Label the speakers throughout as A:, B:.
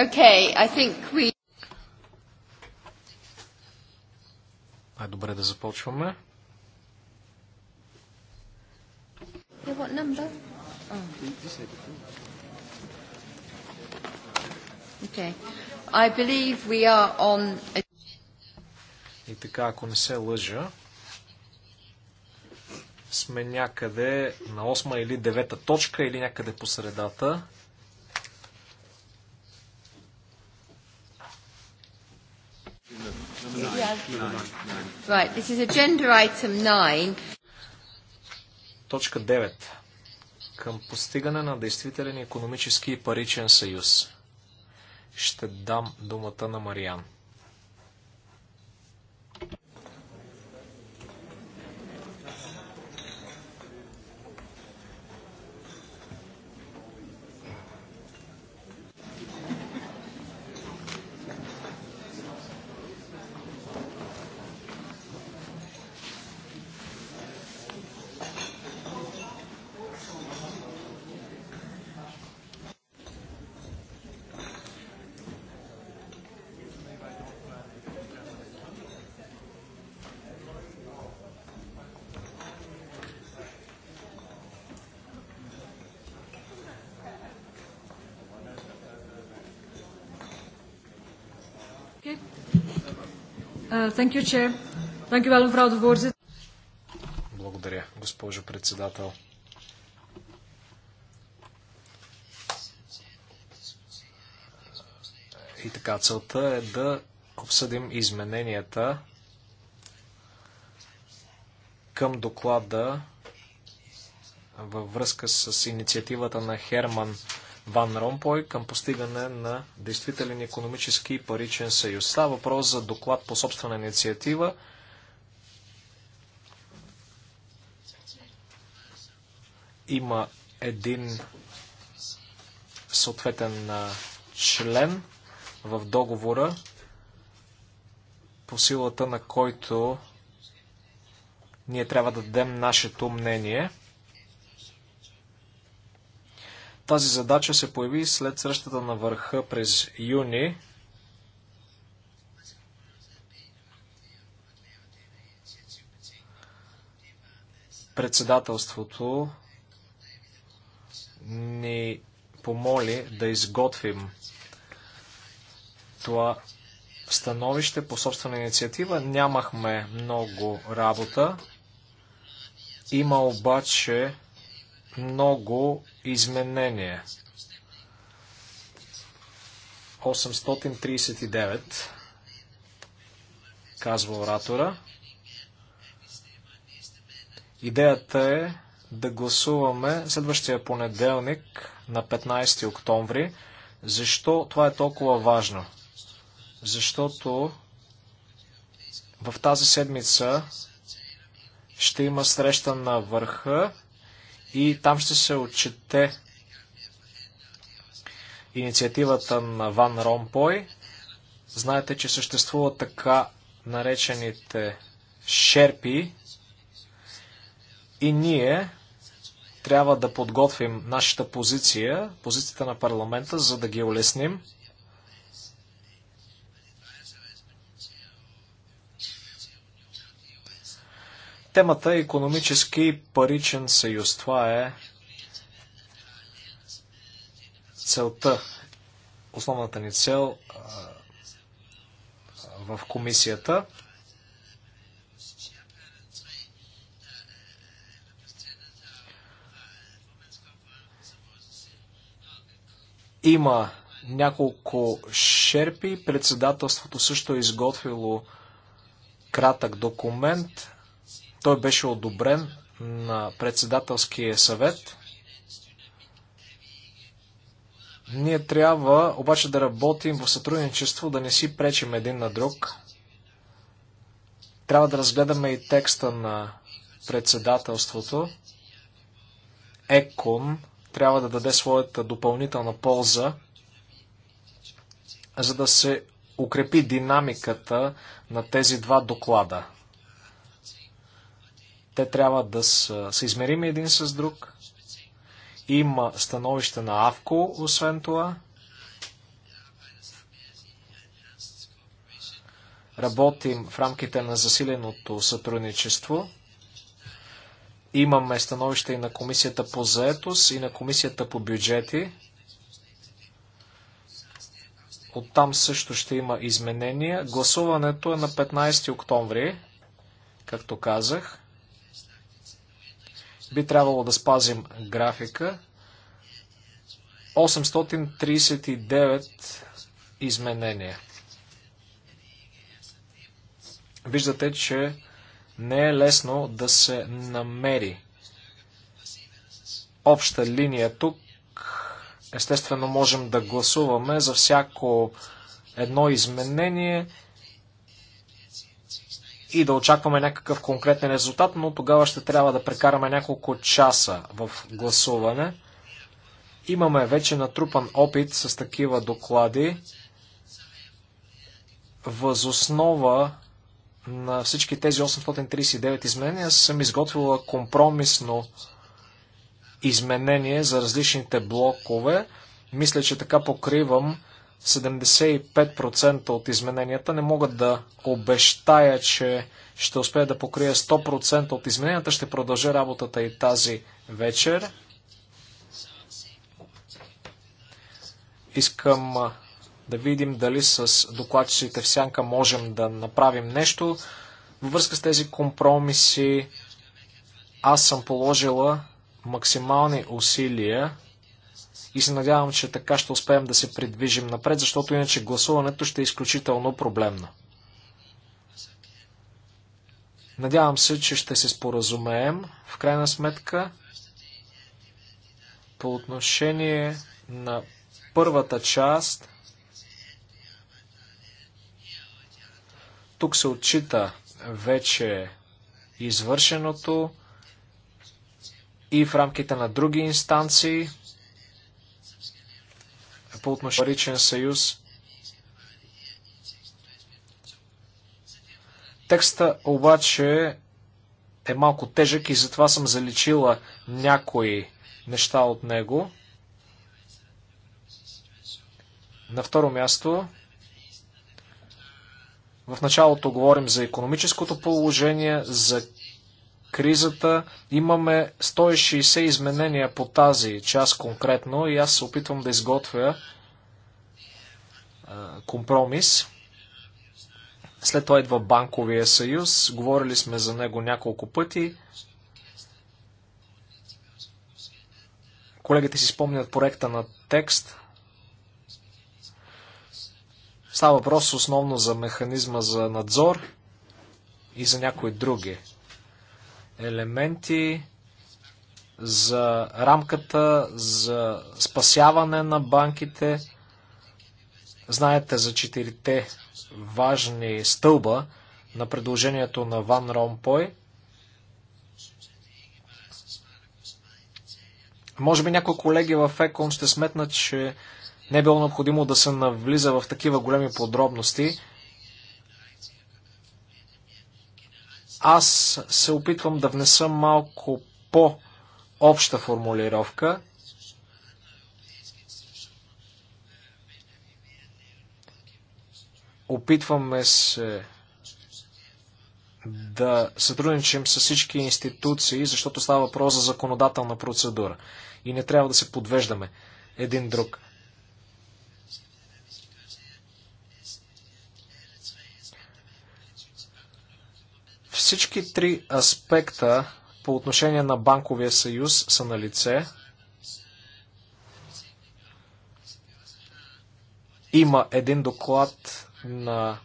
A: Okay, I think we...
B: Ай, добре да започваме. Yeah, what number? Oh.
A: Okay. I believe we are on...
B: И така, ако не се лъжа, сме някъде на 8 или 9 точка или някъде по средата.
A: Right, this is agenda item 9.
B: Точка 9. Към постигане на действителен економически и паричен съюз. Ще дам думата на Мариан.
C: Uh, you,
B: Благодаря, госпожо председател. И така, целта е да обсъдим измененията към доклада във връзка с инициативата на Херман Ван Ромпой към постигане на действителен економически и паричен съюз. Става въпрос за доклад по собствена инициатива. Има един съответен член в договора, по силата на който ние трябва да дадем нашето мнение – Тази задача се появи след срещата на върха през юни. Председателството ни помоли да изготвим това становище по собствена инициатива. Нямахме много работа. Има обаче много изменения. 839, казва оратора. Идеята е да гласуваме следващия понеделник на 15 октомври. Защо това е толкова важно? Защото в тази седмица ще има среща на върха и там ще се отчете инициативата на Ван Ромпой. Знаете, че съществуват така наречените шерпи и ние трябва да подготвим нашата позиция, позицията на парламента, за да ги улесним. Темата е економически паричен съюз. Това е целта, основната ни цел в комисията. Има няколко шерпи. Председателството също е изготвило кратък документ. Той беше одобрен на председателския съвет. Ние трябва обаче да работим в сътрудничество, да не си пречим един на друг. Трябва да разгледаме и текста на председателството. ЕКОН трябва да даде своята допълнителна полза, за да се укрепи динамиката на тези два доклада те трябва да са измерими един с друг. Има становище на АВКО, освен това. Работим в рамките на засиленото сътрудничество. Имаме становище и на Комисията по заетост, и на Комисията по бюджети. Оттам също ще има изменения. Гласуването е на 15 октомври, както казах. Би трябвало да спазим графика. 839 изменения. Виждате, че не е лесно да се намери обща линия тук. Естествено, можем да гласуваме за всяко едно изменение и да очакваме някакъв конкретен резултат, но тогава ще трябва да прекараме няколко часа в гласуване. Имаме вече натрупан опит с такива доклади. Възоснова на всички тези 839 изменения съм изготвила компромисно изменение за различните блокове. Мисля, че така покривам 75% от измененията. Не мога да обещая, че ще успея да покрия 100% от измененията. Ще продължа работата и тази вечер. Искам да видим дали с докладчиците в сянка можем да направим нещо. Във връзка с тези компромиси аз съм положила максимални усилия и се надявам, че така ще успеем да се придвижим напред, защото иначе гласуването ще е изключително проблемно. Надявам се, че ще се споразумеем в крайна сметка по отношение на първата част. Тук се отчита вече извършеното и в рамките на други инстанции по отношение Паричен съюз. Текста обаче е малко тежък и затова съм заличила някои неща от него. На второ място, в началото говорим за економическото положение, за кризата. Имаме 160 изменения по тази част конкретно и аз се опитвам да изготвя компромис. След това идва банковия съюз. Говорили сме за него няколко пъти. Колегите си спомнят проекта на текст. Става въпрос основно за механизма за надзор и за някои други елементи за рамката за спасяване на банките. Знаете за четирите важни стълба на предложението на Ван Ромпой. Може би някои колеги в ЕКОН ще сметнат, че не е било необходимо да се навлиза в такива големи подробности. Аз се опитвам да внеса малко по-обща формулировка. Опитваме се да сътрудничим с всички институции, защото става въпрос за законодателна процедура. И не трябва да се подвеждаме един друг. Всички три аспекта по отношение на банковия съюз са на лице. Има един доклад на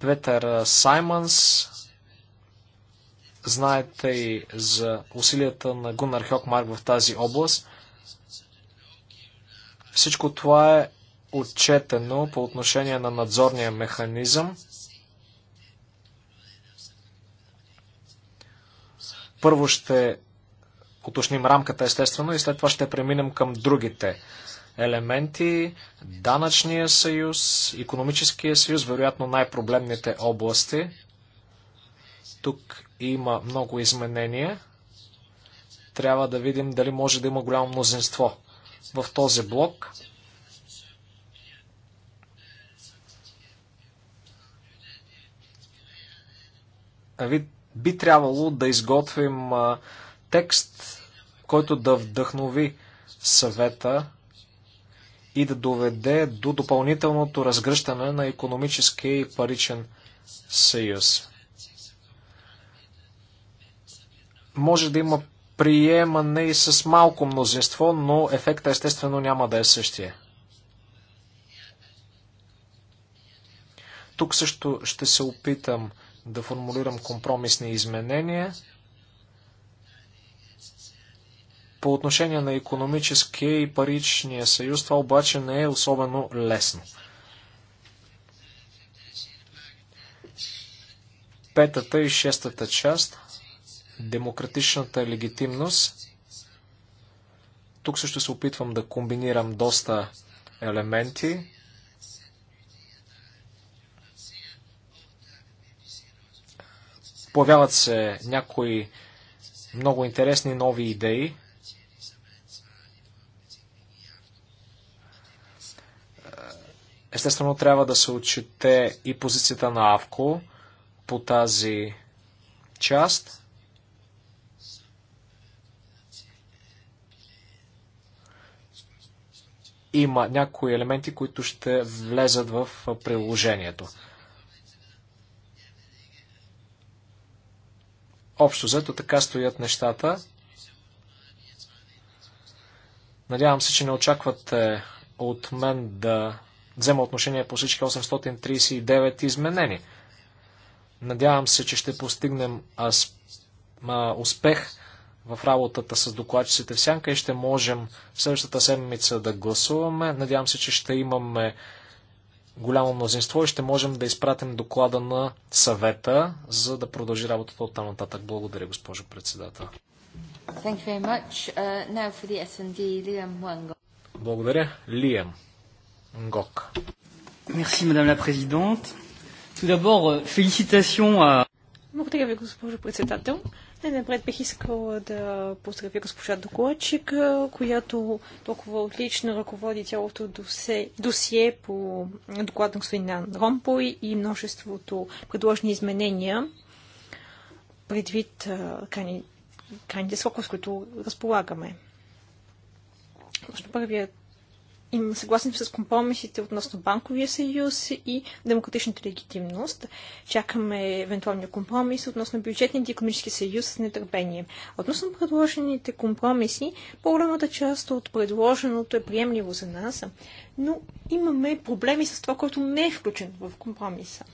B: Петър Саймънс. Знаете и за усилията на Гунар Хокмарк в тази област. Всичко това е отчетено по отношение на надзорния механизъм. Първо ще уточним рамката, естествено, и след това ще преминем към другите елементи. Данъчния съюз, економическия съюз, вероятно най-проблемните области. Тук има много изменения. Трябва да видим дали може да има голямо мнозинство в този блок. Вид би трябвало да изготвим текст, който да вдъхнови съвета и да доведе до допълнителното разгръщане на економически и паричен съюз. Може да има приемане и с малко мнозинство, но ефекта естествено няма да е същия. Тук също ще се опитам да формулирам компромисни изменения. По отношение на економическия и паричния съюз, това обаче не е особено лесно. Петата и шестата част демократичната легитимност. Тук също се опитвам да комбинирам доста елементи. Появяват се някои много интересни нови идеи. Естествено, трябва да се отчете и позицията на АВКО по тази част. Има някои елементи, които ще влезат в приложението. Общо взето така стоят нещата. Надявам се, че не очаквате от мен да взема отношение по всички 839 изменени. Надявам се, че ще постигнем аз, а, успех в работата с докладчиците в Сянка и ще можем в следващата седмица да гласуваме. Надявам се, че ще имаме голямо мнозинство и ще можем да изпратим доклада на съвета, за да продължи работата от там нататък. Благодаря, госпожо председател.
A: Uh,
B: Благодаря. Лиам Нгок. Мерси, мадам ла президент. Тудабор,
A: фелиситацион.
C: Благодаря ви, госпожо председател. Най-напред бих искала да поздравя госпожа докладчик, която толкова отлично ръководи цялото досе, досие по доклад на господин Ромпой и множеството предложени изменения предвид крайните срокове, с които разполагаме. Първият им съгласни с компромисите относно банковия съюз и демократичната легитимност. Чакаме евентуалния компромис относно бюджетния и економически съюз с нетърпение. Относно предложените компромиси, по-голямата част от предложеното е приемливо за нас, но имаме проблеми с това, което не е включено в компромиса.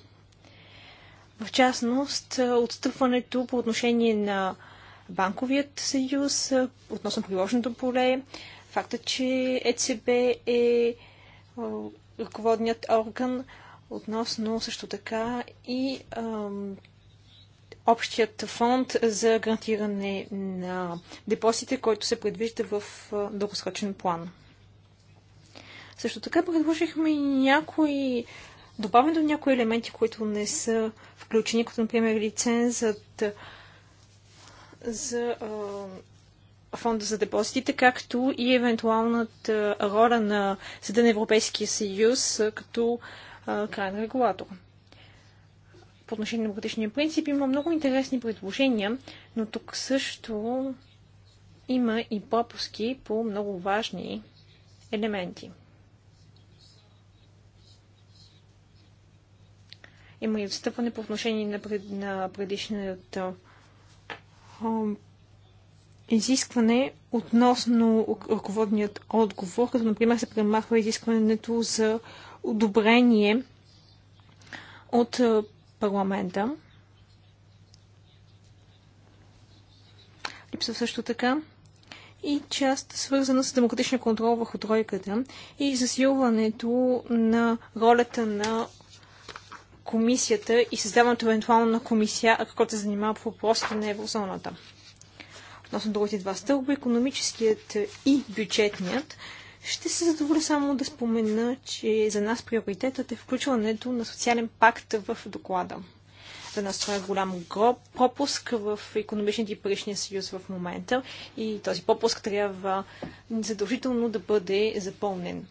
C: В частност, отстъпването по отношение на банковият съюз, относно приложеното поле, Факта, че ЕЦБ е, е ръководният орган относно също така и ам, общият фонд за гарантиране на депозитите, който се предвижда в дългосрочен план. Също така предложихме някои добавяме до някои елементи, които не са включени, като например лицензът за а, фонда за депозитите, както и евентуалната роля на Съда на Европейския съюз като крайен регулатор. По отношение на демократичния принцип има много интересни предложения, но тук също има и пропуски по много важни елементи. Има и отстъпване по отношение на, на предишната изискване относно ръководният отговор, като например се премахва изискването за одобрение от парламента. Липсва също така и част свързана с демократичния контрол върху тройката и засилването на ролята на комисията и създаването евентуално на комисия, който се занимава по въпросите на еврозоната относно другите два стълба, економическият и бюджетният, ще се задоволя само да спомена, че за нас приоритетът е включването на социален пакт в доклада. За нас това е голям пропуск в економичните и паричния съюз в момента и този пропуск трябва задължително да бъде запълнен.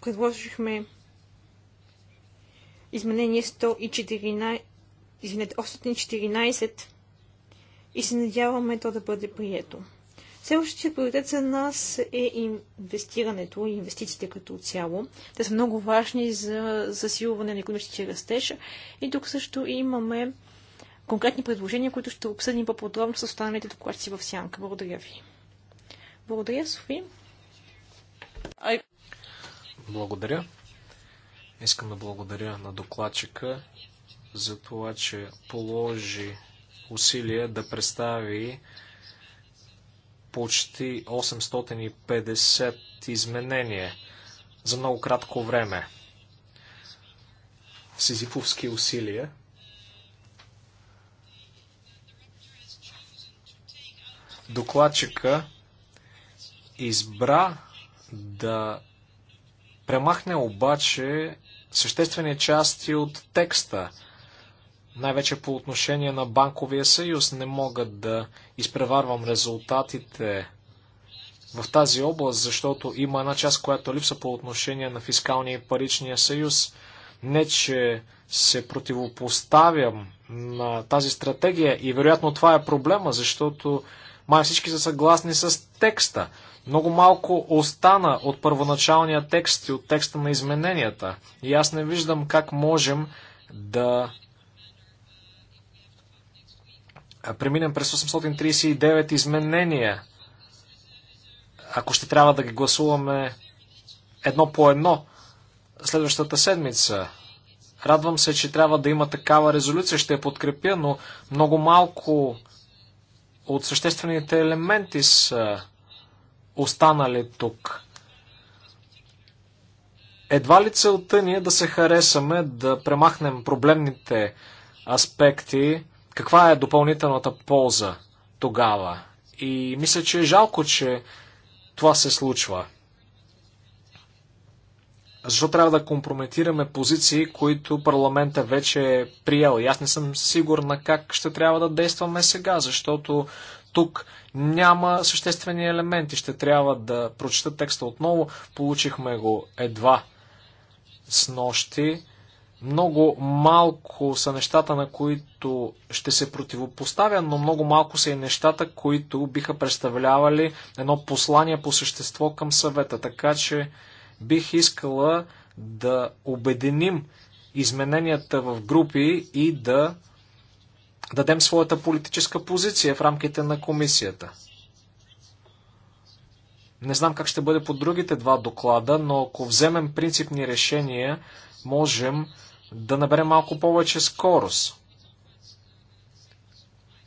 C: Предложихме изменение 114, извинете, 814 и се надяваме то да бъде прието. Следващия приоритет за нас е инвестирането и инвестициите като цяло. Те са много важни за засилване на економическия растеж и тук също имаме конкретни предложения, които ще обсъдим по-подробно с останалите докладчици в сянка. Благодаря ви. Благодаря, Софи.
B: Благодаря. Искам да благодаря на докладчика за това, че положи усилия да представи почти 850 изменения за много кратко време. Сизифовски усилия. Докладчика избра да премахне обаче съществени части от текста – най-вече по отношение на банковия съюз, не мога да изпреварвам резултатите в тази област, защото има една част, която липса по отношение на фискалния и паричния съюз. Не, че се противопоставям на тази стратегия и вероятно това е проблема, защото май всички са съгласни с текста. Много малко остана от първоначалния текст и от текста на измененията. И аз не виждам как можем да преминем през 839 изменения, ако ще трябва да ги гласуваме едно по едно следващата седмица, радвам се, че трябва да има такава резолюция, ще я подкрепя, но много малко от съществените елементи са останали тук. Едва ли целта ни е да се харесаме, да премахнем проблемните аспекти, каква е допълнителната полза тогава? И мисля, че е жалко, че това се случва. Защо трябва да компрометираме позиции, които парламента вече е приел? И аз не съм сигурна как ще трябва да действаме сега, защото тук няма съществени елементи. Ще трябва да прочета текста отново. Получихме го едва с нощи. Много малко са нещата, на които ще се противопоставя, но много малко са и нещата, които биха представлявали едно послание по същество към съвета. Така че бих искала да обединим измененията в групи и да дадем своята политическа позиция в рамките на комисията. Не знам как ще бъде по другите два доклада, но ако вземем принципни решения, можем да набере малко повече скорост.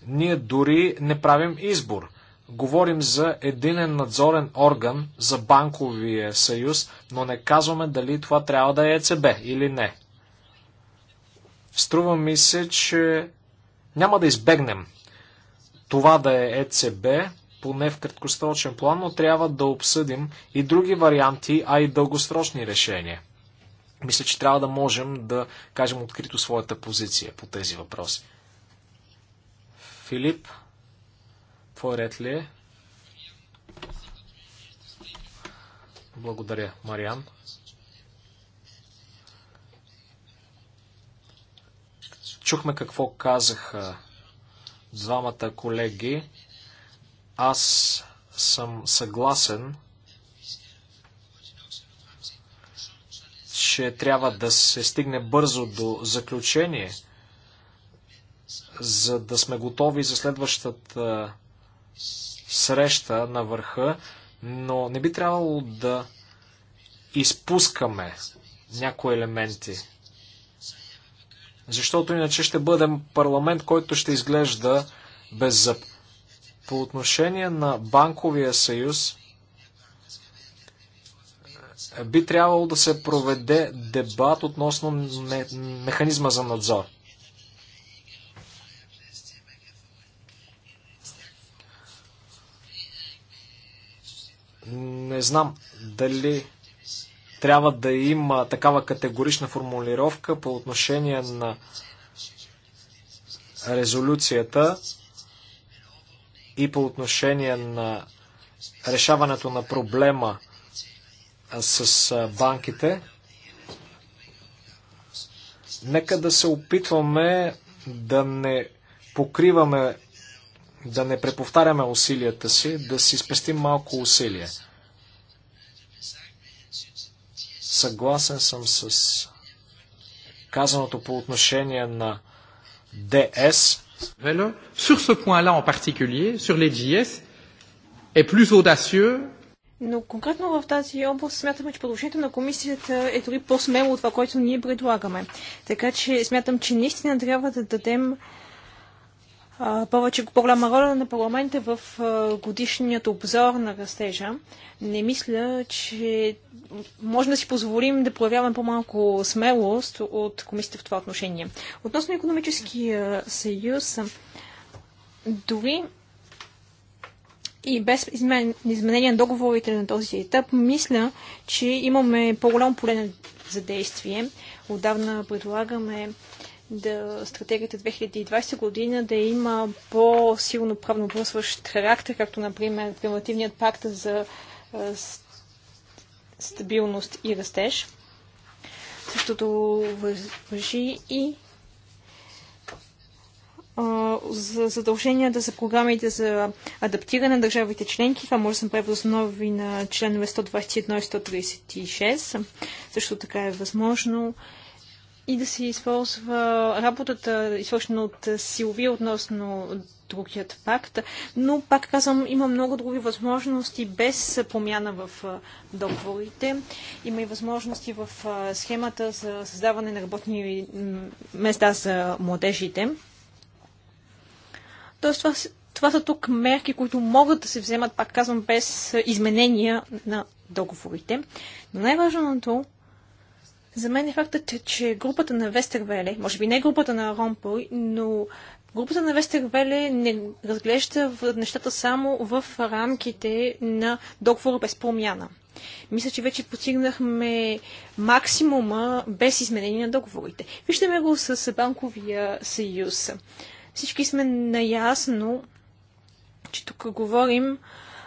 B: Ние дори не правим избор. Говорим за единен надзорен орган за банковия съюз, но не казваме дали това трябва да е ЕЦБ или не. Струва ми се, че няма да избегнем това да е ЕЦБ, поне в краткосрочен план, но трябва да обсъдим и други варианти, а и дългосрочни решения мисля, че трябва да можем да кажем открито своята позиция по тези въпроси. Филип, твой ред ли е? Благодаря, Мариан. Чухме какво казаха двамата колеги. Аз съм съгласен че трябва да се стигне бързо до заключение, за да сме готови за следващата среща на върха, но не би трябвало да изпускаме някои елементи. Защото иначе ще бъдем парламент, който ще изглежда без зъб. По отношение на банковия съюз, би трябвало да се проведе дебат относно механизма за надзор. Не знам дали трябва да има такава категорична формулировка по отношение на резолюцията и по отношение на решаването на проблема с банките. Нека да се опитваме да не покриваме, да не преповтаряме усилията си, да си спестим малко усилие. Съгласен съм с казаното по отношение на ДС. Sur ce point-là en particulier, sur les JS, est plus audacieux
C: но конкретно в тази област смятаме, че предложението на комисията е дори по-смело от това, което ние предлагаме. Така че смятам, че наистина трябва да дадем повече по-голяма роля на парламента в годишният обзор на растежа. Не мисля, че може да си позволим да проявяваме по-малко смелост от комисията в това отношение. Относно економическия съюз, дори и без измен... изменение на договорите на този етап, мисля, че имаме по-голямо поле за действие. Отдавна предлагаме да стратегията 2020 година да има по-силно правно обвързващ характер, както например Примативният пакт за стабилност и растеж. Същото въжи и за задълженията са програмите за адаптиране на държавите членки. Това може да съм основи на членове 121 и 136. Също така е възможно и да се използва работата, извършена от Силвия относно другият пакт. Но, пак казвам, има много други възможности без промяна в договорите. Има и възможности в схемата за създаване на работни места за младежите. Тоест, това, това са тук мерки, които могат да се вземат, пак казвам, без изменения на договорите. Но най-важното за мен е фактът, че групата на Вестервеле, може би не групата на Ромпой, но групата на Вестервеле не разглежда нещата само в рамките на договора без промяна. Мисля, че вече постигнахме максимума без изменение на договорите. Виждаме го с банковия съюз. Всички сме наясно, че тук говорим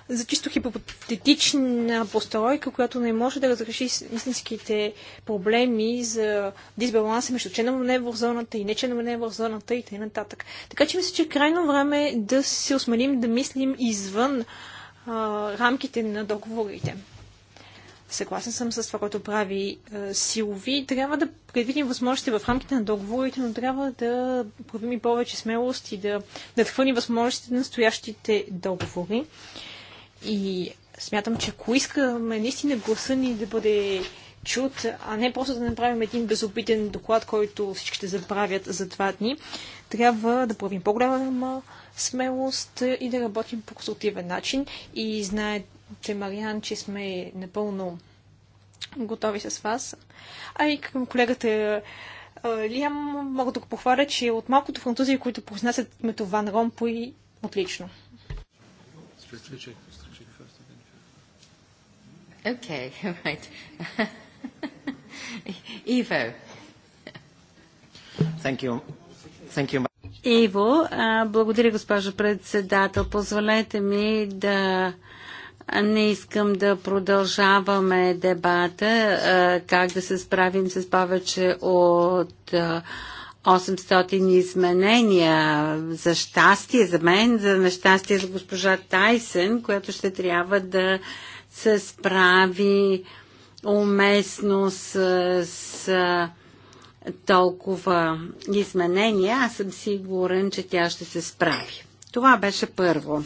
C: за чисто хипотетична постройка, която не може да разреши истинските проблеми за дисбаланса между членове на еврозоната и не членове на еврозоната и т.н. Така че мисля, че е крайно време да се осмелим да мислим извън а, рамките на договорите. Съгласен съм с това, което прави е, силови. Трябва да предвидим възможности в рамките на договорите, но трябва да правим и повече смелост и да надхвърлим възможностите на настоящите договори. И смятам, че ако искаме наистина гласа ни да бъде чут, а не просто да направим един безобиден доклад, който всички ще забравят за два дни, трябва да правим по-голяма смелост и да работим по конструктивен начин. И знаете, че Мариан, че сме напълно готови с вас. А и към колегата Лиам мога да го похваля, че от малкото французи, които произнасят името Ван Ромпой, отлично.
A: Okay, right. Иво.
B: Thank you. Thank you.
A: Иво, благодаря, госпожа председател. Позволете ми да не искам да продължаваме дебата как да се справим с повече от 800 изменения за щастие за мен, за нещастие за госпожа Тайсен, която ще трябва да се справи уместно с, с толкова изменения. Аз съм сигурен, че тя ще се справи. Това беше първо.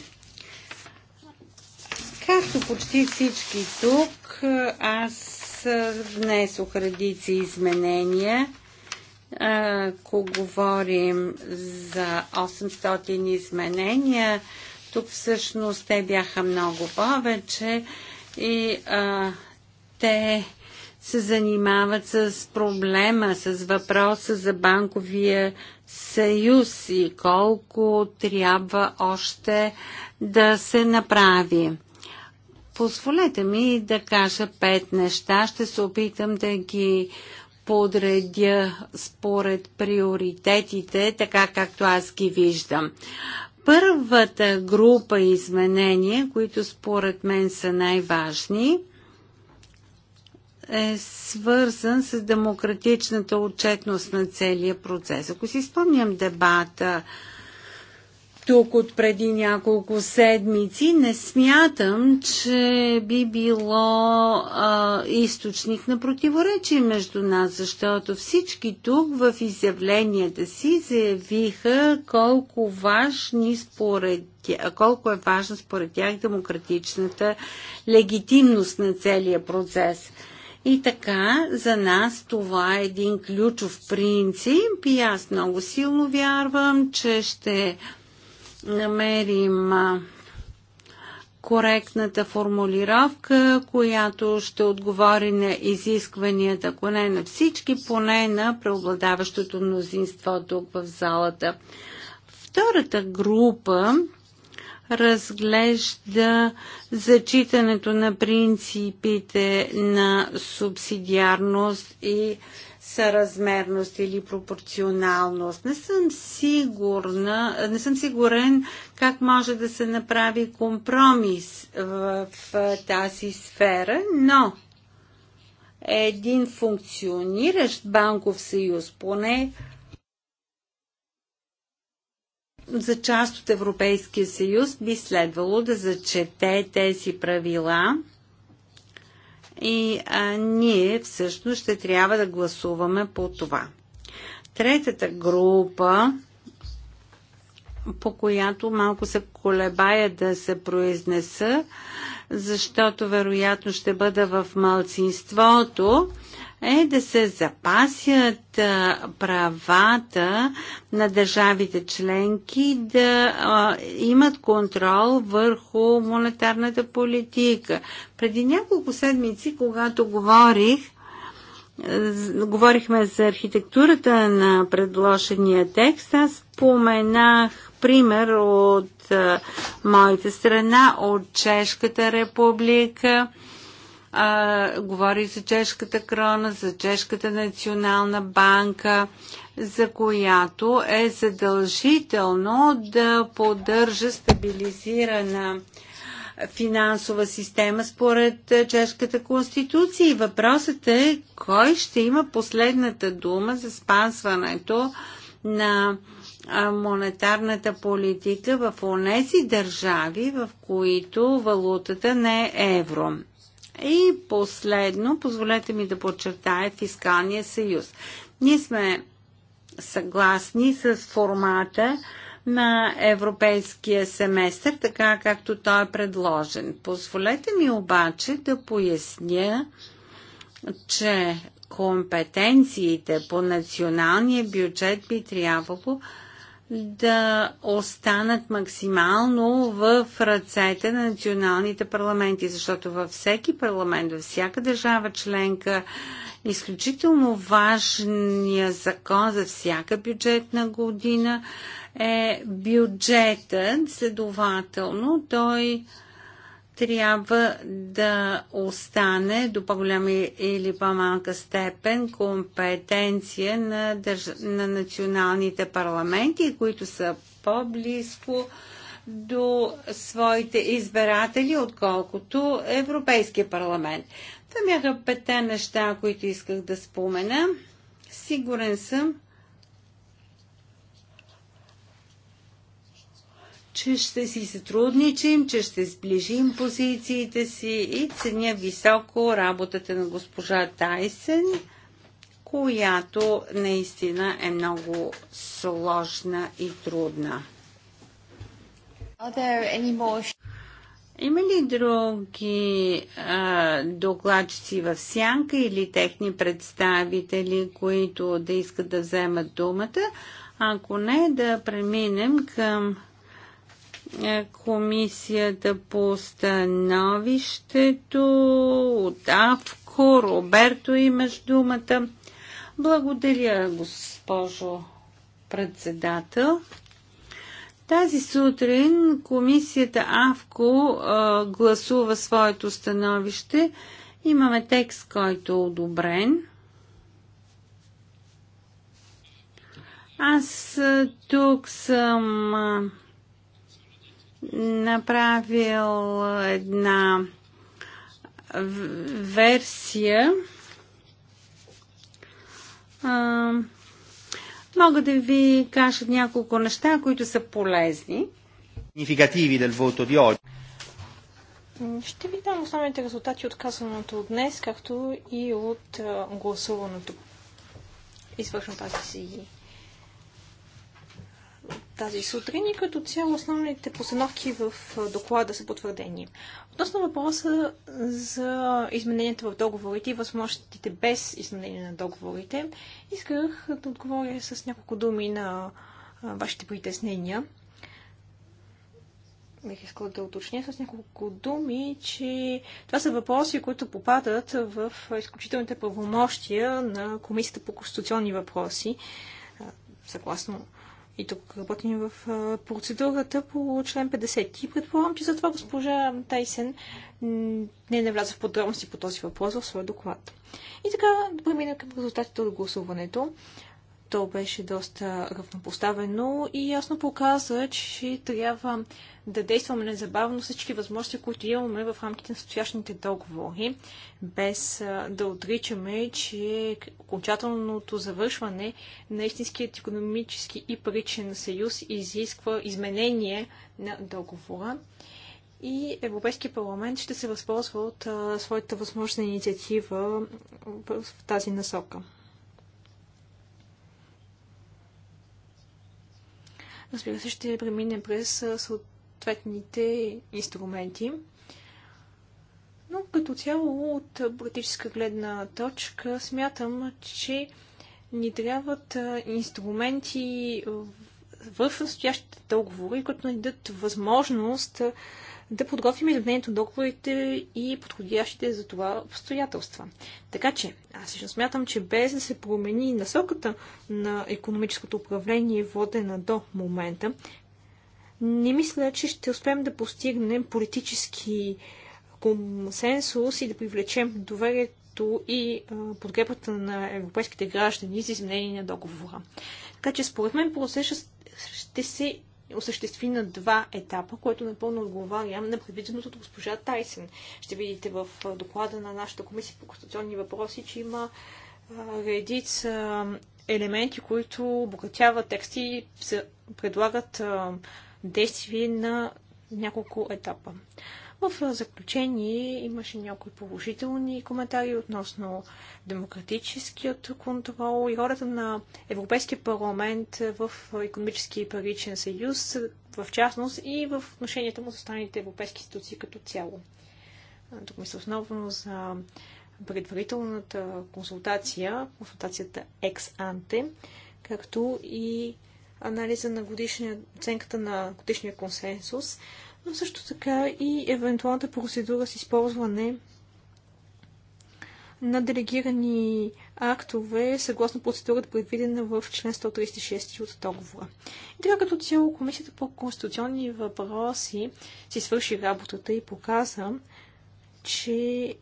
A: Както почти всички тук, аз внесох редици изменения. Ако говорим за 800 изменения, тук всъщност те бяха много повече и а, те се занимават с проблема, с въпроса за банковия съюз и колко трябва още да се направи. Позволете ми да кажа пет неща. Ще се опитам да ги подредя според приоритетите, така както аз ги виждам. Първата група изменения, които според мен са най-важни, е свързан с демократичната отчетност на целия процес. Ако си спомням дебата тук от преди няколко седмици, не смятам, че би било а, източник на противоречие между нас, защото всички тук в изявленията си заявиха колко, важни според, колко е важна според тях демократичната легитимност на целия процес. И така, за нас това е един ключов принцип и аз много силно вярвам, че ще намерим коректната формулировка, която ще отговори на изискванията, ако не на всички, поне на преобладаващото мнозинство тук в залата. Втората група разглежда зачитането на принципите на субсидиарност и съразмерност или пропорционалност. Не съм сигурна, не съм сигурен как може да се направи компромис в, в тази сфера, но един функциониращ банков съюз, поне за част от Европейския съюз, би следвало да зачете тези правила и а, ние всъщност ще трябва да гласуваме по това. Третата група, по която малко се колебая да се произнеса, защото вероятно ще бъда в малцинството, е да се запасят правата на държавите членки да имат контрол върху монетарната политика. Преди няколко седмици, когато говорих, говорихме за архитектурата на предложения текст, аз споменах пример от моята страна, от Чешката република а, говори за чешката крона, за чешката национална банка, за която е задължително да поддържа стабилизирана финансова система според чешката конституция. И въпросът е кой ще има последната дума за спазването на монетарната политика в онези държави, в които валутата не е евро. И последно, позволете ми да подчертая фискалния съюз. Ние сме съгласни с формата на европейския семестър, така както той е предложен. Позволете ми обаче да поясня, че компетенциите по националния бюджет би трябвало да останат максимално в ръцете на националните парламенти, защото във всеки парламент, във всяка държава членка, изключително важния закон за всяка бюджетна година е бюджетът, следователно той трябва да остане до по-голяма или по-малка степен компетенция на, държ... на националните парламенти, които са по-близко до своите избиратели, отколкото Европейския парламент. Това бяха петте неща, които исках да спомена. Сигурен съм, че ще си сътрудничим, че ще сближим позициите си и ценя високо работата на госпожа Тайсен, която наистина е много сложна и трудна. Има ли други а, докладчици в сянка или техни представители, които да искат да вземат думата? Ако не, да преминем към е, комисията по становището от Авко. Роберто имаш думата. Благодаря, госпожо председател. Тази сутрин комисията АВКО а, е, гласува своето становище. Имаме текст, който е одобрен. Аз е, тук съм а, направил една версия. А, мога да ви кажа няколко неща, които са полезни. Нификативи del voto di oggi.
C: Ще ви дам основните резултати от казаното днес, както и от гласуваното извършно тази си тази сутрин и като цяло основните постановки в доклада са потвърдени. Относно въпроса за измененията в договорите и възможностите без изменение на договорите, исках да отговоря с няколко думи на вашите притеснения. Бих искала да уточня с няколко думи, че това са въпроси, които попадат в изключителните правомощия на Комисията по конституционни въпроси, съгласно и тук работим в процедурата по член 50. И предполагам, че затова госпожа Тайсен не навляза в подробности по този въпрос в своя доклад. И така, да преминем към резултатите от гласуването. То беше доста равнопоставено и ясно показа, че трябва да действаме незабавно всички възможности, които имаме в рамките на стоящите договори, без да отричаме, че окончателното завършване на истинският економически и паричен съюз изисква изменение на договора и Европейския парламент ще се възползва от а, своята възможна инициатива в, в тази насока. Разбира се, ще преминем през съответните инструменти. Но като цяло от политическа гледна точка смятам, че ни трябват инструменти в настоящите договори, които ни дадат възможност да подготвим изменението на договорите и подходящите за това обстоятелства. Така че, аз лично смятам, че без да се промени насоката на економическото управление, водена до момента, не мисля, че ще успеем да постигнем политически консенсус и да привлечем доверието и подкрепата на европейските граждани за изменение на договора. Така че според мен процесът ще се осъществи на два етапа, което напълно отговарям на предвиденото от госпожа Тайсен. Ще видите в доклада на нашата комисия по конституционни въпроси, че има редица елементи, които обогатяват тексти и предлагат действие на няколко етапа. В заключение имаше някои положителни коментари относно демократическият контрол и ролята на Европейския парламент в економически и паричен съюз, в частност и в отношенията му с останалите европейски институции като цяло. Тук мисля основно за предварителната консултация, консултацията ex-ante, както и анализа на годишния, оценката на годишния консенсус, но също така и евентуалната процедура с използване на делегирани актове, съгласно процедурата, предвидена в член 136 от договора. И така като цяло Комисията по конституционни въпроси си свърши работата и показа, че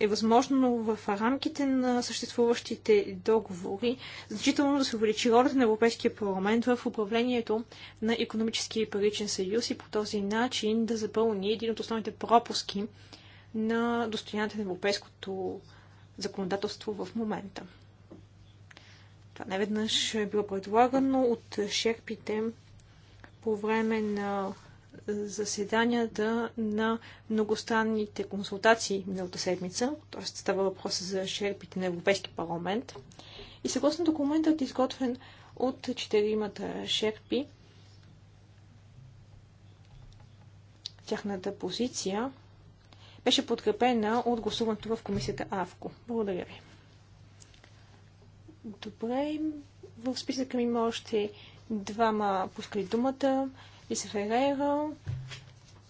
C: е възможно в рамките на съществуващите договори значително да се увеличи ролята на Европейския парламент в управлението на економическия и паричен съюз и по този начин да запълни един от основните пропуски на достоянието на европейското законодателство в момента. Това не веднъж е било предлагано от шерпите по време на заседанията на многостранните консултации миналата седмица, т.е. става въпрос за шерпите на Европейски парламент. И съгласно документът, изготвен от четиримата шерпи, тяхната позиция беше подкрепена от гласуването в комисията АВКО. Благодаря ви. Добре, в списъка ми има още двама пускали думата. Лиса Ферейра,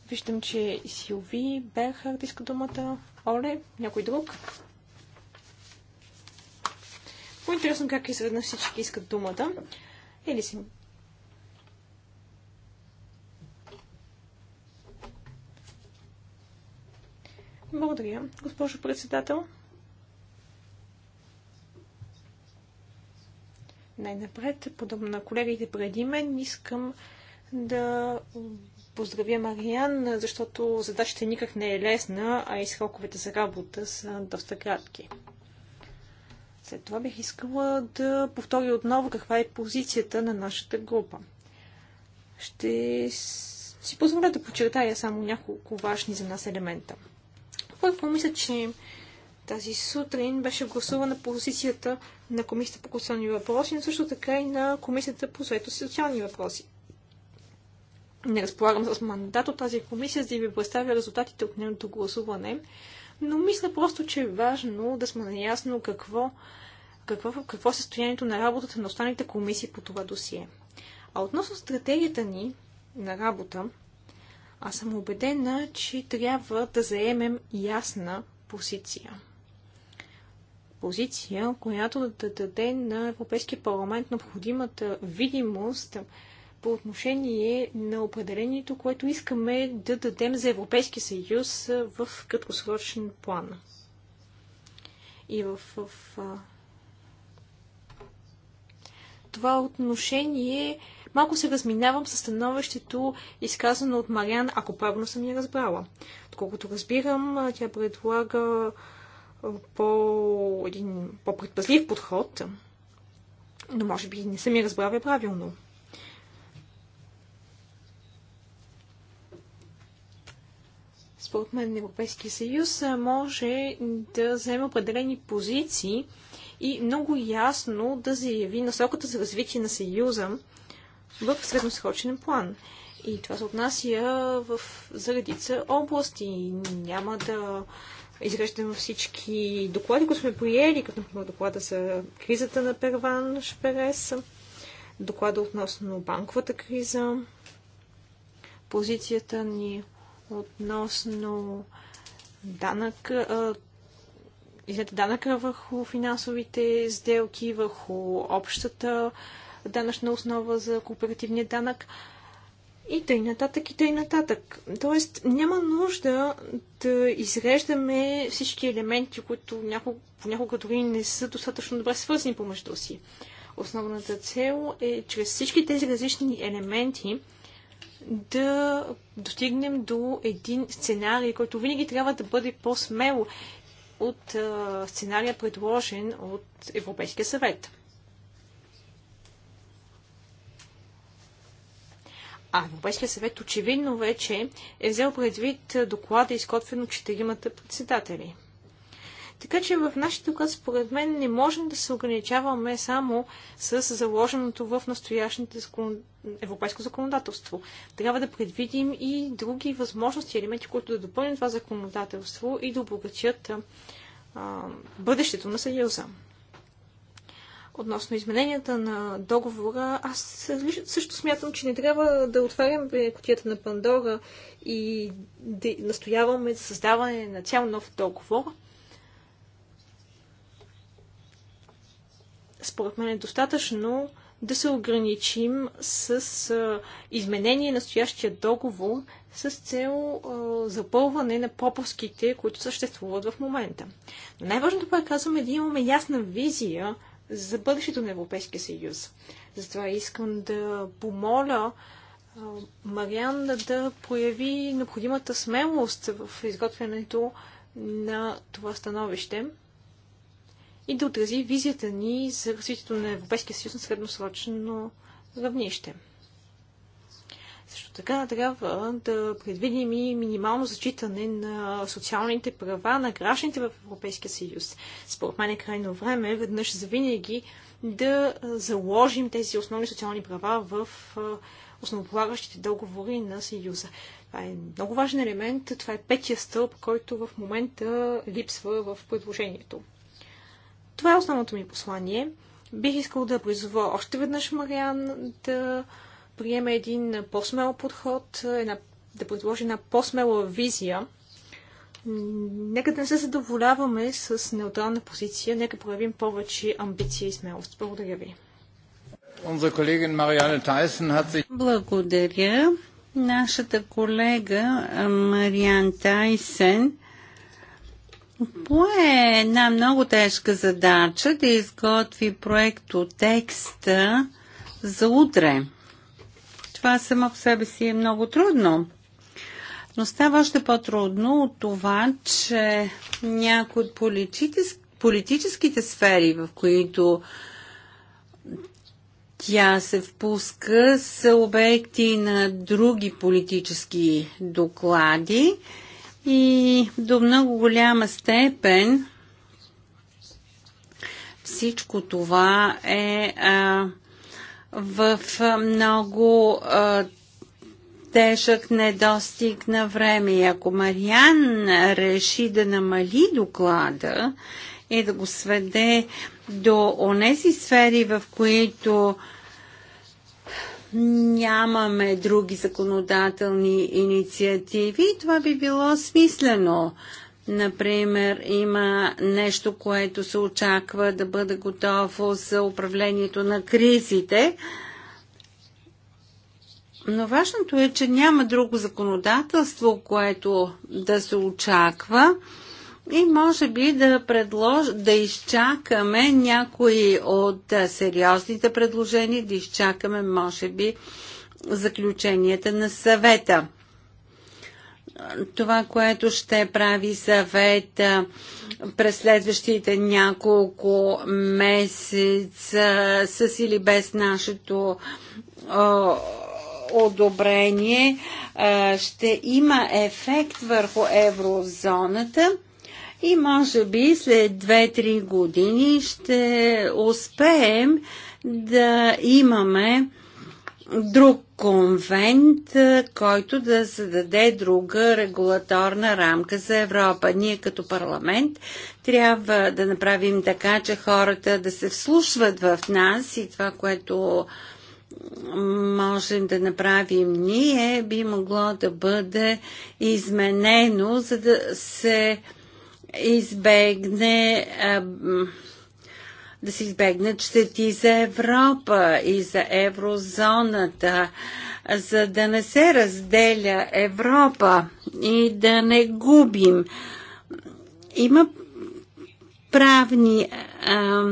C: виждам, че Силви, Берхард иска думата, Оле, някой друг. По-интересно как изведнъж всички искат думата. Или си... Благодаря, госпожо председател. Най-напред, подобно на колегите преди мен, искам да поздравя Мариан, защото задачата никак не е лесна, а и сроковете за работа са доста кратки. След това бих искала да повторя отново каква е позицията на нашата група. Ще си позволя да подчертая само няколко важни за нас елемента. Първо, мисля, че тази сутрин беше гласувана позицията на Комисията по конституционни въпроси, но също така и на Комисията по заето социални въпроси не разполагам с мандат от тази комисия, за да ви представя резултатите от нейното гласуване, но мисля просто, че е важно да сме наясно какво, какво, какво е състоянието на работата на останалите комисии по това досие. А относно стратегията ни на работа, аз съм убедена, че трябва да заемем ясна позиция. Позиция, която да даде на Европейския парламент необходимата видимост по отношение на определението, което искаме да дадем за Европейския съюз в краткосрочен план. И в, в, в това отношение малко се разминавам с становището, изказано от Мариан, ако правилно съм я разбрала. Доколкото разбирам, тя предлага по един по-предпазлив подход, но може би не съм я разбрала правилно. според мен, Европейския съюз може да вземе определени позиции и много ясно да заяви насоката за развитие на съюза в средносрочен план. И това се отнася в заредица области. Няма да изреждам всички доклади, които сме приели, като например доклада за кризата на Перван Шперес, доклада относно банковата криза, позицията ни относно данък, излете данъка върху финансовите сделки, върху общата данъчна основа за кооперативния данък и тъй нататък и тъй нататък. Тоест няма нужда да изреждаме всички елементи, които няколко, понякога дори не са достатъчно добре свързани помежду си. Основната цел е чрез всички тези различни елементи да достигнем до един сценарий, който винаги трябва да бъде по-смел от сценария, предложен от Европейския съвет. А Европейския съвет очевидно вече е взел предвид доклада, изготвен от четиримата председатели – така че в нашите доклад, според мен, не можем да се ограничаваме само с заложеното в настоящите закон... европейско законодателство. Трябва да предвидим и други възможности, елементи, които да допълнят това законодателство и да обогатят а, бъдещето на Съюза. Относно измененията на договора, аз също смятам, че не трябва да отваряме котията на Пандора и да настояваме за създаване на цял нов договор според мен е достатъчно да се ограничим с изменение на настоящия договор с цел запълване на пропуските, които съществуват в момента. Но най-важното, което казваме, е да имаме ясна визия за бъдещето на Европейския съюз. Затова искам да помоля Мариан да прояви необходимата смелост в изготвянето на това становище и да отрази визията ни за развитието на Европейския съюз на средносрочно равнище. Също така трябва да предвидим и минимално зачитане на социалните права на гражданите в Европейския съюз. Според мен е крайно време веднъж за винаги да заложим тези основни социални права в основополагащите договори на Съюза. Това е много важен елемент. Това е петия стълб, който в момента липсва в предложението. Това е основното ми послание. Бих искал да призова още веднъж Мариан да приеме един по-смел подход, една, да предложи една по-смела визия. Нека да не се задоволяваме с неутрална позиция, нека проявим повече амбиция и смелост. Благодаря ви.
A: Благодаря. Нашата колега Мариан Тайсен пое една много тежка задача да изготви проект от текста за утре. Това само по себе си е много трудно. Но става още по-трудно от това, че някои от политически, политическите сфери, в които тя се впуска, са обекти на други политически доклади и до много голяма степен всичко това е а, в много а, тежък недостиг на време. И ако Мариан реши да намали доклада и да го сведе до онези сфери, в които а, нямаме други законодателни инициативи. Това би било смислено. Например, има нещо, което се очаква да бъде готово за управлението на кризите. Но важното е, че няма друго законодателство, което да се очаква. И може би да, предлож... да изчакаме някои от сериозните предложения, да изчакаме, може би, заключенията на съвета. Това, което ще прави съвет през следващите няколко месеца с или без нашето одобрение ще има ефект върху еврозоната и може би след 2-3 години ще успеем да имаме друг конвент, който да зададе друга регулаторна рамка за Европа. Ние като парламент трябва да направим така, че хората да се вслушват в нас и това, което можем да направим ние, би могло да бъде изменено, за да се избегне а, да се избегне щети за Европа и за еврозоната, за да не се разделя Европа и да не губим. Има правни а,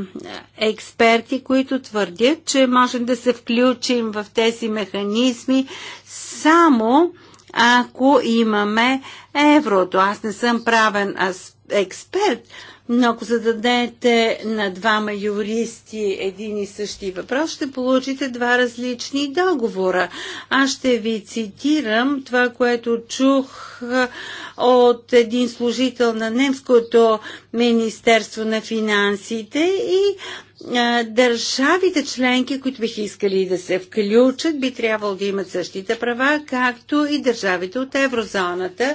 A: експерти, които твърдят, че можем да се включим в тези механизми само ако имаме еврото. Аз не съм правен аспект експерт, но ако зададете на двама юристи един и същи въпрос, ще получите два различни договора. Аз ще ви цитирам това, което чух от един служител на немското Министерство на финансите и държавите членки, които биха искали да се включат, би трябвало да имат същите права, както и държавите от еврозоната.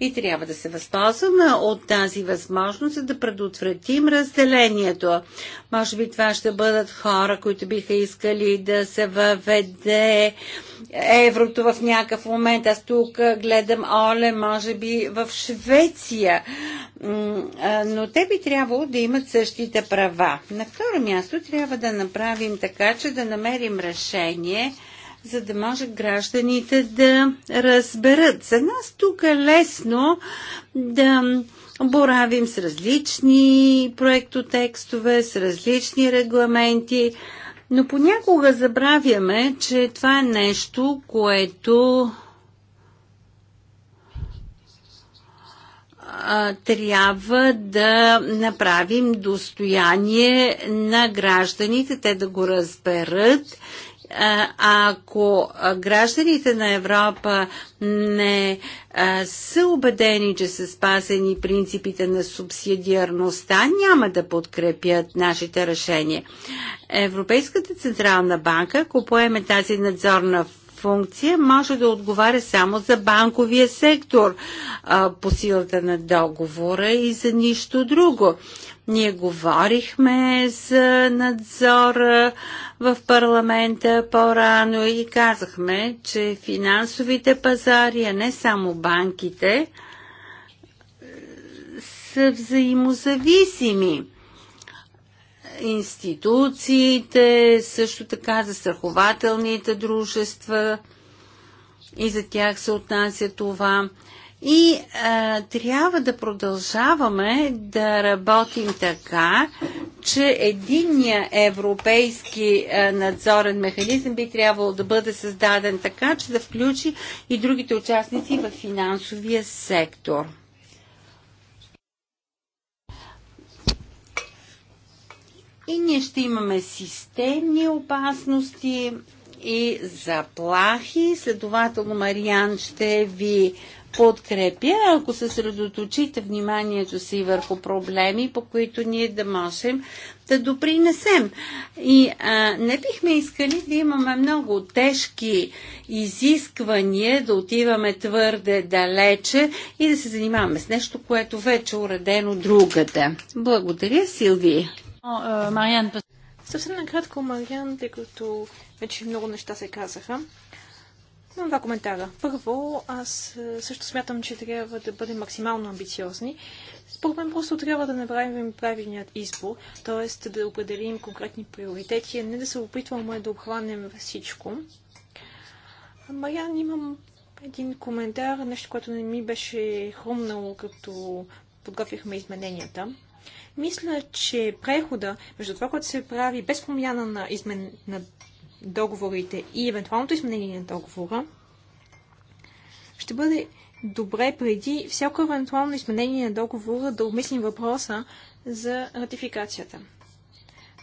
A: И трябва да се възползваме от тази възможност, за да предотвратим разделението. Може би това ще бъдат хора, които биха искали да се въведе еврото в някакъв момент. Аз тук гледам Оле, може би в Швеция. Но те би трябвало да имат същите права. На второ място трябва да направим така, че да намерим решение, за да може гражданите да разберат. За нас тук е лесно да боравим с различни проектотекстове, с различни регламенти, но понякога забравяме, че това е нещо, което трябва да направим достояние на гражданите, те да го разберат. А, ако гражданите на Европа не а, са убедени, че са спасени принципите на субсидиарността, няма да подкрепят нашите решения. Европейската Централна банка, ако поеме тази надзорна функция може да отговаря само за банковия сектор а, по силата на договора и за нищо друго. Ние говорихме за надзора в парламента по-рано и казахме, че финансовите пазари, а не само банките, са взаимозависими институциите, също така за страхователните дружества и за тях се отнася това. И а, трябва да продължаваме да работим така, че единния европейски а, надзорен механизъм би трябвало да бъде създаден така, че да включи и другите участници в финансовия сектор. И ние ще имаме системни опасности и заплахи. Следователно, Мариан ще ви подкрепя, ако съсредоточите вниманието си върху проблеми, по които ние да можем да допринесем. И а, не бихме искали да имаме много тежки изисквания, да отиваме твърде далече и да се занимаваме с нещо, което вече е уредено другата. Благодаря, Силвия.
C: Е, Мариан. Съвсем накратко, Мариан, тъй като вече много неща се казаха. Имам два коментара. Първо, аз е, също смятам, че трябва да бъдем максимално амбициозни. Според мен просто трябва да направим правилният избор, т.е. да определим конкретни приоритети, а не да се опитваме да обхванем всичко. Мариан, имам един коментар, нещо, което не ми беше хрумнало, като подготвяхме измененията. Мисля, че прехода между това, което се прави без промяна на, измен... на договорите и евентуалното изменение на договора, ще бъде добре преди всяко евентуално изменение на договора да обмислим въпроса за ратификацията.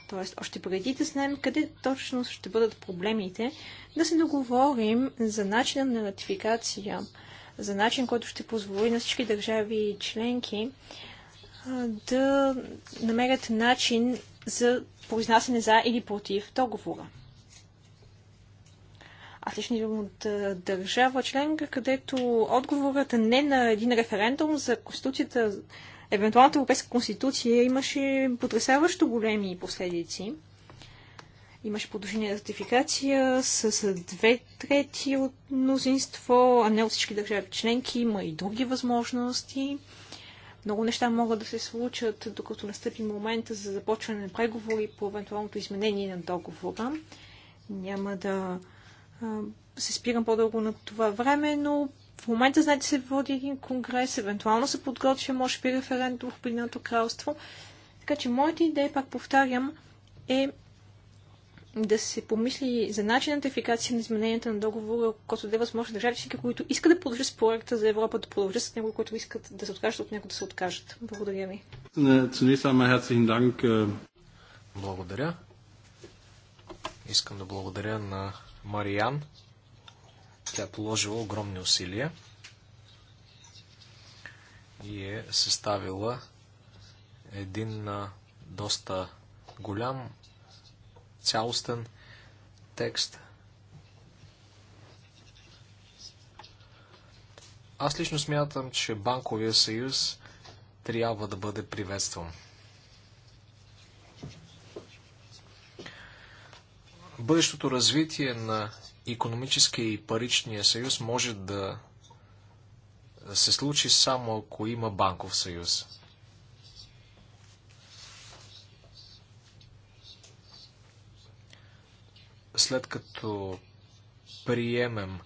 C: Тоест, още преди да знаем къде точно ще бъдат проблемите, да се договорим за начина на ратификация, за начин, който ще позволи на всички държави и членки да намерят начин за произнасяне за или против договора. Аз лично идвам от държава членка, където отговорът не на един референдум за Конституцията, евентуалната Европейска Конституция, имаше потрясаващо големи последици. Имаше подложение ратификация с две трети от мнозинство, а не от всички държави членки. Има и други възможности. Много неща могат да се случат, докато настъпи момента за започване на преговори по евентуалното изменение на договора. Няма да се спирам по-дълго на това време, но в момента, знаете, се води един конгрес, евентуално се подготвя, може би, референдум в Обединеното кралство. Така че моята идея, пак повтарям, е да се помисли за начин на ратификация на измененията на договора, който да е възможно държави всички, които искат да продължат с проекта за Европа, да продължат с него, които искат да се откажат от него, да се откажат. Благодаря ви.
B: Е. Благодаря. Искам да благодаря на Мариан. Тя е положила огромни усилия и е съставила един доста голям цялостен текст. Аз лично смятам, че банковия съюз трябва да бъде приветстван. Бъдещото развитие на економическия и паричния съюз може да се случи само ако има банков съюз. след като приемем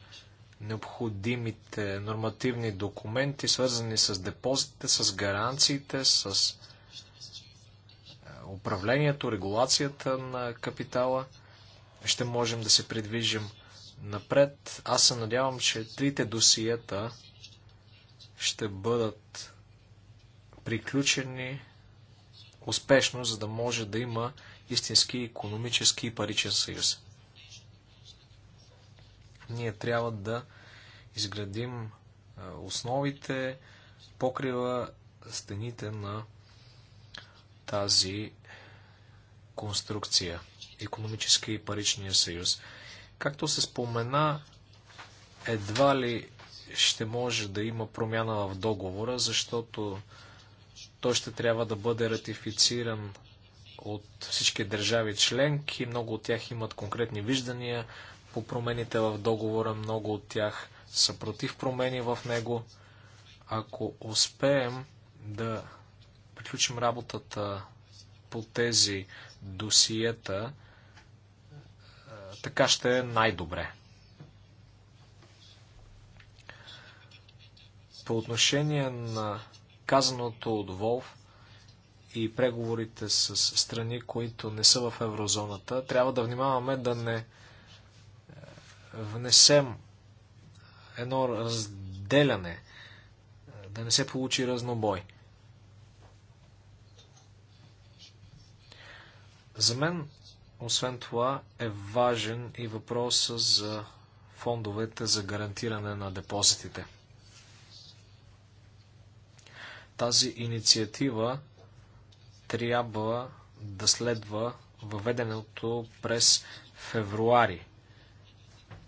B: необходимите нормативни документи, свързани с депозитите, с гаранциите, с е, управлението, регулацията на капитала, ще можем да се придвижим напред. Аз се надявам, че трите досиета ще бъдат приключени успешно, за да може да има истински економически и паричен съюз. Ние трябва да изградим основите, покрива стените на тази конструкция, економически и паричния съюз. Както се спомена, едва ли ще може да има промяна в договора, защото той ще трябва да бъде ратифициран от всички държави членки. Много от тях имат конкретни виждания по промените в договора. Много от тях са против промени в него. Ако успеем да приключим работата по тези досиета, така ще е най-добре. По отношение на казаното от Волф и преговорите с страни, които не са в еврозоната, трябва да внимаваме да не внесем едно разделяне, е, да не се получи разнобой. За мен, освен това, е важен и въпрос за фондовете за гарантиране на депозитите. Тази инициатива трябва да следва въведеното през февруари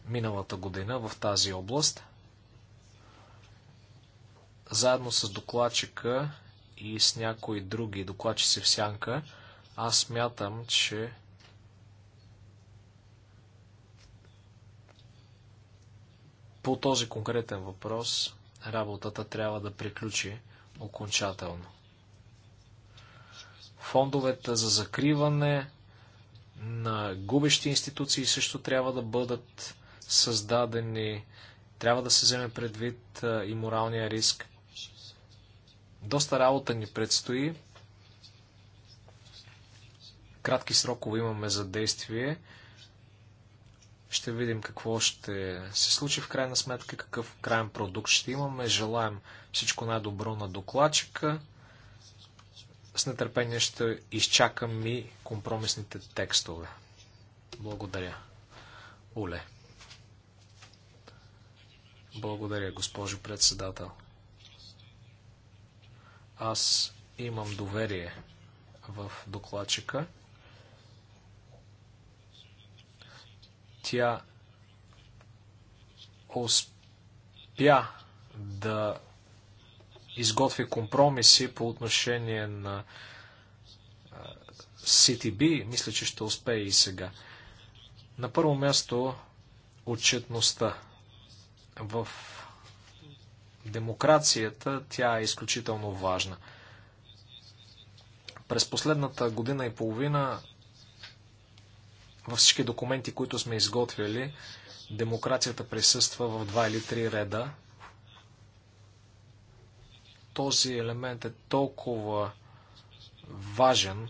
B: миналата година в тази област. Заедно с докладчика и с някои други докладчици в сянка, аз смятам, че по този конкретен въпрос работата трябва да приключи окончателно. Фондовете за закриване на губещи институции също трябва да бъдат създадени. Трябва да се вземе предвид и моралния риск. Доста работа ни предстои. Кратки срокове имаме за действие. Ще видим какво ще се случи в крайна сметка, какъв крайен продукт ще имаме. Желаем всичко най-добро на докладчика. С нетърпение ще изчакам и компромисните текстове. Благодаря. Оле. Благодаря, госпожо председател. Аз имам доверие в докладчика. Тя успя да изготви компромиси по отношение на CTB. Мисля, че ще успее и сега. На първо място отчетността. В демокрацията тя е изключително важна. През последната година и половина във всички документи, които сме изготвили, демокрацията присъства в два или три реда. Този елемент е толкова важен,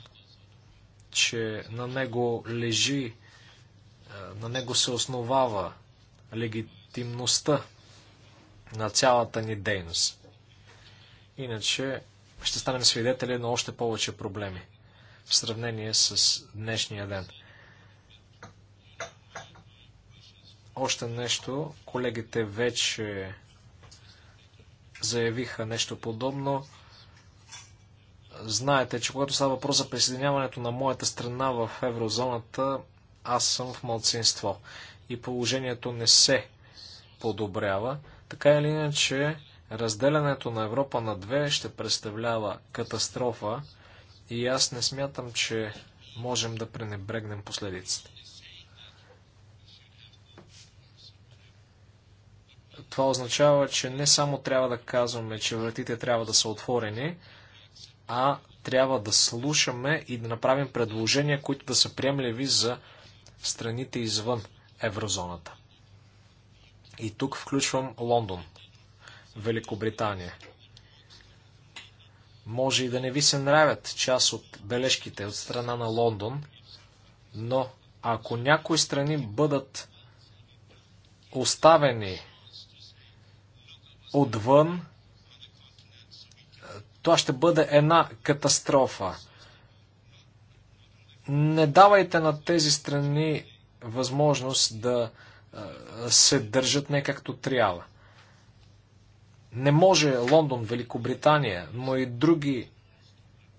B: че на него лежи, е, на него се основава легитимност легитимността на цялата ни дейност. Иначе ще станем свидетели на още повече проблеми в сравнение с днешния ден. Още нещо, колегите вече заявиха нещо подобно. Знаете, че когато става въпрос за присъединяването на моята страна в еврозоната, аз съм в мълцинство и положението не се подобрява. Така или иначе, разделянето на Европа на две ще представлява катастрофа и аз не смятам, че можем да пренебрегнем последиците. Това означава, че не само трябва да казваме, че вратите трябва да са отворени, а трябва да слушаме и да направим предложения, които да са приемливи за страните извън еврозоната. И тук включвам Лондон, Великобритания. Може и да не ви се нравят част от бележките от страна на Лондон, но ако някои страни бъдат оставени отвън, това ще бъде една катастрофа. Не давайте на тези страни възможност да се държат не както трябва. Не може Лондон, Великобритания, но и други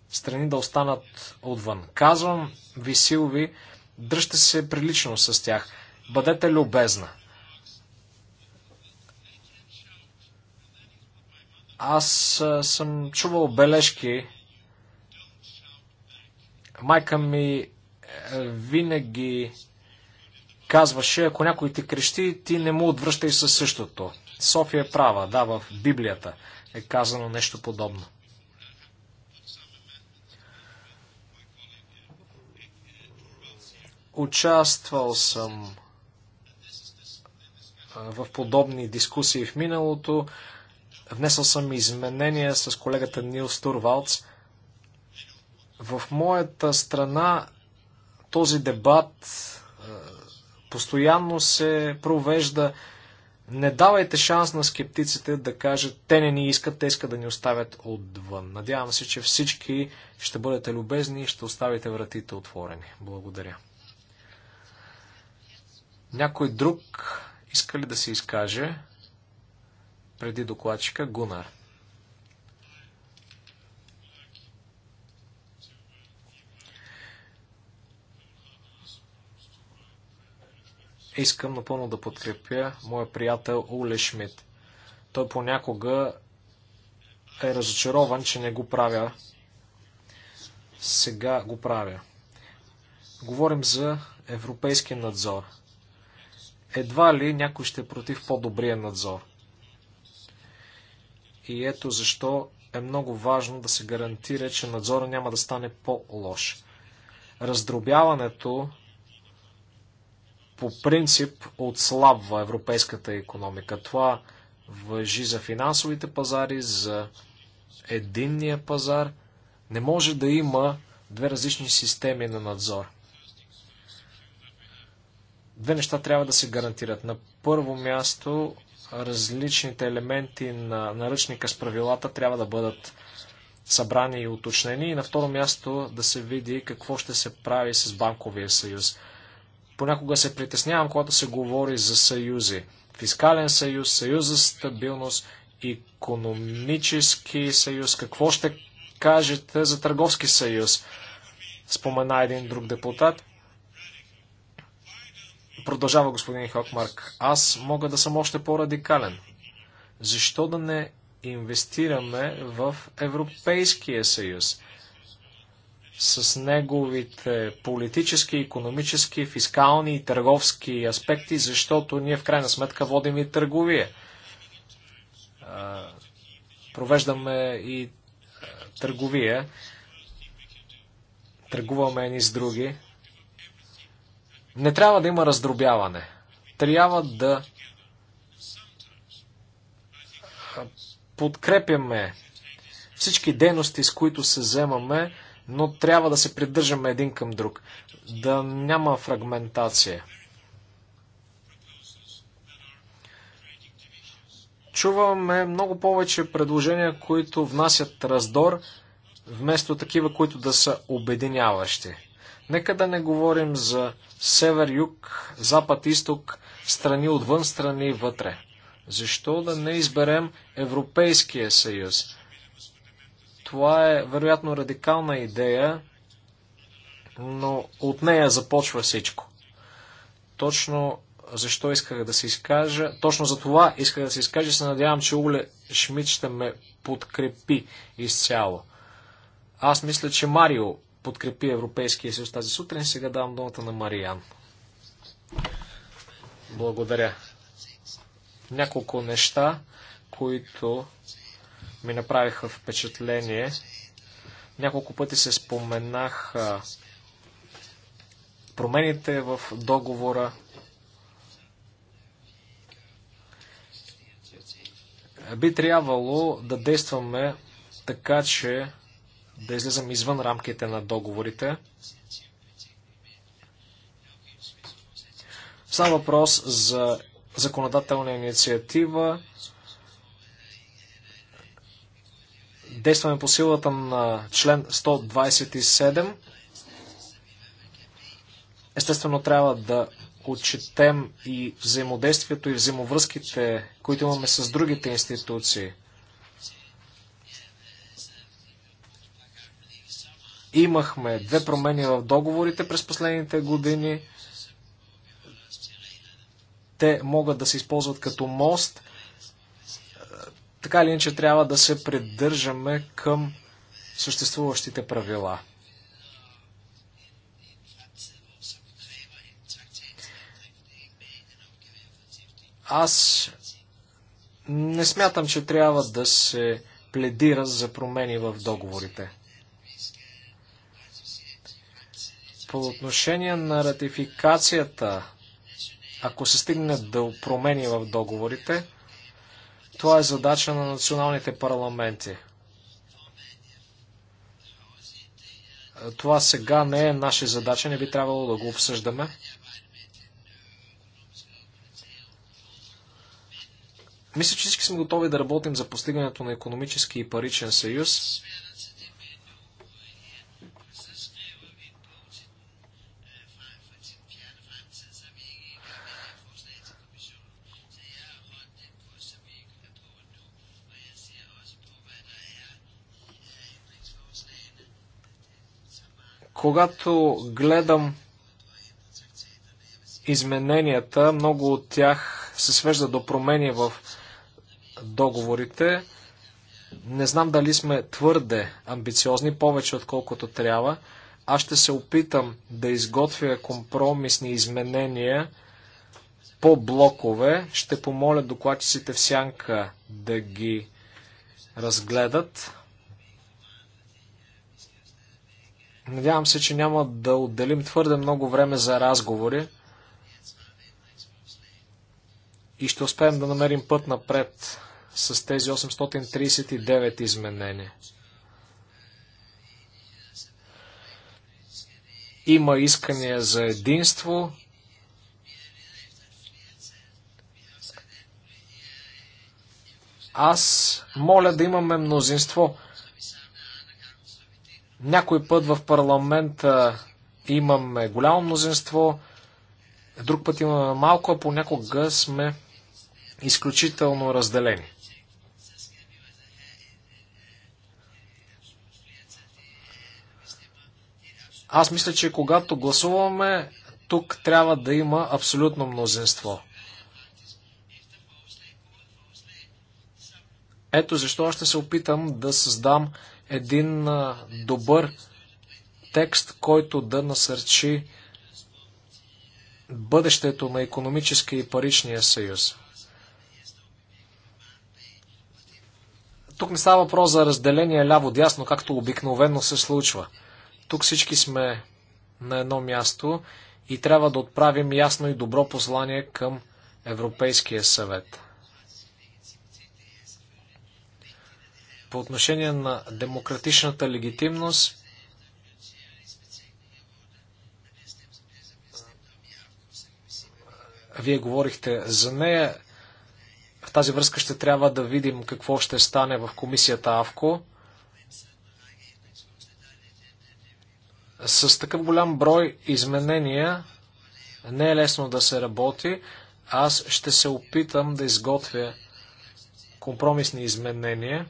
B: страни да останат отвън. Казвам ви, Силви, дръжте се прилично с тях. Бъдете любезна. Аз съм чувал бележки. Майка ми винаги казваше, ако някой ти крещи, ти не му отвръщай със същото. София е права, да, в Библията е казано нещо подобно. Участвал съм в подобни дискусии в миналото. Внесъл съм изменения с колегата Нил Стурвалц. В моята страна този дебат постоянно се провежда. Не давайте шанс на скептиците да кажат, те не ни искат, те искат да ни оставят отвън. Надявам се, че всички ще бъдете любезни и ще оставите вратите отворени. Благодаря. Някой друг иска ли да се изкаже преди докладчика Гунар? Искам напълно да подкрепя моя приятел Уле Шмидт. Той понякога е разочарован, че не го правя. Сега го правя. Говорим за европейски надзор. Едва ли някой ще е против по-добрия надзор. И ето защо е много важно да се гарантира, че надзора няма да стане по-лош. Раздробяването по принцип отслабва европейската економика. Това въжи за финансовите пазари, за единния пазар. Не може да има две различни системи на надзор. Две неща трябва да се гарантират. На първо място, различните елементи на наръчника с правилата трябва да бъдат събрани и уточнени. И на второ място да се види какво ще се прави с банковия съюз. Понякога се притеснявам, когато се говори за съюзи. Фискален съюз, съюз за стабилност, економически съюз. Какво ще кажете за търговски съюз? Спомена един друг депутат. Продължава господин Хокмарк. Аз мога да съм още по-радикален. Защо да не инвестираме в Европейския съюз? с неговите политически, економически, фискални и търговски аспекти, защото ние в крайна сметка водим и търговия. Провеждаме и търговия. Търгуваме едни с други. Не трябва да има раздробяване. Трябва да подкрепяме всички дейности, с които се вземаме, но трябва да се придържаме един към друг, да няма фрагментация. Чуваме много повече предложения, които внасят раздор, вместо такива, които да са обединяващи. Нека да не говорим за север-юг, запад-исток, страни отвън, страни вътре. Защо да не изберем Европейския съюз? Това е вероятно радикална идея, но от нея започва всичко. Точно защо исках да се изкажа. Точно за това исках да се изкажа и се надявам, че Уле Шмидт ще ме подкрепи изцяло. Аз мисля, че Марио подкрепи Европейския съюз тази сутрин. Сега давам думата на Мариан. Благодаря. Няколко неща, които ми направиха впечатление. Няколко пъти се споменах промените в договора. Би трябвало да действаме така, че да излизам извън рамките на договорите. Сам въпрос за законодателна инициатива, Действаме по силата на член 127. Естествено, трябва да отчетем и взаимодействието и взаимовръзките, които имаме с другите институции. Имахме две промени в договорите през последните години. Те могат да се използват като мост – така или иначе трябва да се придържаме към съществуващите правила. Аз не смятам, че трябва да се пледира за промени в договорите. По отношение на ратификацията, ако се стигне до да промени в договорите, това е задача на националните парламенти. Това сега не е наша задача, не би трябвало да го обсъждаме. Мисля, че всички сме готови да работим за постигането на економически и паричен съюз. Когато гледам измененията, много от тях се свежда до промени в договорите. Не знам дали сме твърде амбициозни, повече отколкото трябва. Аз ще се опитам да изготвя компромисни изменения по блокове. Ще помоля докладчиците в сянка да ги разгледат. Надявам се, че няма да отделим твърде много време за разговори и ще успеем да намерим път напред с тези 839 изменения. Има искания за единство. Аз моля да имаме мнозинство някой път в парламента имаме голямо мнозинство, друг път имаме малко, а понякога сме изключително разделени. Аз мисля, че когато гласуваме, тук трябва да има абсолютно мнозинство. Ето защо аз ще се опитам да създам един добър текст, който да насърчи бъдещето на економическия и паричния съюз. Тук не става въпрос за разделение ляво-дясно, както обикновено се случва. Тук всички сме на едно място и трябва да отправим ясно и добро послание към Европейския съвет. по отношение на демократичната легитимност, вие говорихте за нея. В тази връзка ще трябва да видим какво ще стане в комисията АВКО. С такъв голям брой изменения не е лесно да се работи. Аз ще се опитам да изготвя компромисни изменения.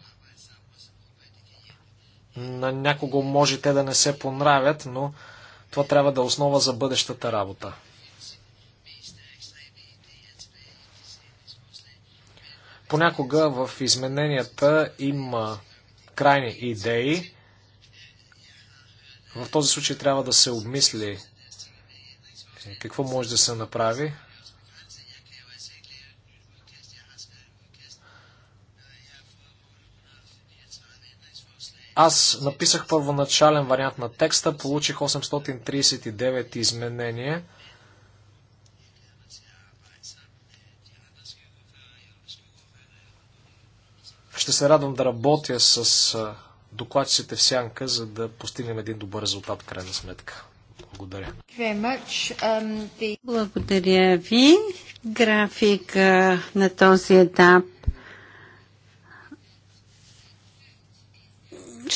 B: На някого може те да не се понравят, но това трябва да е основа за бъдещата работа. Понякога в измененията има крайни идеи. В този случай трябва да се обмисли какво може да се направи. Аз написах първоначален вариант на текста, получих 839 изменения. Ще се радвам да работя с докладчиците в сянка, за да постигнем един добър резултат в крайна сметка. Благодаря. Um,
A: Благодаря ви. Графика на този етап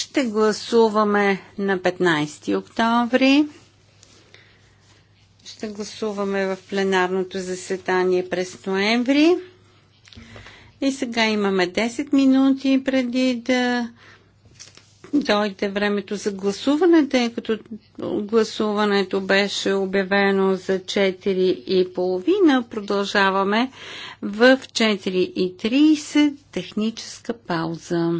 A: Ще гласуваме на 15 октомври. Ще гласуваме в пленарното заседание през ноември. И сега имаме 10 минути преди да дойде времето за гласуване, тъй като гласуването беше обявено за 4.30. Продължаваме в 4.30 техническа пауза.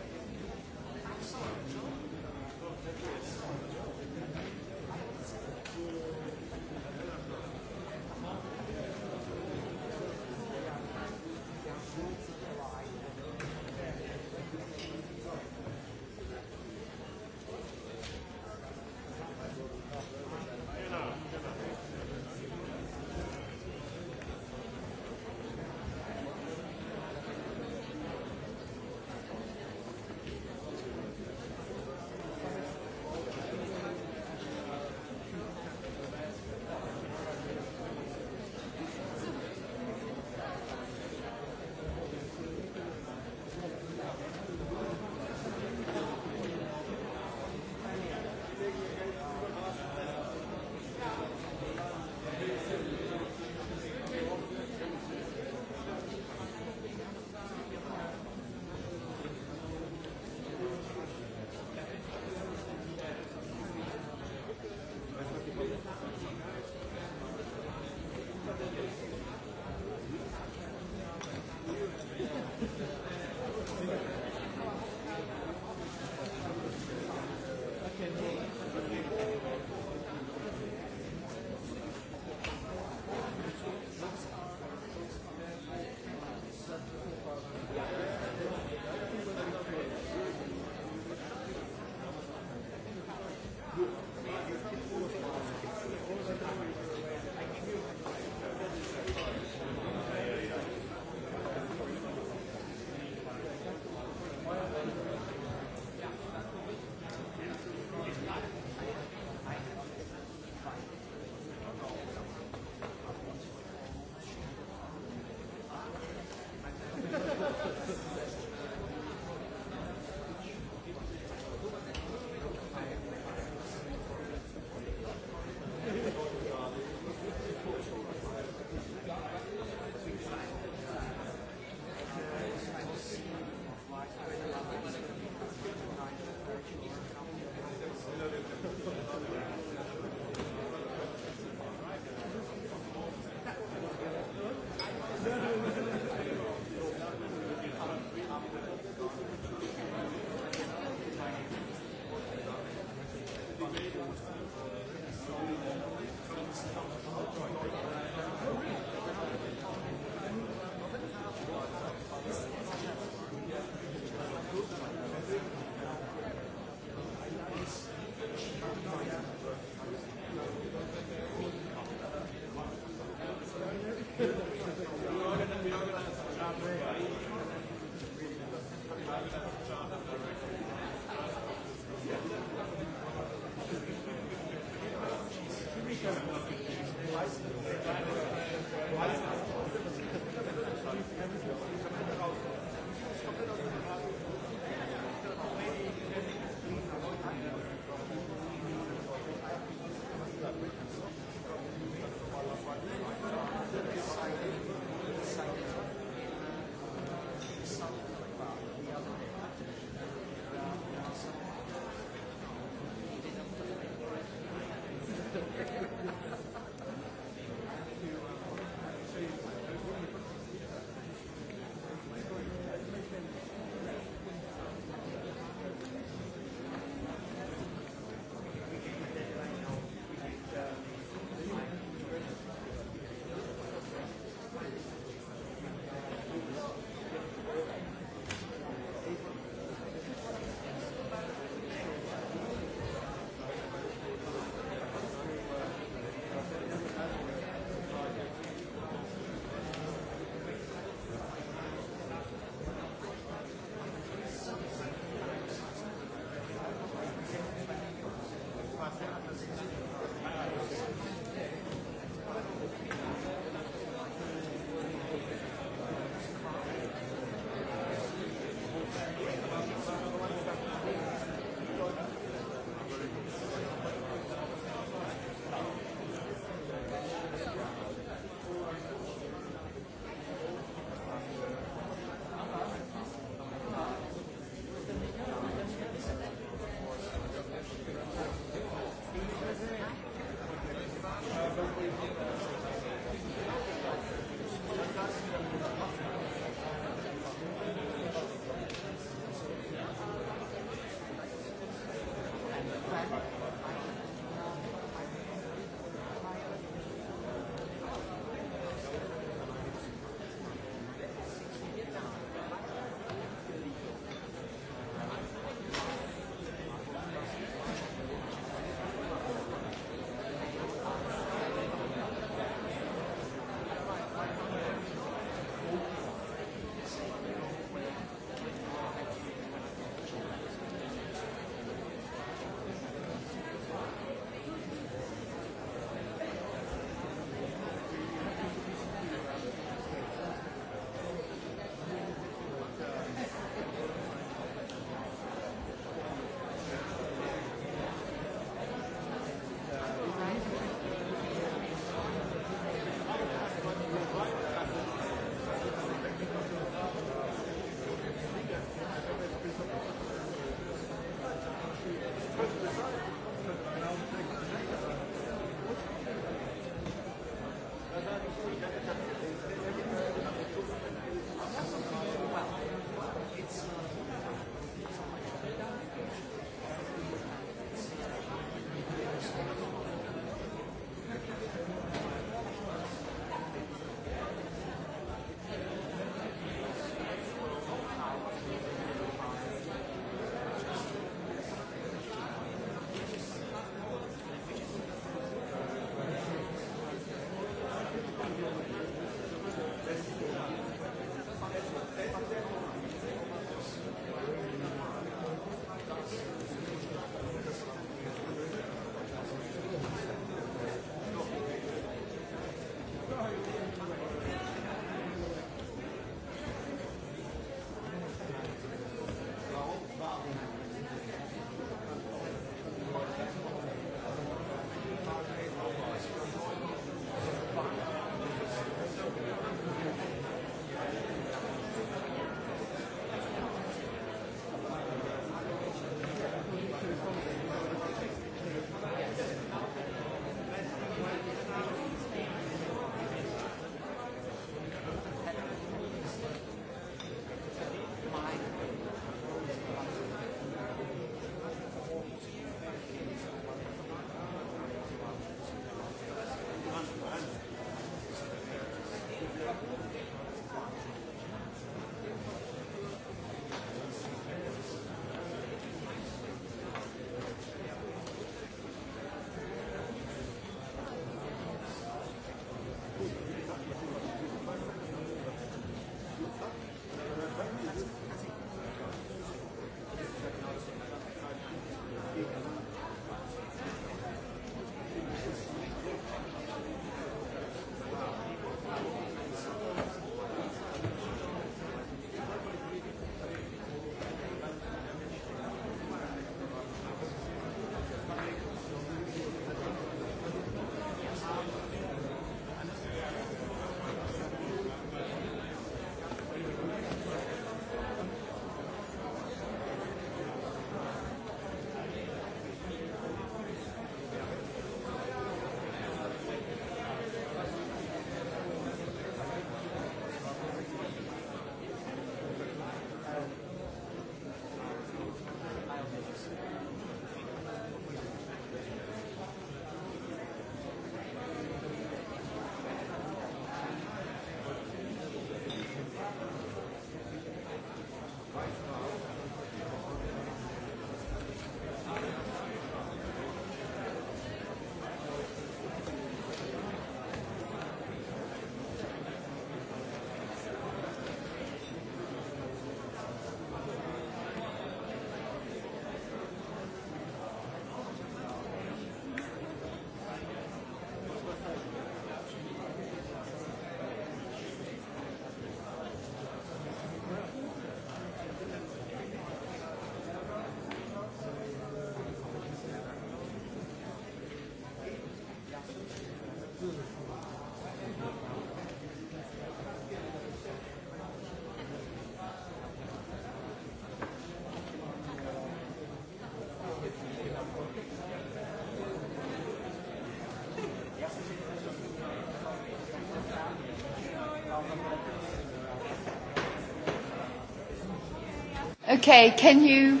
A: Okay, can you...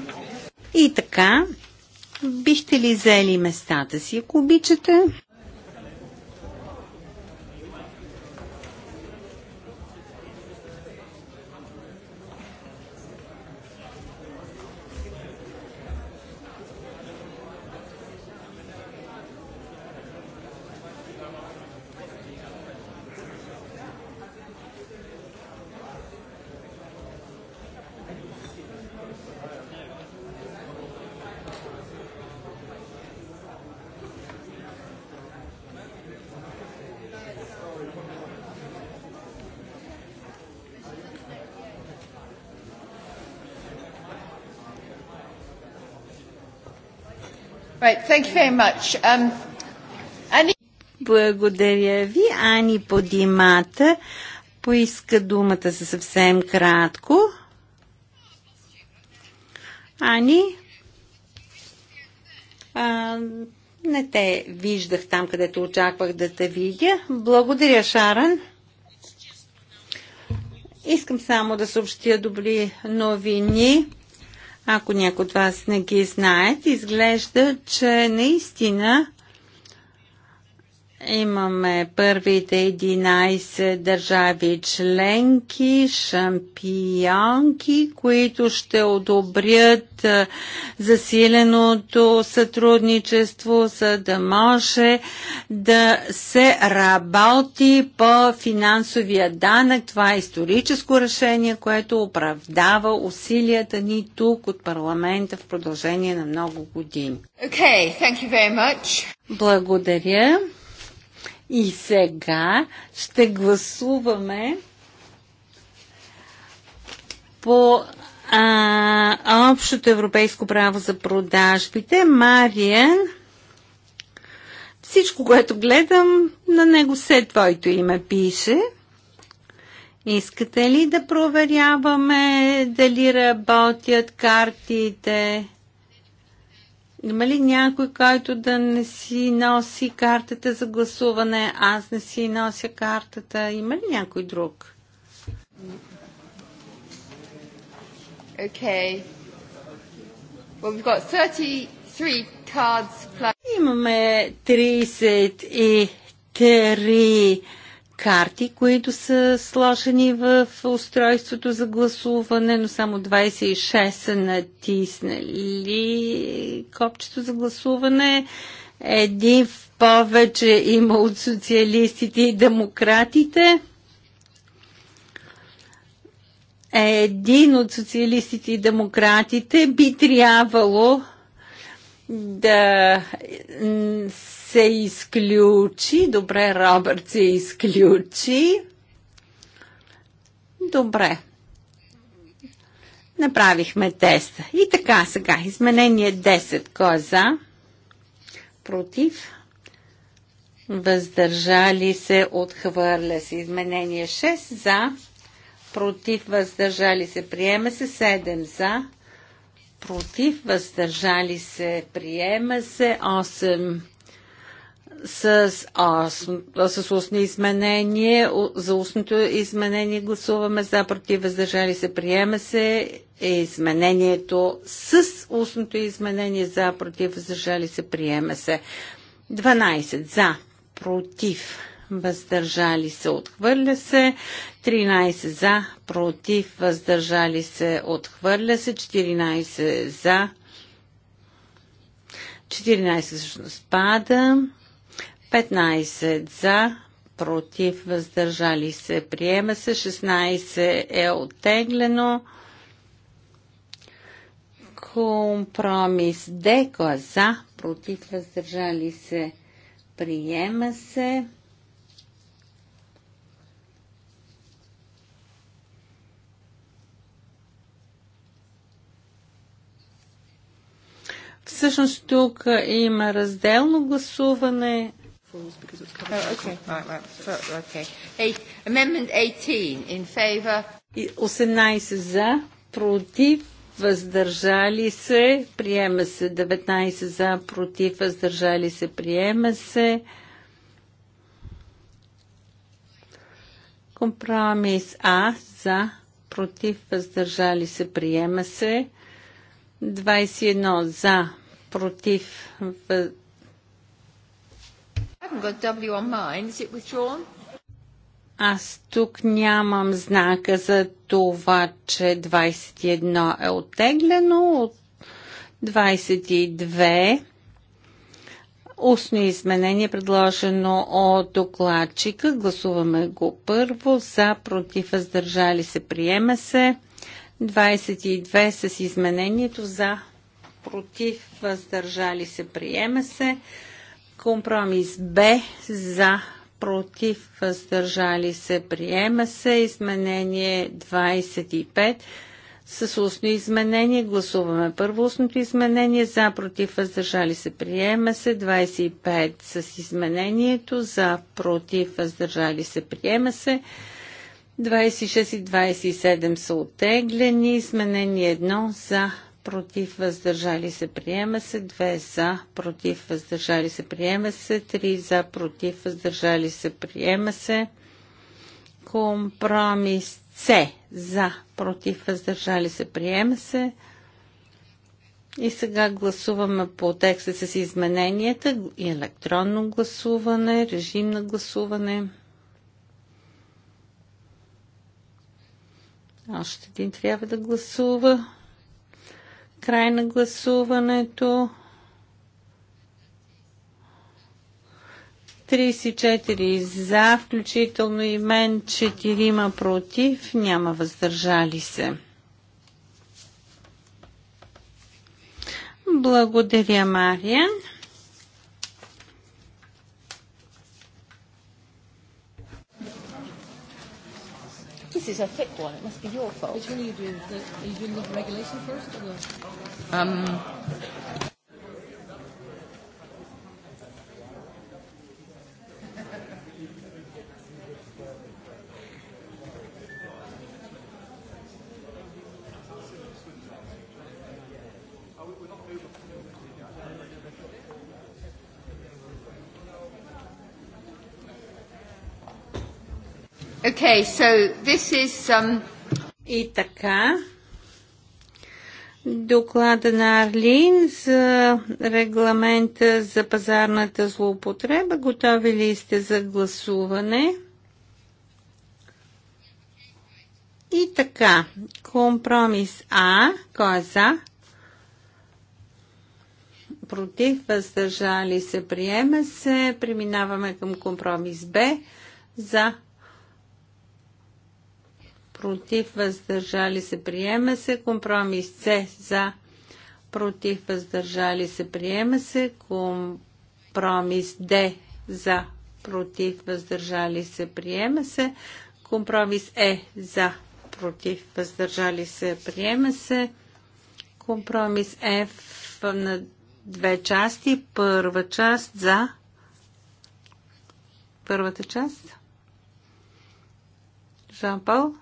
A: И така, бихте ли взели местата си, ако обичате? Um, Благодаря ви. Ани Подимата поиска думата за съвсем кратко. Ани, а, не те виждах там, където очаквах да те видя. Благодаря, Шаран. Искам само да съобщя добри новини. Ако някой от вас не ги знаят, изглежда, че наистина Имаме първите 11 държави членки, шампионки, които ще одобрят засиленото сътрудничество, за да може да се работи по финансовия данък. Това е историческо решение, което оправдава усилията ни тук от парламента в продължение на много години. Okay, thank you very much. Благодаря. И сега ще гласуваме по а, общото европейско право за продажбите. Мариен, всичко, което гледам, на него все твоето име пише. Искате ли да проверяваме дали работят картите? Има ли някой, който да не си носи картата за гласуване? Аз не си нося картата. Има ли някой друг? Okay. Well, we've got 33 cards plus... Имаме 33 карти, които са сложени в устройството за гласуване, но само 26 са натиснали копчето за гласуване. Един в повече има от социалистите и демократите. Един от социалистите и демократите би трябвало да се изключи. Добре, Робърт се изключи. Добре. Направихме теста. И така сега. Изменение 10. Кой е за? Против? Въздържали се. Отхвърля се. Изменение 6. За? Против? Въздържали се. Приема се. 7. За? Против? Въздържали се. Приема се. 8 с, осм, с устни изменение. За устното изменение гласуваме за против въздържали се приема се. Е изменението с устното изменение за против въздържали се приема се. 12 за против въздържали се отхвърля се. 13 за против въздържали се отхвърля се. 14 за 14 всъщност пада. 15 за, против, въздържали се, приема се, 16 е оттеглено. Компромис Д, е за, против, въздържали се, приема се. Всъщност тук има разделно гласуване falls because it's covered. Oh, okay. Right, right. So, okay. Eight, amendment 18 in favor. 18 за, против, въздържали се, приема се. 19 за, против, въздържали се, приема се. Компромис А за, против, въздържали се, приема се. 21 за, против, въздържали аз тук нямам знака за това, че 21 е оттеглено от 22 устно изменение, предложено от докладчика. Гласуваме го първо. За, против, въздържали се, приема се. 22 с изменението за, против, въздържали се, приема се. Компромис Б за против въздържали се приема се изменение 25 с устно изменение. Гласуваме първо устното изменение. За, против, въздържали се. Приема се. 25 с изменението. За, против, въздържали се. Приема се. 26 и 27 са отеглени. Изменение 1 за, против, въздържали се, приема се. 2 за, против, въздържали се, приема се. 3 за, против, въздържали се, приема се. Компромис С за, против, въздържали се, приема се. И сега гласуваме по текста с измененията и електронно гласуване, режим на гласуване. Още един трябва да гласува. Край на гласуването. 34 за, включително и мен, 4 против, няма въздържали се. Благодаря, Мария. This is a thick one. It must be your fault. Which one are you doing? are you doing the regulation first? Or the... Um, Okay, so this is um... И така, доклада на Арлин за регламента за пазарната злоупотреба. Готови ли сте за гласуване? И така, компромис А, кой е за? Против, въздържали се, приема се. Преминаваме към компромис Б за против, въздържали се, приема се. Компромис С за, против, въздържали се, приема се. Компромис Д за, против, въздържали се, приема се. Компромис Е за, против, въздържали се, приема се. Компромис F на две части. Първа част за първата част. Жан Пол.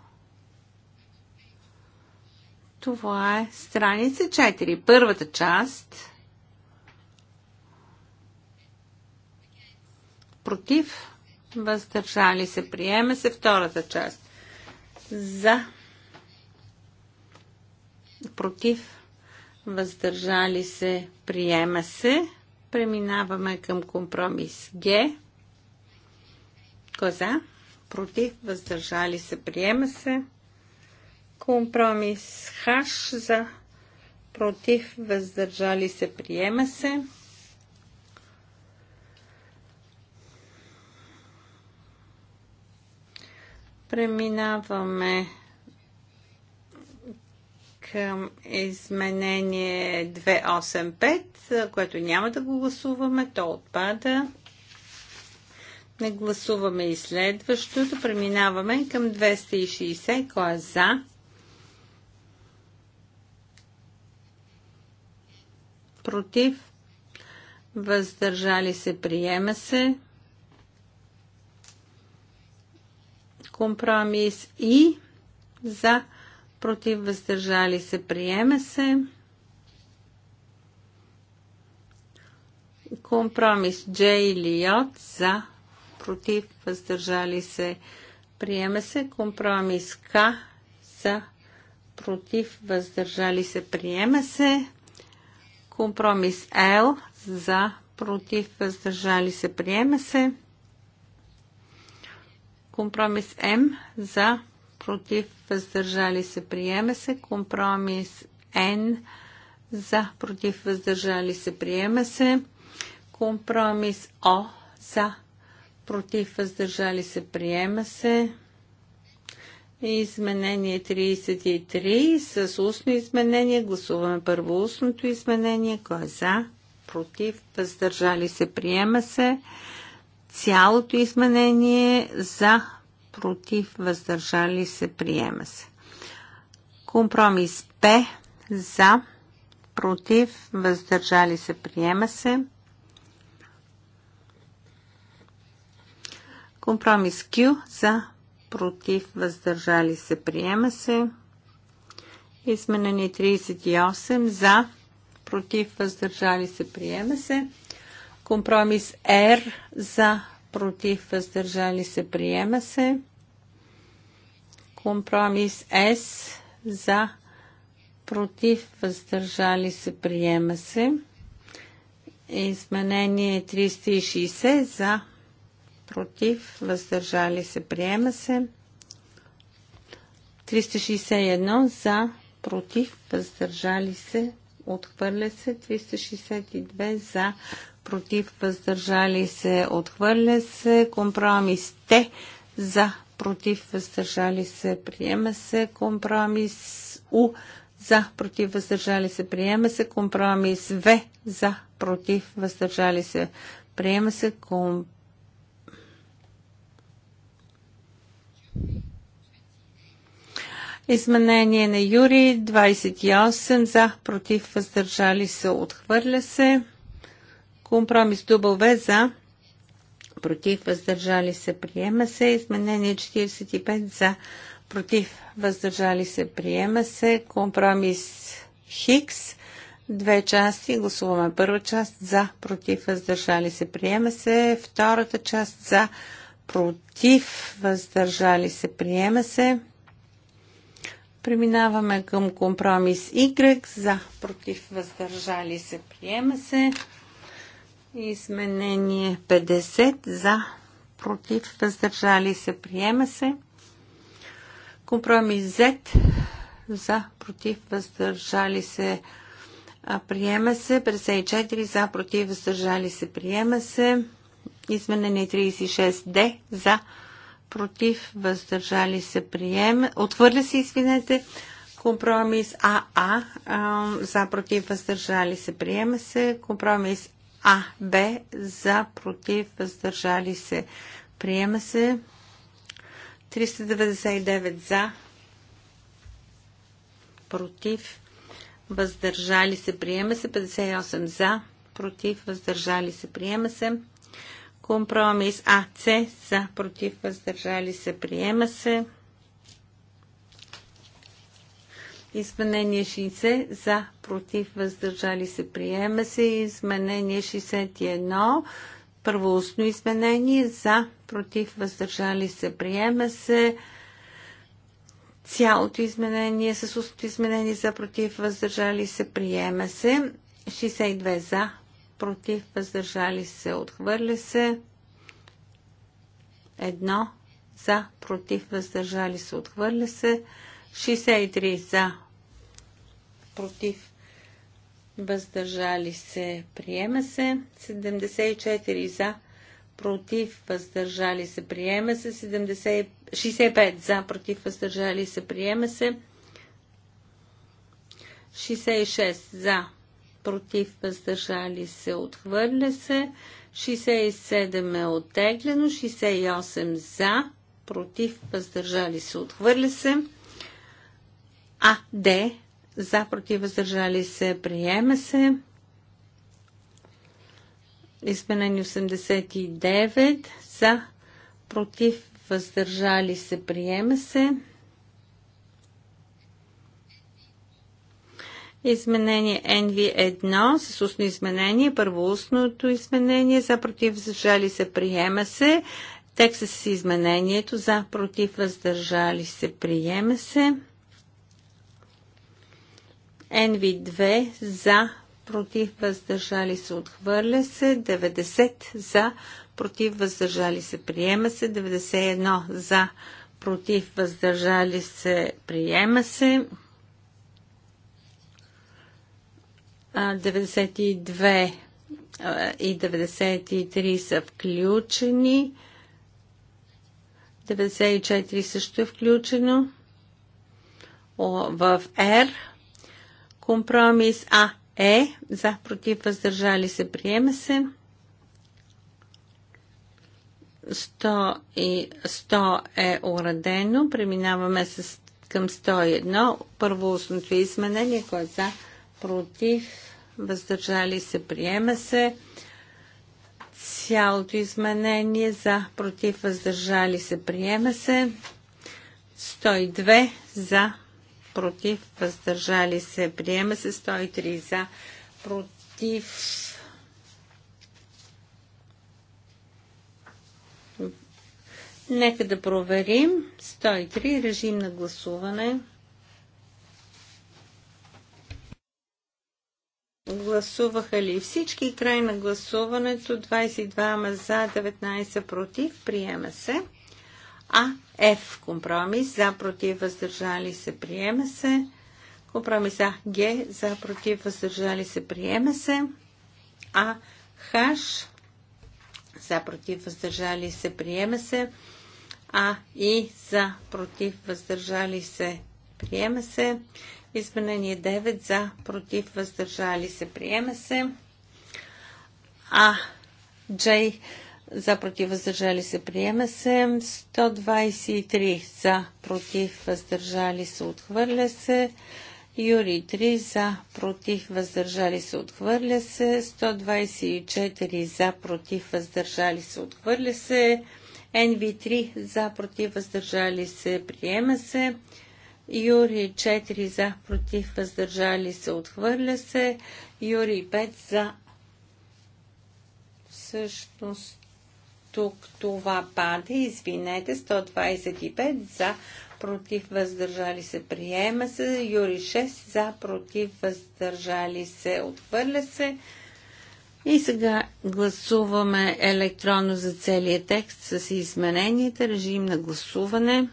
A: Това е страница 4, първата част. Против, въздържали се, приема се втората част. За, против, въздържали се, приема се. Преминаваме към компромис Г. Коза, е против, въздържали се, приема се. Компромис хаш за против, въздържали се, приема се. Преминаваме към изменение 285, което няма да го гласуваме, то отпада. Не гласуваме и следващото. Преминаваме към 260, кой е за, против, въздържали се, приема се. Компромис и за, против, въздържали се, приема се. Компромис J или J за, против, въздържали се, приема се. Компромис К за, против, въздържали се, приема се. Компромис L за против въздържали се приема се. Компромис М за против въздържали се приема се. Компромис Н за против въздържали се приема се. Компромис О за против въздържали се приема се. Изменение 33 с устно изменение. Гласуваме първо устното изменение. Кой е за? Против? Въздържали се? Приема се. Цялото изменение за? Против? Въздържали се? Приема се. Компромис П за? Против? Въздържали се? Приема се. Компромис Q за? против, въздържали се, приема се. Изменени 38 за, против, въздържали се, приема се. Компромис Р за, против, въздържали се, приема се. Компромис С за, против, въздържали се, приема се. Изменение 360 за, против, въздържали се, приема се. 361 за, против, въздържали се, отхвърля се. 362 за, против, въздържали се, отхвърля се. Компромис за, против, въздържали се, приема се. Компромис У за, против, въздържали се, приема се. Компромис В за, против, въздържали се, приема се. Компромис Изменение на Юри 28 за, против, въздържали се, отхвърля се. Компромис дубове за, против, въздържали се, приема се. Изменение 45 за, против, въздържали се, приема се. Компромис Хикс две части. Гласуваме първа част за, против, въздържали се, приема се. Втората част за, против, въздържали се, приема се. Преминаваме към компромис Y за против въздържали се приема се. Изменение 50 за против въздържали се приема се. Компромис Z за против въздържали се приема се. 54 за против въздържали се приема се. Изменение 36 Д за против против, въздържали се, приема. Отвърля се, извинете, компромис АА, за, против, въздържали се, приема се. Компромис АБ, за, против, въздържали се, приема се. 399 за, против, въздържали се, приема се. 58 за, против, въздържали се, приема се. Компромис АЦ за против въздържали се приема се. Изменение 60 за против въздържали се приема се. Изменение 61 първоустно изменение за против въздържали се приема се. Цялото изменение с устното изменение за против въздържали се приема се. 62 за против, въздържали се, отхвърля се. Едно за, против, въздържали се, отхвърля се. 63 за, против, въздържали се, приема се. 74 за, против, въздържали се, приема се. 70... 65 за, против, въздържали се, приема се. 66 за, против, въздържали се, отхвърля се. 67 е оттеглено, 68 за, против, въздържали се, отхвърля се. А, Д, за, против, въздържали се, приема се. Изменени 89, за, против, въздържали се, приема се. Изменение NV1 с устно изменение, първо устното изменение, за против въздържали се, приема се. Текста с изменението, за против въздържали се, приема се. NV2 за против въздържали се, отхвърля се. 90 за против въздържали се, приема се. 91 за против въздържали се, приема се. 92 и 93 са включени. 94 също е включено в R. Компромис А е за против въздържали се приема се. 100, и 100 е уредено. Преминаваме с, към 101. Първо устното изменение, което за против, въздържали се, приема се. Цялото изменение за, против, въздържали се, приема се. 102 за, против, въздържали се, приема се. 103 за, против, Нека да проверим. 103. Режим на гласуване. Гласуваха ли всички? Край на гласуването. 22 за, 19 против. Приема се. А, Ф, компромис. За, против, въздържали се. Приема се. Компромис А, Г, за, против, въздържали се. Приема се. А, Х, за, против, въздържали се. Приема се. А, И, за, против, въздържали се. Приема се. Изменение 9 за, против, въздържали се, приема се. А, Джей за, против, въздържали се, приема се. 123 за, против, въздържали се, отхвърля се. Юри 3 за, против, въздържали се, отхвърля се. 124 за, против, въздържали се, отхвърля се. NV3 за, против, въздържали се, приема се. Юри 4 за, против, въздържали се, отхвърля се. Юри 5 за. Всъщност тук това пада. Извинете, 125 за, против, въздържали се, приема се. Юри 6 за, против, въздържали се, отхвърля се. И сега гласуваме електронно за целия текст с измененията. Режим на гласуване.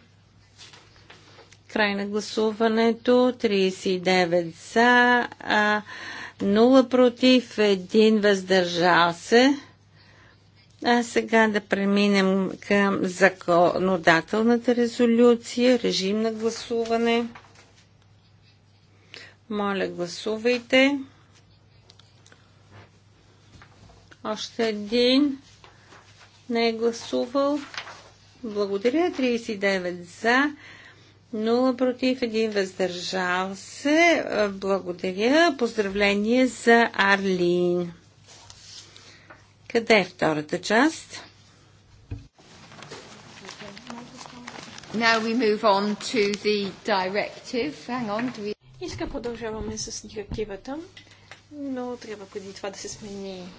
A: Край на гласуването. 39 за, а 0 против, 1 въздържал се. А сега да преминем към законодателната резолюция. Режим на гласуване. Моля, гласувайте. Още един не е гласувал. Благодаря. 39 за. 0 против 1 въздържал се. Благодаря. Поздравление за Арлин. Къде е втората част? Now we move on to the directive. Hang on, do we... Иска
C: продължаваме с директивата, но трябва преди това да се смени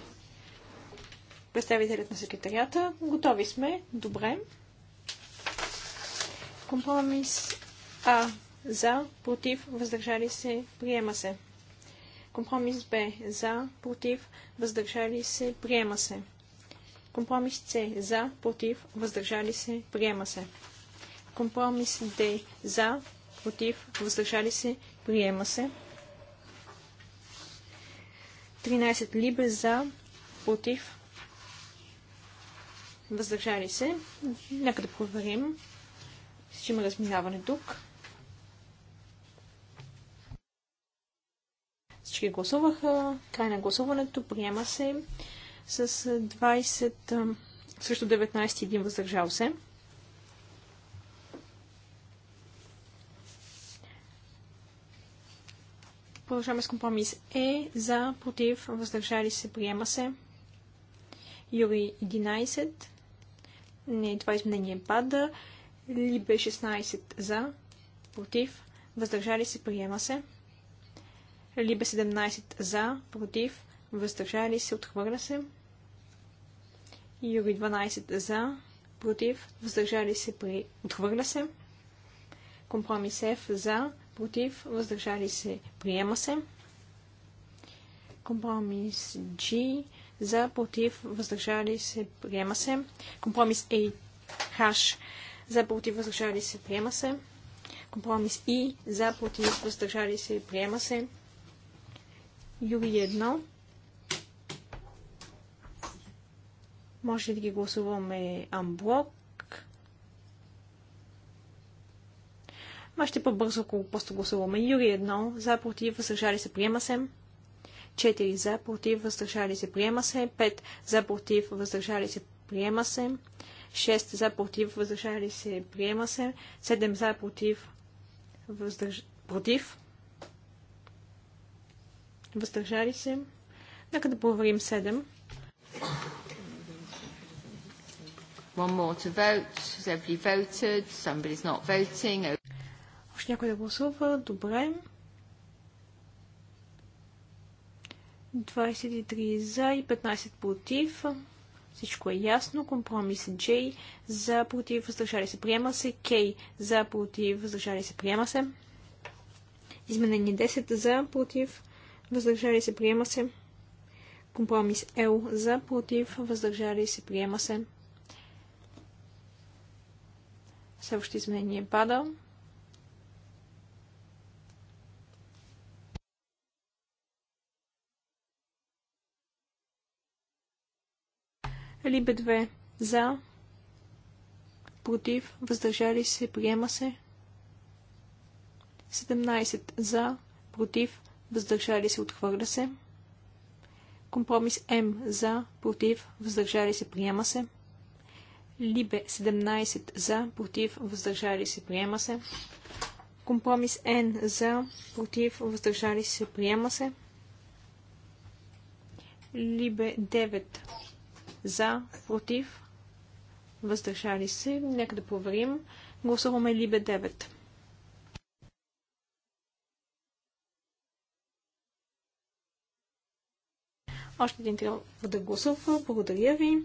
C: представителят на секретарията. Готови сме. Добре. Компромис а. За, против, въздържали се, приема се. Компромис Б. За, против, въздържали се, приема се. Компромис С. За, против, въздържали се, приема се. Компромис Д. За, против, въздържали се, приема се. 13 либе за, против, въздържали се. Нека да проверим. Ще има разминаване тук. Всички гласуваха. Край на гласуването. Приема се с 20, също 19 един въздържал се. Продължаваме с компромис Е за, против, въздържали се, приема се. Юри 11. Не, това изменение пада. Либе 16 за, против, въздържали се, приема се. Либе 17 за, против, въздържали се, отхвърля се. Юри 12 за, против, въздържали се, при... отхвърля се. Компромис F за, против, въздържали се, приема се. Компромис G за, против, въздържали се, приема се. Компромис A H за, против, въздържали се, приема се. Компромис И за, против, въздържали се, приема се. Юри 1. Може да ги гласуваме амблок. Ма ще по-бързо, ако просто гласуваме. Юри 1. За, против, възражали се, приема се. 4. За, против, въздържали се, приема се. 5. За, против, въздържали се, приема се. 6 за против, въздържали се, приема се. 7 за против, въздърж... против, Въздържали се. Нека да проверим 7.
A: One more to vote. Has everybody voted? Somebody's not voting. Още някой да гласува. Добре.
C: 23 за и 15 против. Всичко е ясно. Компромис J за против въздържали се приема се. K за против въздържали се приема се. Изменение 10 за против въздържали се, приема се. Компромис Л за, против, въздържали се, приема се. Следващото изменение пада. Либе 2 за, против, въздържали се, приема се. 17 за, против, въздържали се, отхвърля се. Компромис М за, против, въздържали се, приема се. Либе 17 за, против, въздържали се, приема се. Компромис Н за, против, въздържали се, приема се. Либе 9 за, против, въздържали се. Нека да проверим. Гласуваме Либе 9. Още един трябва да гласува. Благодаря ви.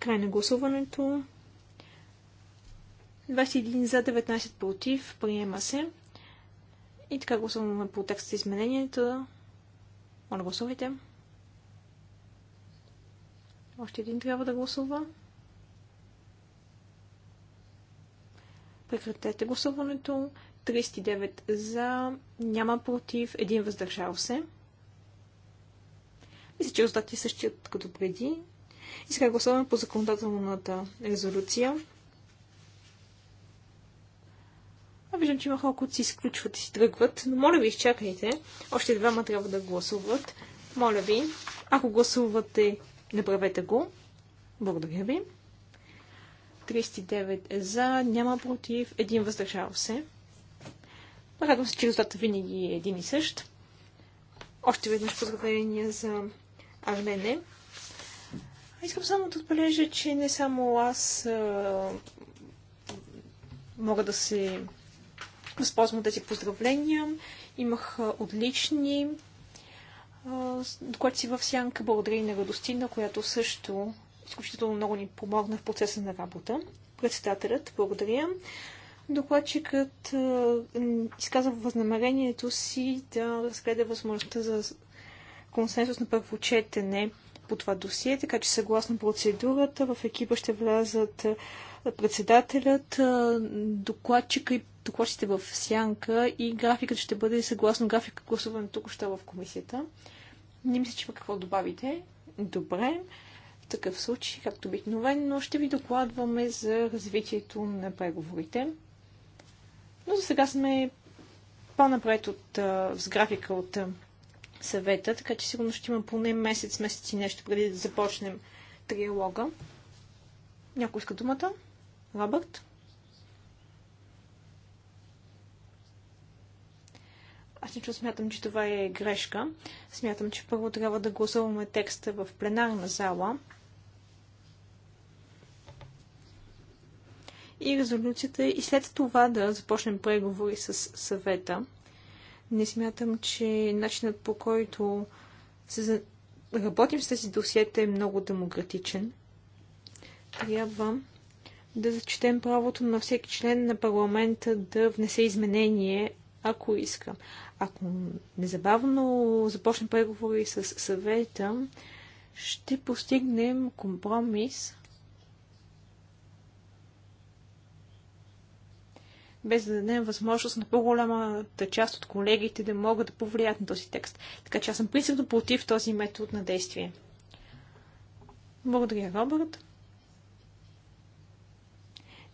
C: Край на гласуването. 21 за 19 против. Приема се. И така гласуваме по текста измененията. Моля, гласувайте. Още един трябва да гласува. Прекратете гласуването. 39 за, няма против, един въздържал се. Мисля, че резултатът е същият като преди. И сега гласуваме по законодателната резолюция. А виждам, че има хора, които си изключват и си тръгват, но моля ви, изчакайте. Още двама трябва да гласуват. Моля ви, ако гласувате, направете го. Благодаря ви. 39 е за, няма против, един въздържал се. Радвам се, че резултатът винаги е един и същ. Още веднъж поздравления за Армене. Искам само да отбележа, че не само аз а, мога да се възползвам тези поздравления. Имах а, отлични доклади си в Сянка, благодаря и на Радостина, която също изключително много ни помогна в процеса на работа. Председателят, благодаря. Докладчикът изказа възнамерението си да разгледа възможността за консенсус на първо четене по това досие, така че съгласно процедурата в екипа ще влязат председателят, докладчика и докладчите в сянка и графикът ще бъде съгласно графика гласуване тук още в комисията. Не мисля, че има какво добавите. Добре. В такъв случай, както обикновено, ще ви докладваме за развитието на преговорите. Но за сега сме по-напред от, с графика от съвета, така че сигурно ще има поне месец, месец и нещо преди да започнем триалога. Някой иска думата? Робърт? Аз лично смятам, че това е грешка. Смятам, че първо трябва да гласуваме текста в пленарна зала. И резолюцията и след това да започнем преговори с съвета. Не смятам, че начинът по който се работим с тези досиета е много демократичен. Трябва да зачетем правото на всеки член на парламента да внесе изменение, ако иска. Ако незабавно започнем преговори с съвета, ще постигнем компромис, без да дадем възможност на по-голямата част от колегите да могат да повлият на този текст. Така че аз съм принципно против този метод на действие. Благодаря, Робърт.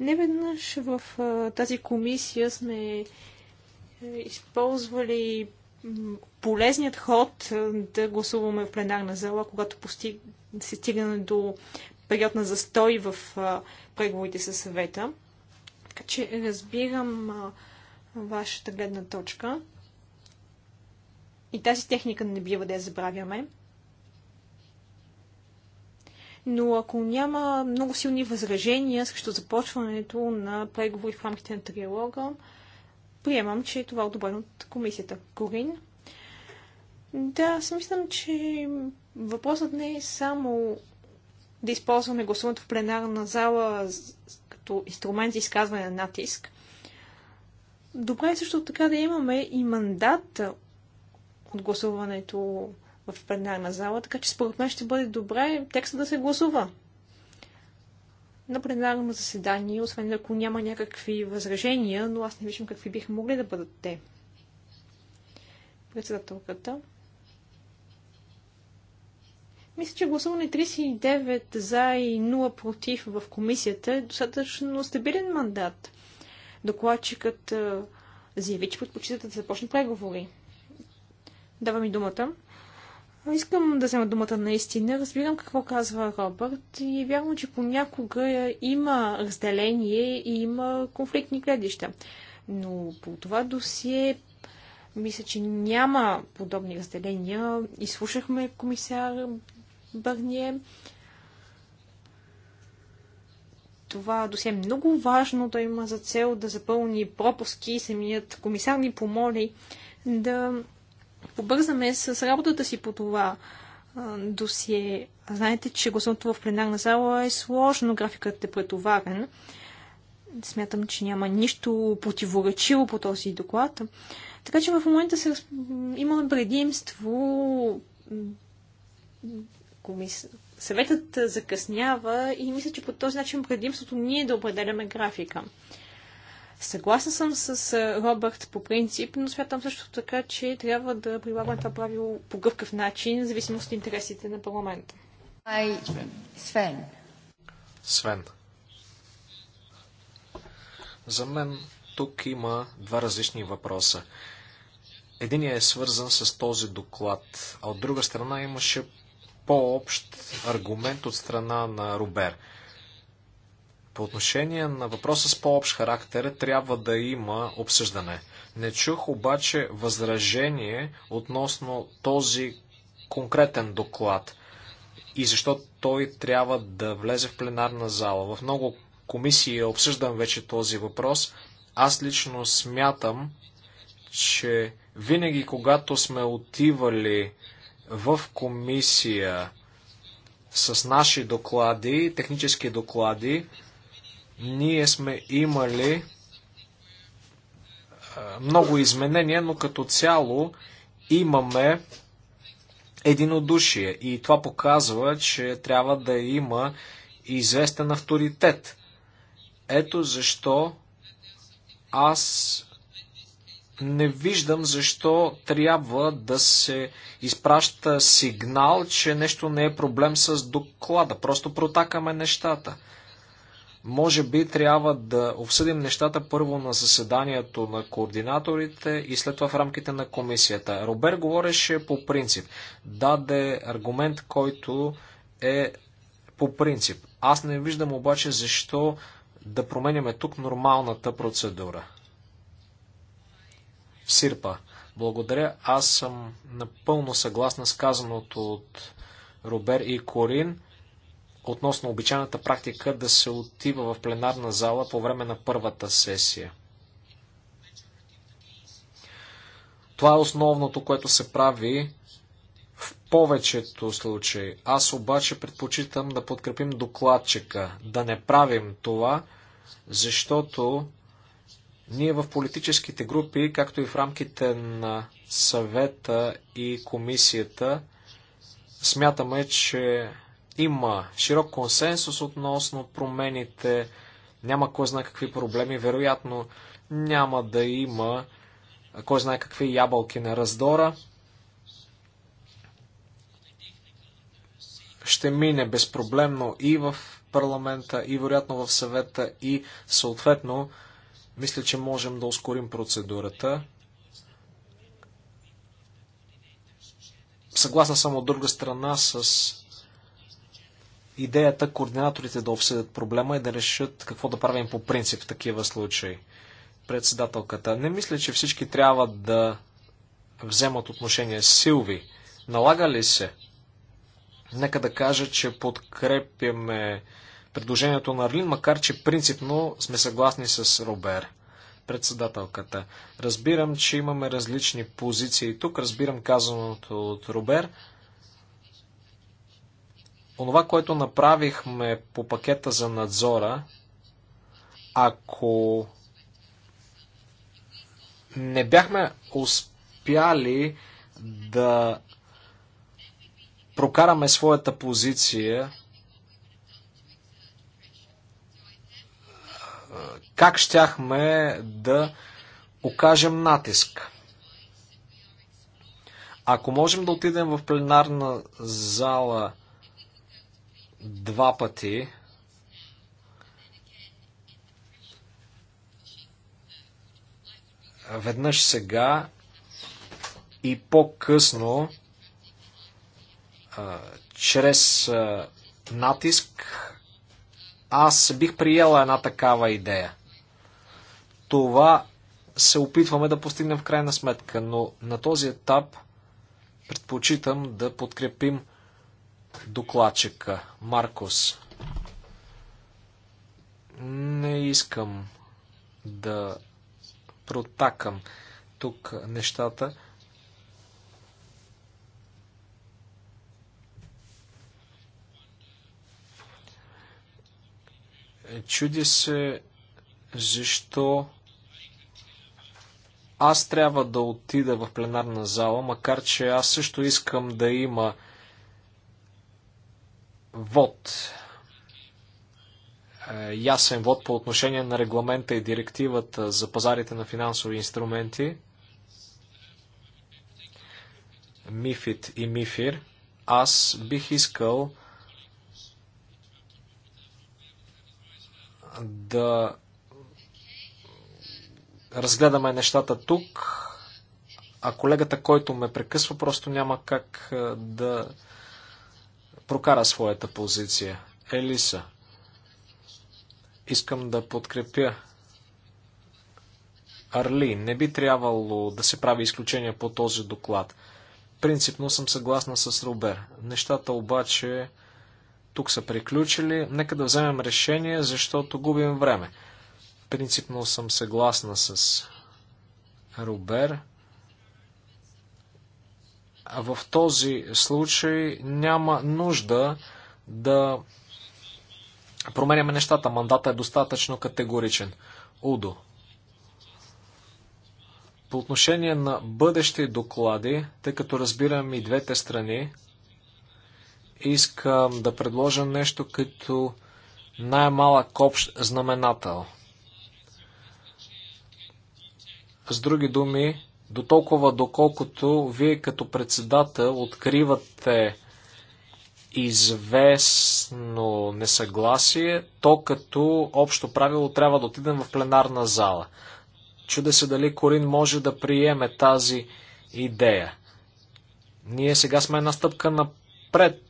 C: Неведнъж в а, тази комисия сме е, използвали полезният ход да гласуваме в пленарна зала, когато постиг... се стигне до период на застой в а, преговорите със съвета. Така че разбирам а, вашата гледна точка. И тази техника не бива да я забравяме. Но ако няма много силни възражения срещу започването на преговори в рамките на триалога, приемам, че това е одобрено от комисията. Корин. Да, смислям, че въпросът не е само да използваме гласуването в пленарна зала като инструмент за изказване на натиск. Добре е също така да имаме и мандат от гласуването в пленарна зала, така че според мен ще бъде добре текста да се гласува на пленарно заседание, освен ако няма някакви възражения, но аз не виждам какви биха могли да бъдат те. Председателката. Мисля, че гласуване 39 за и 0 против в комисията е достатъчно стабилен мандат. Докладчикът заяви, че предпочитате да започне преговори. Давам ми думата. Искам да взема думата наистина. Разбирам какво казва Робърт и е вярно, че понякога има разделение и има конфликтни гледища. Но по това досие мисля, че няма подобни разделения. Изслушахме комисар Бърние. Това досе е много важно. да има за цел да запълни пропуски. Самият комисар ни помоли да побързаме с работата си по това досие. Знаете, че гласното в пленарна зала е сложно, графикът е претоварен. Смятам, че няма нищо противоречиво по този доклад. Така че в момента се... имаме предимство комис... съветът закъснява и мисля, че по този начин предимството ние да определяме графика. Съгласна съм с Робърт по принцип, но смятам също така, че трябва да прилагаме това правило по гъвкав начин, в зависимост от интересите на парламента.
B: Свен. Свен. За мен тук има два различни въпроса. Единият е свързан с този доклад, а от друга страна имаше по-общ аргумент от страна на Рубер. По отношение на въпроса с по-общ характер трябва да има обсъждане. Не чух обаче възражение относно този конкретен доклад и защо той трябва да влезе в пленарна зала. В много комисии обсъждам вече този въпрос. Аз лично смятам, че винаги, когато сме отивали в комисия с наши доклади, технически доклади, ние сме имали е, много изменения, но като цяло имаме единодушие. И това показва, че трябва да има известен авторитет. Ето защо аз не виждам защо трябва да се изпраща сигнал, че нещо не е проблем с доклада. Просто протакаме нещата. Може би трябва да обсъдим нещата първо на заседанието на координаторите и след това в рамките на комисията. Робер говореше по принцип. Даде аргумент, който е по принцип. Аз не виждам обаче защо да променяме тук нормалната процедура в Сирпа. Благодаря. Аз съм напълно съгласна с казаното от Робер и Корин относно обичайната практика да се отива в пленарна зала по време на първата сесия. Това е основното, което се прави в повечето случаи. Аз обаче предпочитам да подкрепим докладчика, да не правим това, защото ние в политическите групи, както и в рамките на съвета и комисията, смятаме, че има широк консенсус относно промените, няма кой знае какви проблеми, вероятно няма да има кой знае какви ябълки на раздора. Ще мине безпроблемно и в парламента, и вероятно в съвета, и съответно мисля, че можем да ускорим процедурата. Съгласна съм от друга страна с идеята координаторите да обсъдят проблема и да решат какво да правим по принцип в такива случаи. Председателката, не мисля, че всички трябва да вземат отношение. Силви, налага ли се? Нека да кажа, че подкрепяме предложението на Арлин, макар че принципно сме съгласни с Робер, председателката. Разбирам, че имаме различни позиции тук, разбирам казаното от Робер. Онова, което направихме по пакета за надзора, ако не бяхме успяли да прокараме своята позиция Как щяхме да окажем натиск? Ако можем да отидем в пленарна зала два пъти, веднъж сега и по-късно, чрез натиск, аз бих приела една такава идея. Това се опитваме да постигнем в крайна сметка, но на този етап предпочитам да подкрепим докладчика Маркос. Не искам да протакам тук нещата. Чуди се защо аз трябва да отида в пленарна зала, макар че аз също искам да има вод. Е, ясен вод по отношение на регламента и директивата за пазарите на финансови инструменти. Мифит и Мифир. Аз бих искал да разгледаме нещата тук, а колегата, който ме прекъсва, просто няма как е, да прокара своята позиция. Елиса, искам да подкрепя Арли. Не би трябвало да се прави изключение по този доклад. Принципно съм съгласна с Робер. Нещата обаче тук са приключили. Нека да вземем решение, защото губим време. Принципно съм съгласна с Робер. А в този случай няма нужда да променяме нещата. Мандата е достатъчно категоричен. Удо. По отношение на бъдещи доклади, тъй като разбирам и двете страни, искам да предложа нещо като най-малък общ знаменател – С други думи, до толкова доколкото вие като председател откривате известно несъгласие, то като общо правило трябва да отидем в пленарна зала. Чуде се дали Корин може да приеме тази идея. Ние сега сме една стъпка напред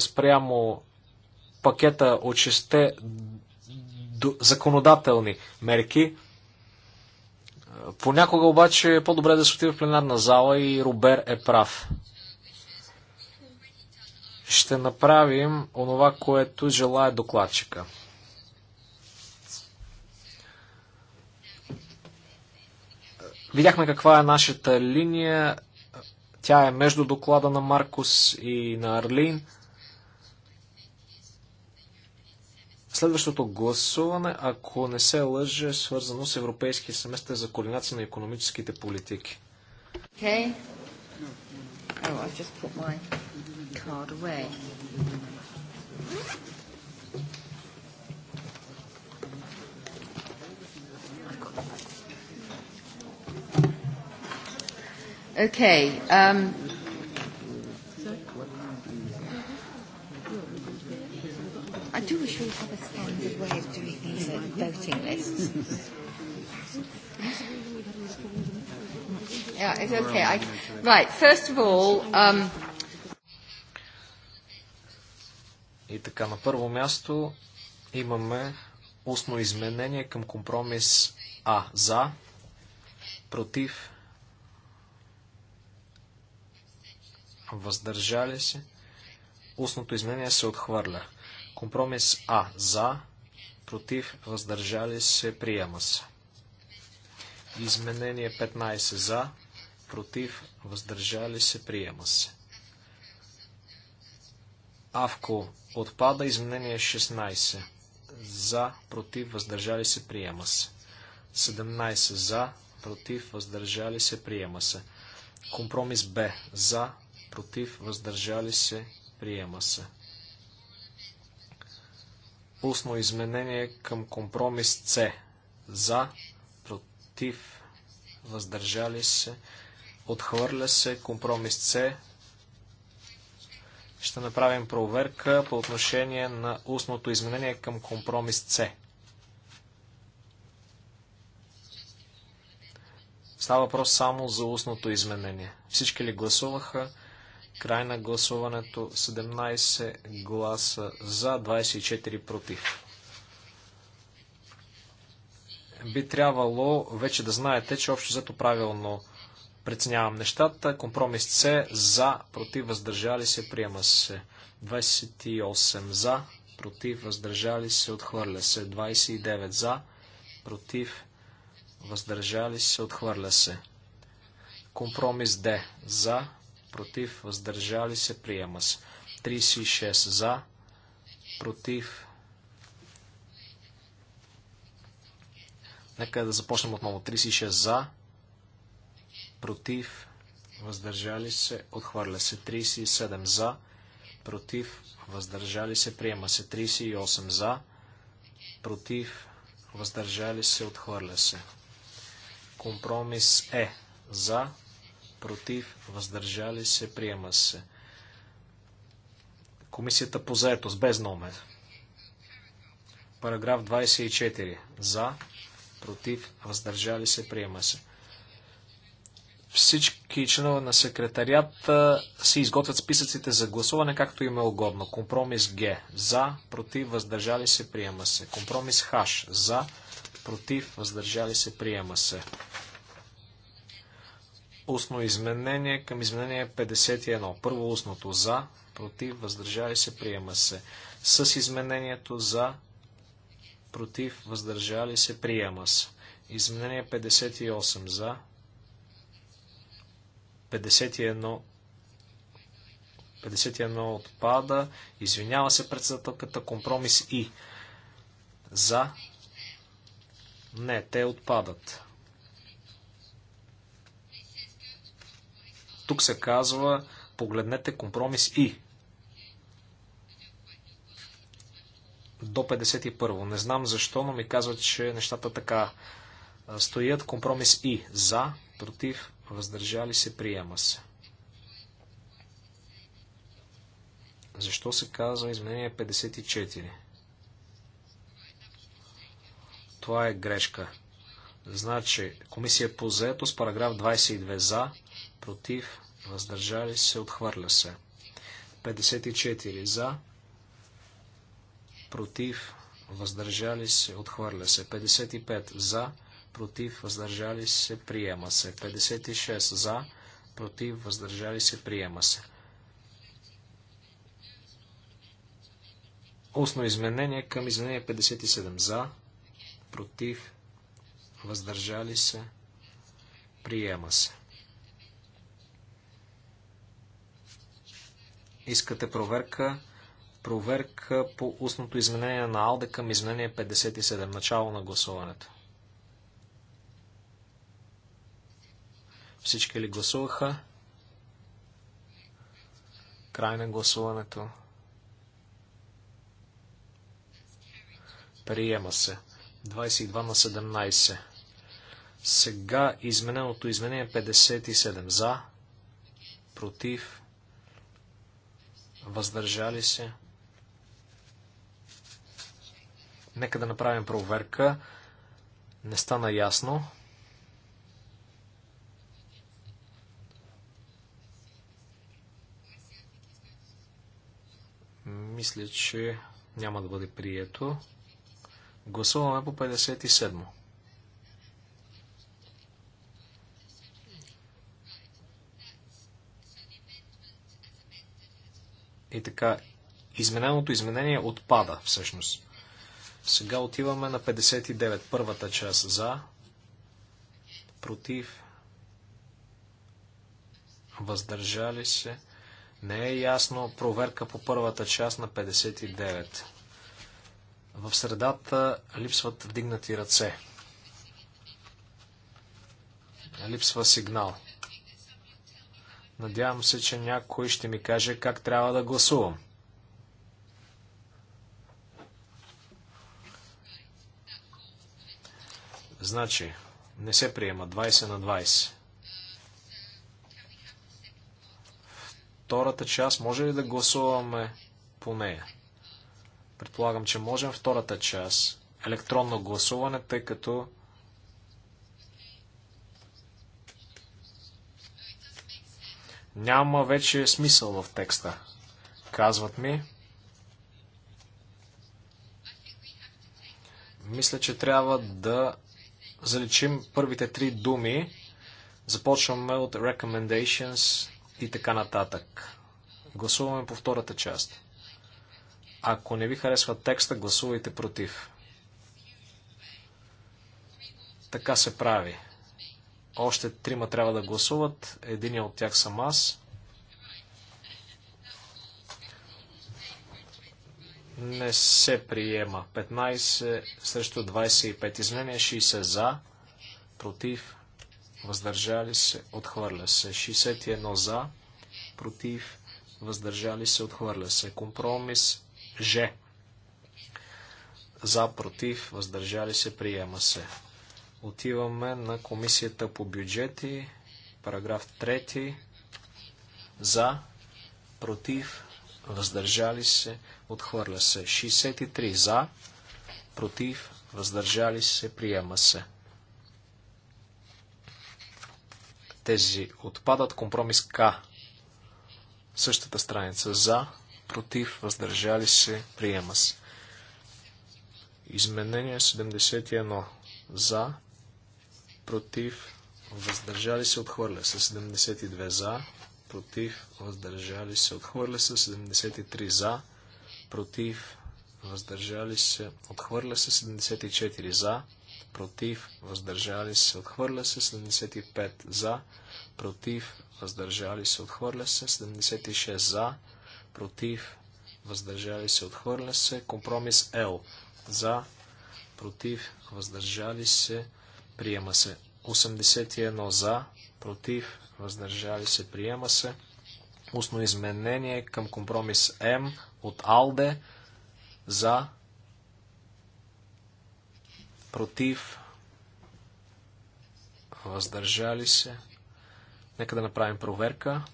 B: спрямо пакета от шесте законодателни мерки. Понякога обаче е по-добре да се отива в пленарна зала и Робер е прав. Ще направим онова, което желая докладчика. Видяхме каква е нашата линия. Тя е между доклада на Маркус и на Арлин. Следващото гласуване, ако не се лъже, е свързано с Европейския семестър за координация на економическите политики.
A: Okay.
C: Oh, just put my card away.
B: Okay.
A: Um, I do wish we have a good way of doing these uh, voting lists. yeah, it's okay. I, right, first of all... Um,
B: и така, на първо място имаме устно изменение към компромис А. За, против, въздържали се. Устното изменение се отхвърля. Компромис А. За, против, въздържали се, приема се. Изменение 15 за, против, въздържали се, приема се. Авко отпада изменение 16. За, против, въздържали се, приема се. 17 за, против, въздържали се, приема се. Компромис Б. За, против, въздържали се, приема се устно изменение към компромис С. За, против, въздържали се, отхвърля се, компромис С. Ще направим проверка по отношение на устното изменение към компромис С. Става въпрос само за устното изменение. Всички ли гласуваха? Край на гласуването 17 гласа за, 24 против. Би трябвало вече да знаете, че общо взето правилно преценявам нещата. Компромис С за, против, въздържали се, приема се. 28 за, против, въздържали се, отхвърля се. 29 за, против, въздържали се, отхвърля се. Компромис Д за, против, въздържали се, приема се. 36 за, против. Нека да започнем отново. 36 за, против, въздържали се, отхвърля се. 37 за, против, въздържали се, приема се. 38 за, против, въздържали се, отхвърля се. Компромис е за, против, въздържали се, приема се. Комисията по заетост, без номер. Параграф 24. За, против, въздържали се, приема се. Всички членове на секретарията си изготвят списъците за гласуване, както им е угодно. Компромис Г. За, против, въздържали се, приема се. Компромис Х. За, против, въздържали се, приема се. Устно изменение към изменение 51. Първо устното за, против, въздържали се, приема се. С изменението за, против, въздържали се, приема се. Изменение 58 за, 51 51 отпада. Извинява се председателката. Компромис И. За. Не, те отпадат. Тук се казва, погледнете компромис и. До 51. Не знам защо, но ми казват, че нещата така стоят. Компромис и. За, против, въздържали се, приема се. Защо се казва изменение 54? Това е грешка. Значи, комисия по заето с параграф 22 за, против, въздържали се, отхвърля се. 54 за, против, въздържали се, отхвърля се. 55 за, против, въздържали се, приема се. 56 за, против, въздържали се, приема се. Осно изменение към изменение 57 за, против, въздържали се, приема се. Искате проверка? Проверка по устното изменение на АЛДЕ към изменение 57. Начало на гласуването. Всички ли гласуваха? Край на гласуването. Приема се. 22 на 17. Сега измененото изменение 57. За. Против въздържали се. Нека да направим проверка. Не стана ясно. Мисля, че няма да бъде прието. Гласуваме по 57. И така, измененото изменение отпада всъщност. Сега отиваме на 59. Първата част за, против, въздържали се. Не е ясно проверка по първата част на 59. В средата липсват дигнати ръце. Липсва сигнал. Надявам се, че някой ще ми каже как трябва да гласувам. Значи, не се приема 20 на 20. Втората част, може ли да гласуваме по нея? Предполагам, че можем втората част. Електронно гласуване, тъй като Няма вече смисъл в текста. Казват ми. Мисля, че трябва да заличим първите три думи. Започваме от recommendations и така нататък. Гласуваме по втората част. Ако не ви харесва текста, гласувайте против. Така се прави. Още трима трябва да гласуват. Един от тях съм аз. Не се приема. 15 срещу 25. Изменения 60 за, против, въздържали се, отхвърля се. 61 за, против, въздържали се, отхвърля се. Компромис Ж. За, против, въздържали се, приема се. Отиваме на комисията по бюджети, параграф 3, за, против, въздържали се, отхвърля се. 63 за, против, въздържали се, приема се. Тези отпадат компромис К. Същата страница за, против, въздържали се, приема се. Изменение 71 за, против, въздържали се, отхвърля се. 72 за, против, въздържали се, отхвърля се. 73 за, против, въздържали се, отхвърля се. 74 за, против, въздържали се, отхвърля се. 75 за, против, въздържали се, отхвърля се. 76 за, против, въздържали се, отхвърля се. Компромис Л за, против, въздържали се, отхвърля се приема се. 81 за, против, въздържали се, приема се. Устно изменение към компромис М от АЛДЕ за, против, въздържали се. Нека да направим проверка.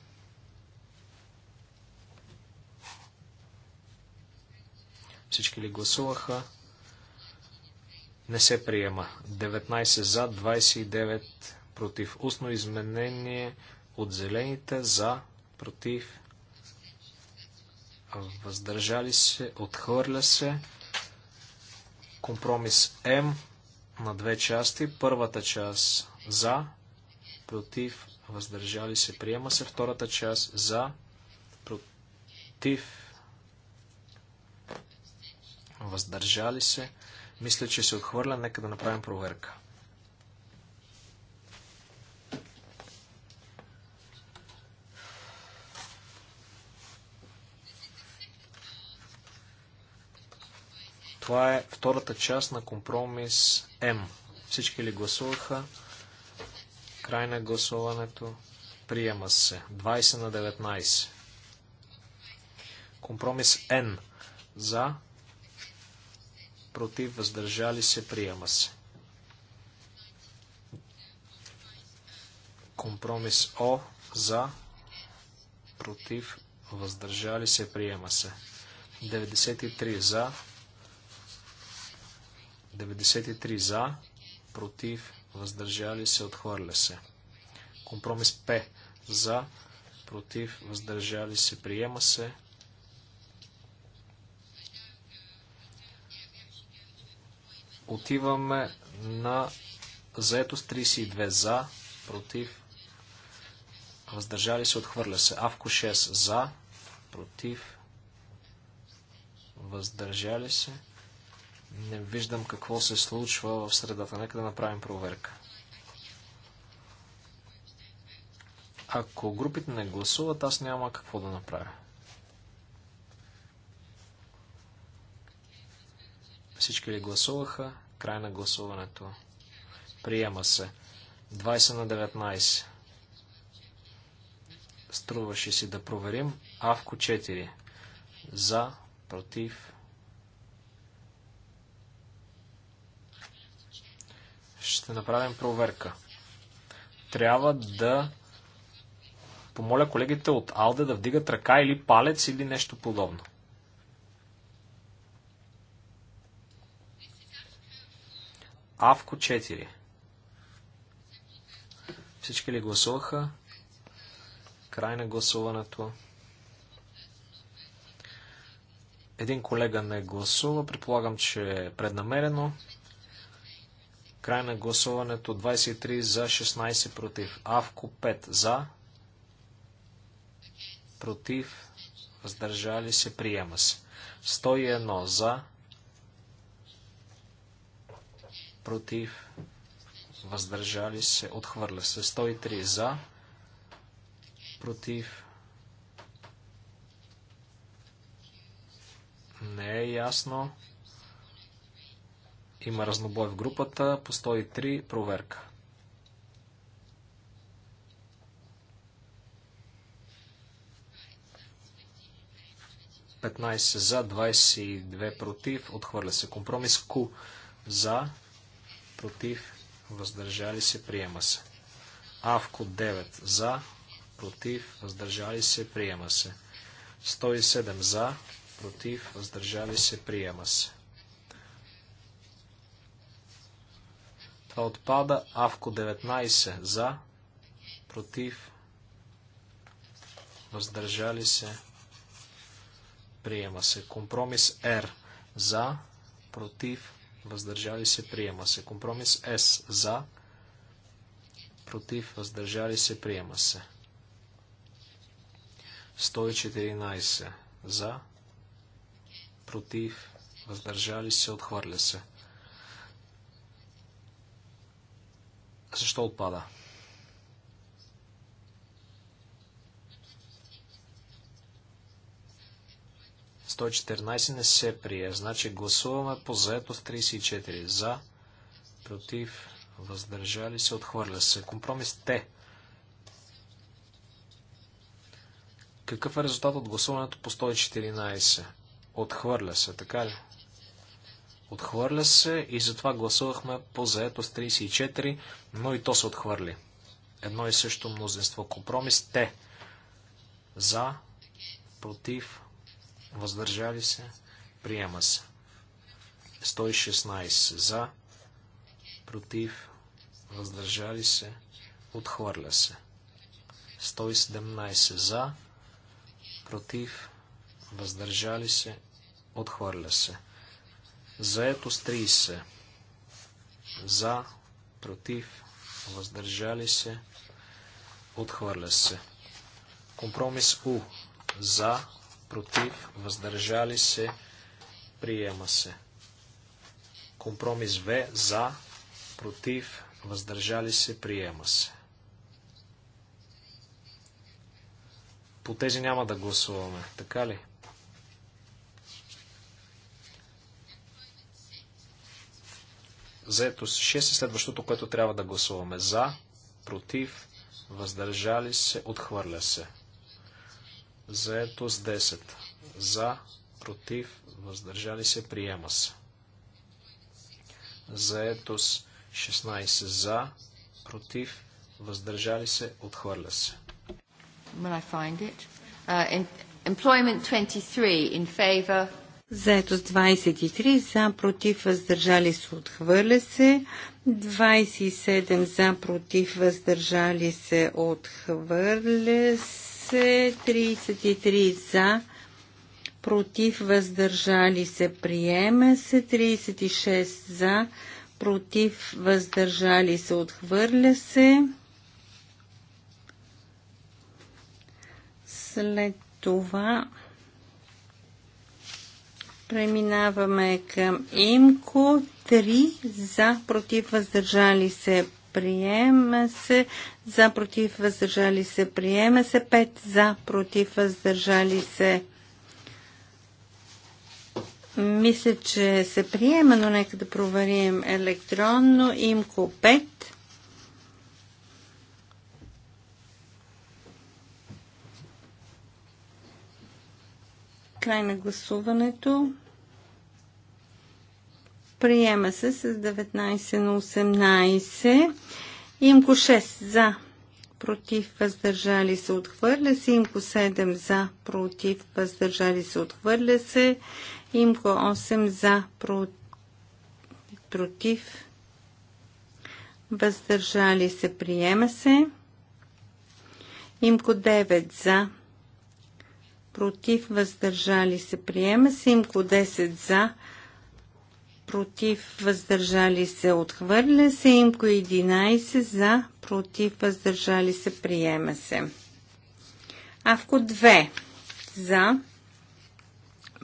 B: Всички ли гласуваха? Не се приема. 19 за, 29 против. Устно изменение от зелените за, против. Въздържали се, отхвърля се. Компромис М на две части. Първата част за, против, въздържали се, приема се. Втората част за, против, въздържали се, мисля, че се отхвърля. Нека да направим проверка. Това е втората част на компромис М. Всички ли гласуваха? Край на гласуването. Приема се. 20 на 19. Компромис Н. За против, въздържали се, приема се. Компромис О за, против, въздържали се, приема се. 93 за, 93 за, против, въздържали се, отхвърля се. Компромис П за, против, въздържали се, приема се. Отиваме на заетост 32 за, против, въздържали се, отхвърля се. Авко 6 за, против, въздържали се. Не виждам какво се случва в средата. Нека да направим проверка. Ако групите не гласуват, аз няма какво да направя. Всички ли гласуваха? Край на гласуването. Приема се. 20 на 19. Струваше си да проверим. Авко 4. За, против. Ще направим проверка. Трябва да помоля колегите от Алде да вдигат ръка или палец или нещо подобно. Авко 4. Всички ли гласуваха? Край на гласуването. Един колега не гласува. Предполагам, че е преднамерено. Край на гласуването 23 за 16 против. Авко 5 за. Против. Въздържали се. Приема се. 101 за против, въздържали се, отхвърля се. 103 за, против, не е ясно. Има разнобой в групата. По 103 проверка. Петнайсет за, 22 против, отхвърля се. Компромис Q за, против, въздържали се, приема се. Авко 9 за, против, въздържали се, приема се. 107 за, против, въздържали се, приема се. Това отпада. Авко 19 за, против, въздържали се, приема се. Компромис Р за, против, въздържали се, приема се. Компромис С за, против, въздържали се, приема се. 114 за, против, въздържали се, отхвърля се. Защо отпада? 114 не се прие. Значи гласуваме по заетост 34. За, против, въздържали се, отхвърля се. Компромис Т. Какъв е резултат от гласуването по 114? Отхвърля се, така ли? Отхвърля се и затова гласувахме по заетост 34, но и то се отхвърли. Едно и също мнозинство. Компромис Т. За, против, въздържали се, приема се. 116 за, против, въздържали се, отхвърля се. 117 за, против, въздържали се, отхвърля се. Заето с 30. За, против, въздържали се, отхвърля се. Компромис У. За, против, въздържали се, приема се. Компромис В за, против, въздържали се, приема се. По тези няма да гласуваме, така ли? Заето 6 е следващото, което трябва да гласуваме. За, против, въздържали се, отхвърля се. Заето с 10. За, против, въздържали се, приема се. Заето с 16. За, против, въздържали се, отхвърля се. When I
A: find it. Uh, in, employment 23 in favor. Заето с 23 за, против, въздържали се, отхвърля се. 27 за, против, въздържали се, отхвърля се се. 33 за. Против въздържали се. Приема се. 36 за. Против въздържали се. Отхвърля се. След това преминаваме към имко. 3 за, против, въздържали се, приема се, за против въздържали се, приема се, 5 за против въздържали се. Мисля, че се приема, но нека да проверим електронно. Имко 5. Край на гласуването. Приема се с 19 на 18. Имко 6 за, против, въздържали се, отхвърля се. Имко 7 за, против, въздържали се, отхвърля се. Имко 8 за, про... против, въздържали се, приема се. Имко 9 за, против, въздържали се, приема се. Имко 10 за, против, въздържали се, отхвърля се. Имко 11 за, против, въздържали се, приема се. Авко 2 за,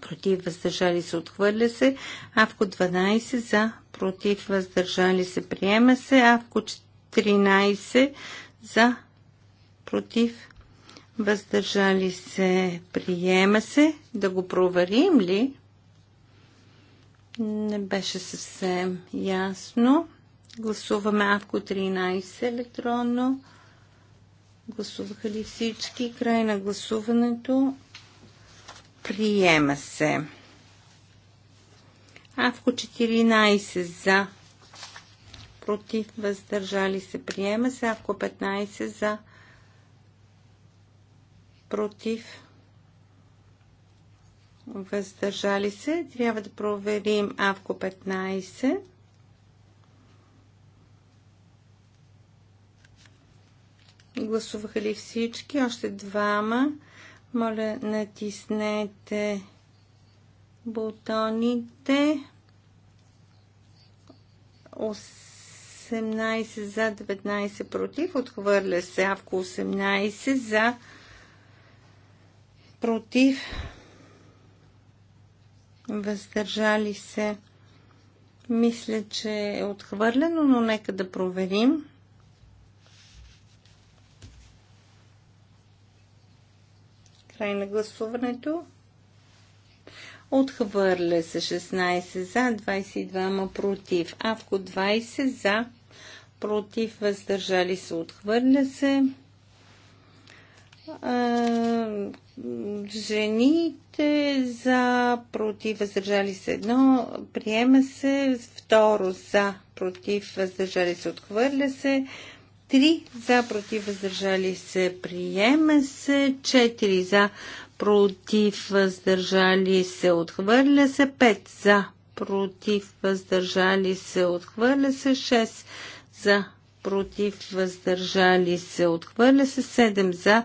A: против, въздържали се, отхвърля се. Авко 12 за, против, въздържали се, приема се. Авко 13 за, против, въздържали се, приема се. Да го проверим ли? Не беше съвсем ясно. Гласуваме Авко 13 електронно. Гласуваха ли всички? Край на гласуването. Приема се. Авко 14 за. Против въздържали се. Приема се. Авко 15 за. Против въздържали се. Трябва да проверим Авко 15. Гласуваха ли всички? Още двама. Моля, натиснете бутоните. 18 за 19 против. Отхвърля се Авко 18 за против въздържали се. Мисля, че е отхвърлено, но нека да проверим. Край на гласуването. Отхвърля се 16 за, 22 ма против. Авко 20 за, против, въздържали се, отхвърля се жените за против въздържали се едно, приема се второ за против въздържали се отхвърля се, три за против въздържали се приема се, четири за против въздържали се отхвърля се, пет за против въздържали се отхвърля се, 6 за против въздържали се отхвърля се, седем за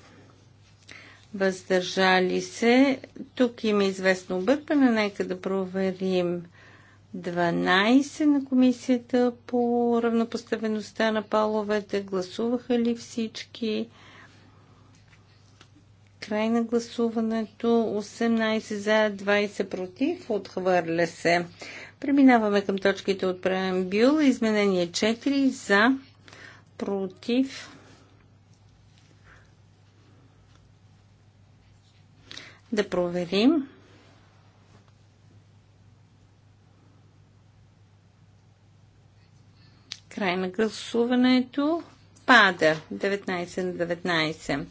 A: въздържали се. Тук има известно объркване. Нека да проверим 12 на комисията по равнопоставеността на половете. Гласуваха ли всички? Край на гласуването. 18 за, 20 против. Отхвърля се. Преминаваме към точките от преамбюл. Изменение 4 за, против Да проверим. Край на гласуването. Пада 19 на 19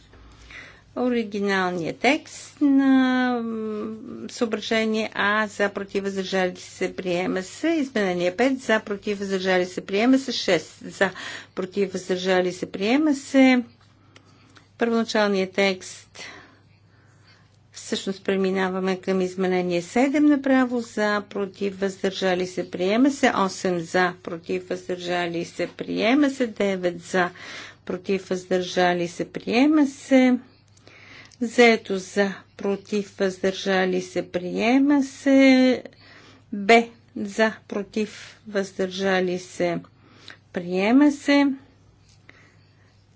A: оригиналния текст на съображение А за против въздържали се приема се. Изменение 5 за против въздържали се приема се. 6 за против въздържали се приема се. Първоначалният текст Всъщност преминаваме към изменение 7 направо за против въздържали се приема се, 8 за против въздържали се приема се, 9 за против въздържали се приема се, Зето за против въздържали се приема се, Б за против въздържали се приема се,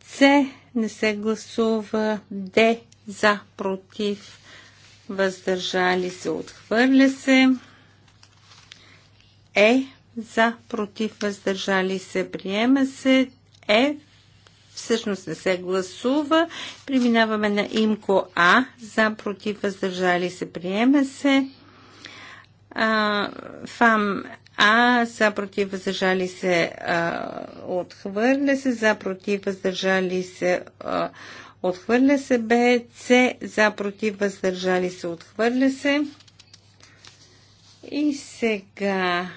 A: С не се гласува, Д за, против, въздържали се, отхвърля се. Е за, против, въздържали се, приема се. Е всъщност не се гласува. Преминаваме на имко А. За, против, въздържали се, приема се. А, фам а за против въздържали се а, отхвърля се, за против въздържали се а, Отхвърля се Б, С за против въздържали се. Отхвърля се. И сега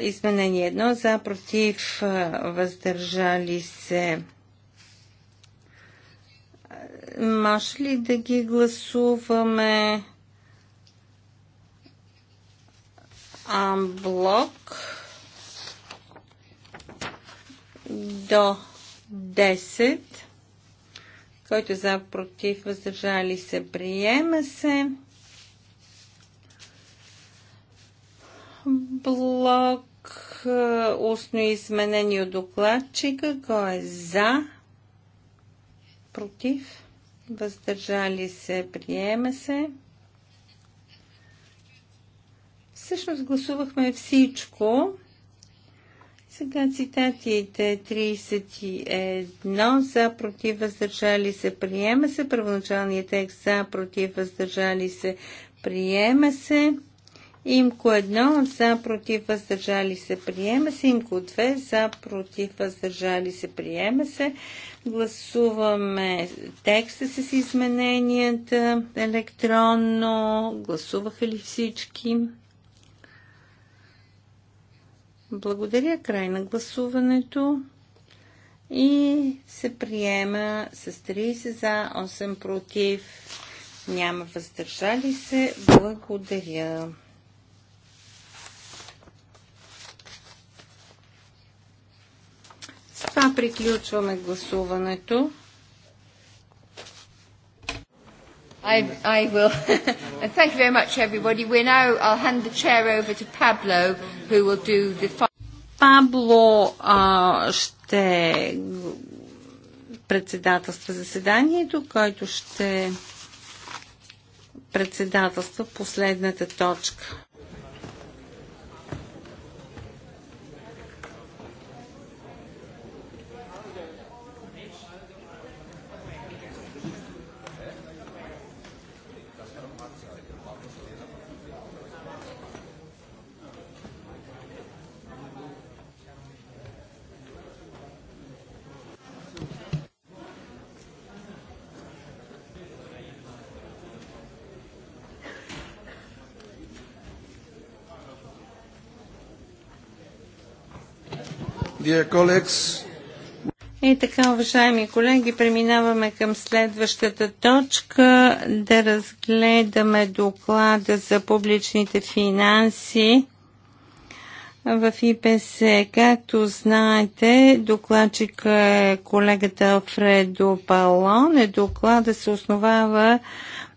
A: изменение 1 за против въздържали се. Може ли да ги гласуваме амблок до 10? Който е за, против, въздържали се, приема се. Блок е, устно изменени от докладчика. Кой е за? Против? Въздържали се? Приема се? Всъщност гласувахме всичко. Сега цитатите 31 за против въздържали се приема се. Първоначалният текст за против въздържали се приема се. Имко 1 за против въздържали се приема се. Имко 2 за против въздържали се приема се. Гласуваме текста с измененията електронно. Гласуваха ли всички? Благодаря. Край на гласуването. И се приема с 30 за, 8 против. Няма въздържали се. Благодаря. С това приключваме гласуването. I, I will. and thank you very much, everybody. We're now, I'll hand the chair over to Pablo, who will do the... final. Pablo uh, ще председателства заседанието, който ще председателства последната точка. И така, уважаеми колеги, преминаваме към следващата точка да разгледаме доклада за публичните финанси в ИПС. Както знаете, докладчик е колегата Фредо Палон. е Доклада се основава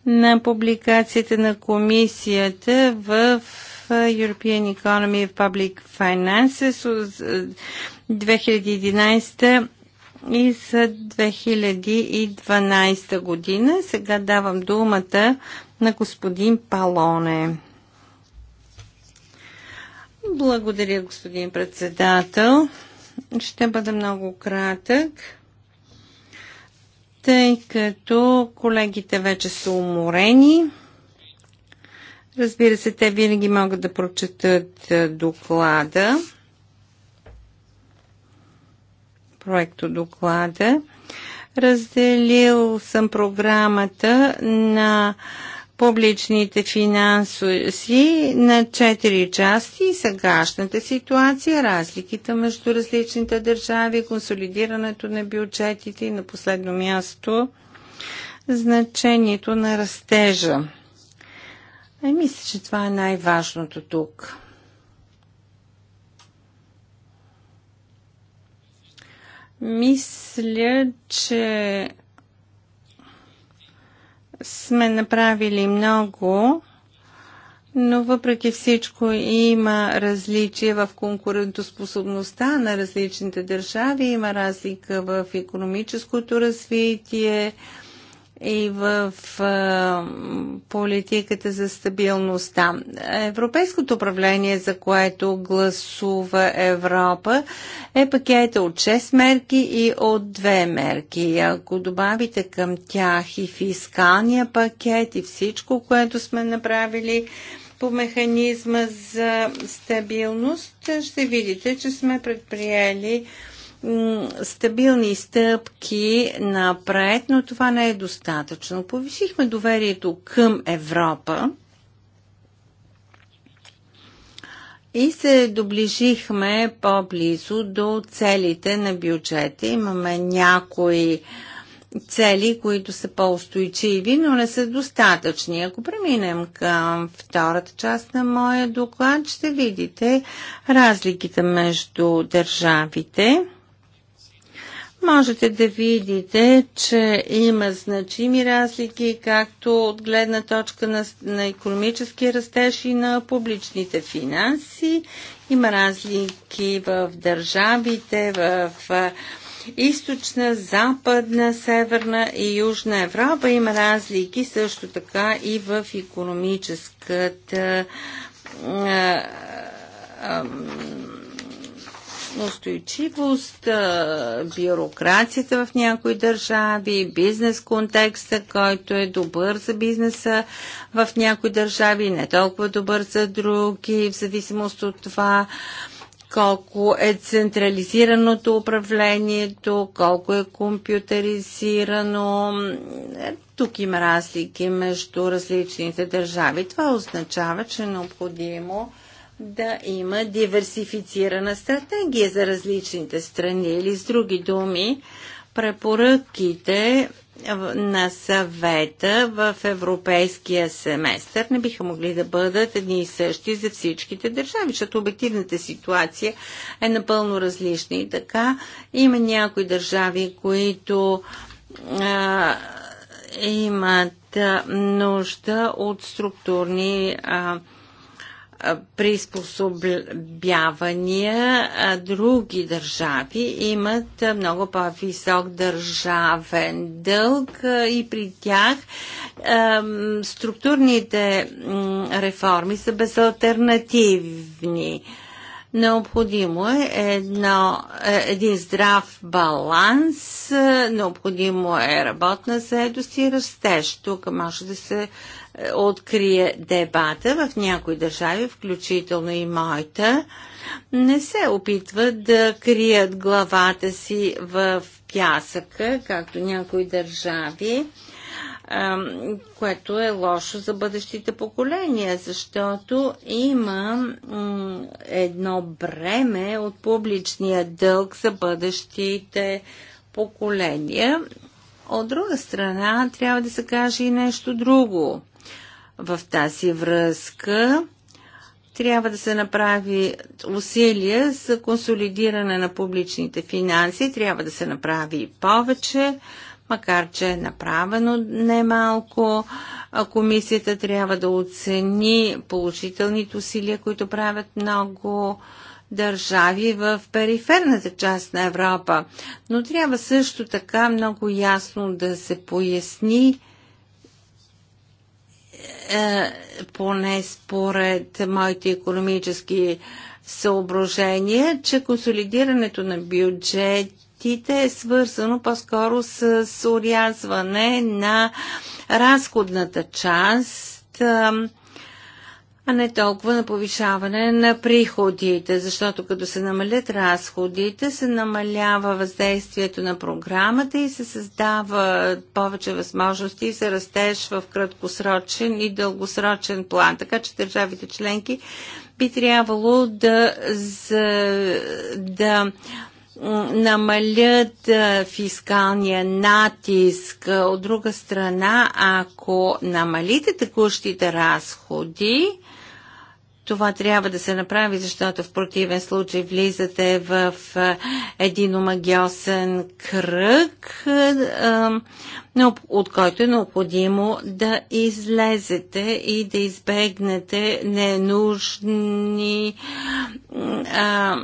A: на публикацията на комисията в European Economy of Public Finances 2011 и за 2012 година. Сега давам думата на господин Палоне. Благодаря, господин председател. Ще бъда много кратък, тъй като колегите вече са уморени. Разбира се, те винаги могат да прочетат доклада. проекто доклада. Разделил съм програмата на публичните финанси на четири части, и сегашната ситуация, разликите между различните държави, консолидирането на бюджетите и на последно място значението на растежа. Ай, ами, мисля, че това е най-важното тук. Мисля, че сме направили много, но въпреки всичко има различия в конкурентоспособността на различните държави, има разлика в економическото развитие, и в политиката за стабилността. Европейското управление, за което гласува Европа, е пакета от 6 мерки и от 2 мерки. Ако добавите към тях и фискалния пакет и всичко, което сме направили, по механизма за стабилност, ще видите, че сме предприели стабилни стъпки напред, но това не е достатъчно. Повишихме доверието към Европа и се доближихме по-близо до целите на бюджета. Имаме някои цели, които са по-устойчиви, но не са достатъчни. Ако преминем към втората част на моя доклад, ще видите разликите между държавите можете да видите, че има значими разлики, както от гледна точка на, на економически растеж и на публичните финанси. Има разлики в държавите, в, източна, западна, северна и южна Европа. Има разлики също така и в економическата а, а, устойчивост, бюрокрацията в някои държави, бизнес контекста, който е добър за бизнеса в някои държави, не толкова добър за други, в зависимост от това колко е централизираното управлението, колко е компютъризирано. Тук има разлики между различните държави. Това означава, че е необходимо да има диверсифицирана стратегия за различните страни или с други думи, препоръките на съвета в европейския семестър не биха могли да бъдат едни и същи за всичките държави, защото обективната ситуация е напълно различна. И така има някои държави, които а, имат нужда от структурни а, приспособявания, други държави имат много по-висок държавен дълг и при тях структурните реформи са безальтернативни. Необходимо е едно, е, един здрав баланс, необходимо е работна заедост и растеж. Тук може да се открие дебата в някои държави, включително и моята, не се опитват да крият главата си в пясъка, както някои държави, което е лошо за бъдещите поколения, защото има едно бреме от публичния дълг за бъдещите поколения. От друга страна, трябва да се каже и нещо друго. В тази връзка трябва да се направи усилия за консолидиране на публичните финанси, трябва да се направи и повече, макар че е направено немалко. Комисията трябва да оцени положителните усилия, които правят много държави в периферната част на Европа. Но трябва също така много ясно да се поясни е, поне според моите економически съображения, че консолидирането на бюджетите е свързано по-скоро с урязване на разходната част а не толкова на повишаване на приходите, защото като се намалят разходите, се намалява въздействието на програмата и се създава повече възможности за растеж в краткосрочен и дългосрочен план. Така че държавите членки би трябвало да, за, да намалят фискалния натиск. От друга страна, ако намалите текущите разходи, това трябва да се направи, защото в противен случай влизате в един омагиосен кръг, от който е необходимо да излезете и да избегнете ненужни,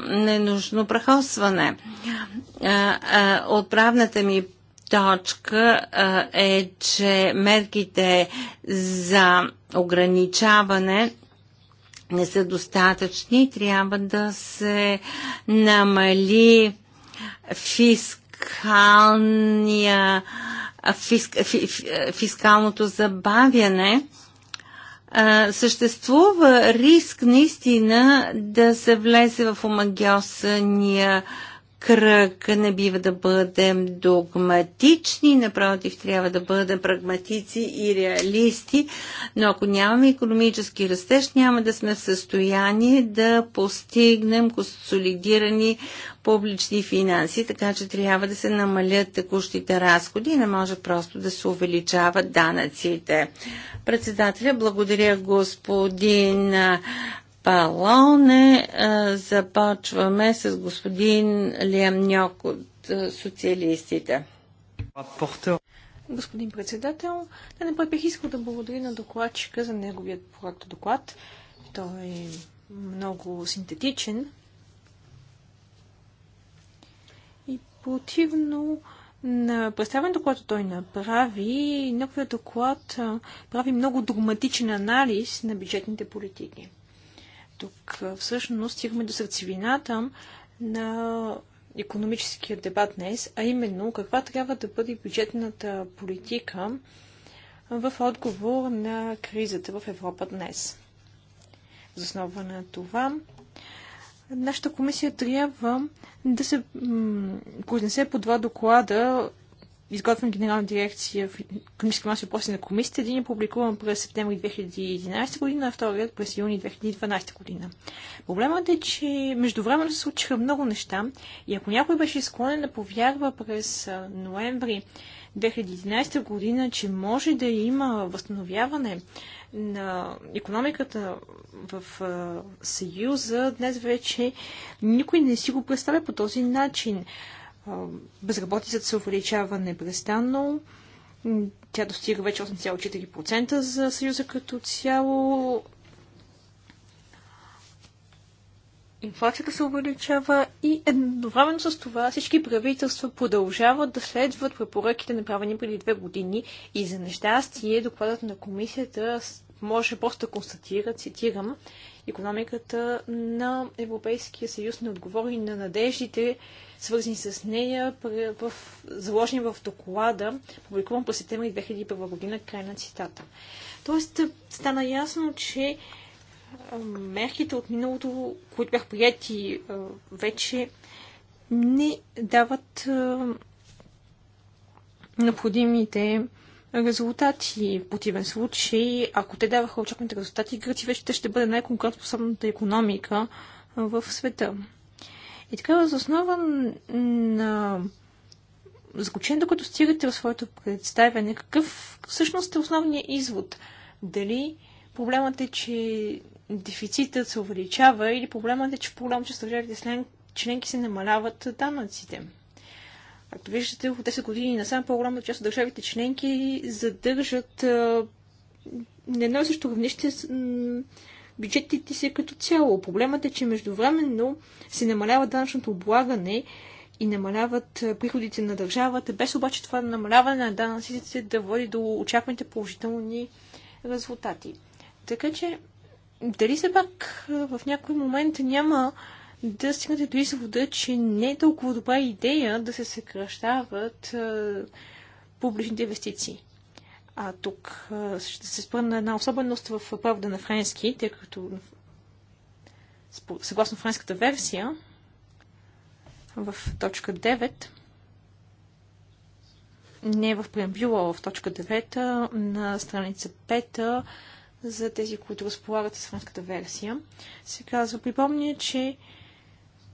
A: ненужно прахосване. Отправната ми точка е, че мерките за ограничаване не са достатъчни. Трябва да се намали фискалния, фиск, фискалното забавяне съществува риск наистина да се влезе в омагиосания кръг, не бива да бъдем догматични, напротив, трябва да бъдем прагматици и реалисти, но ако нямаме економически растеж, няма да сме в състояние да постигнем консолидирани публични финанси, така че трябва да се намалят текущите разходи и не може просто да се увеличават данъците. Председателя, благодаря господин Палоне. Започваме с господин Лиам Ньок от социалистите. Господин
C: председател, да не бих искал да благодаря на докладчика за неговият проект доклад. Той е много синтетичен и противно на представенето, което той направи, неговият доклад прави много догматичен анализ на бюджетните политики. Тук всъщност стигаме до сърцевината на економическия дебат днес, а именно каква трябва да бъде бюджетната политика в отговор на кризата в Европа днес. За основа на това, нашата комисия трябва да се произнесе по два доклада изготвен Генерална дирекция в економически масови въпроси на комисията. Един е публикуван през септември 2011 година, а вторият през юни 2012 година. Проблемът е, че междувременно се случиха много неща и ако някой беше склонен да повярва през ноември 2011 година, че може да има възстановяване на економиката в Съюза, днес вече никой не си го представя по този начин безработицата се увеличава непрестанно. Тя достига вече 8,4% за Съюза като цяло. Инфлацията се увеличава и едновременно с това всички правителства продължават да следват препоръките, направени преди две години. И за нещастие докладът на комисията може просто да констатира, цитирам, економиката на Европейския съюз не отговори на надеждите, свързани с нея, в, заложени в доклада, публикуван по септември 2001 година, край на цитата. Тоест, стана ясно, че мерките от миналото, които бях прияти вече, не дават необходимите резултати. В противен случай, ако те даваха очакваните резултати, Гърция вече ще бъде най-конкурентоспособната економика в света. И така, въз основа на заключението, което стигате в своето представяне, какъв всъщност е основният извод? Дали проблемът е, че дефицитът се увеличава или проблемът е, че в по-голям част държавите членки се намаляват данъците? Както виждате, от 10 години на сам по-голямата част от държавите членки задържат не едно и също равнище бюджетите си като цяло. Проблемът е, че междувременно се намалява данъчното облагане и намаляват приходите на държавата, без обаче това намаляване на данъците да води до очакваните положителни резултати. Така че, дали се пак в някой момент няма да стигнете до извода, че не е толкова добра идея да се съкръщават а, публичните инвестиции. А тук а, ще се спра на една особеност в правда на френски, тъй като съгласно френската версия в точка 9 не в преамбюла, в точка 9 на страница 5 за тези, които разполагат с френската версия, се казва, припомня, че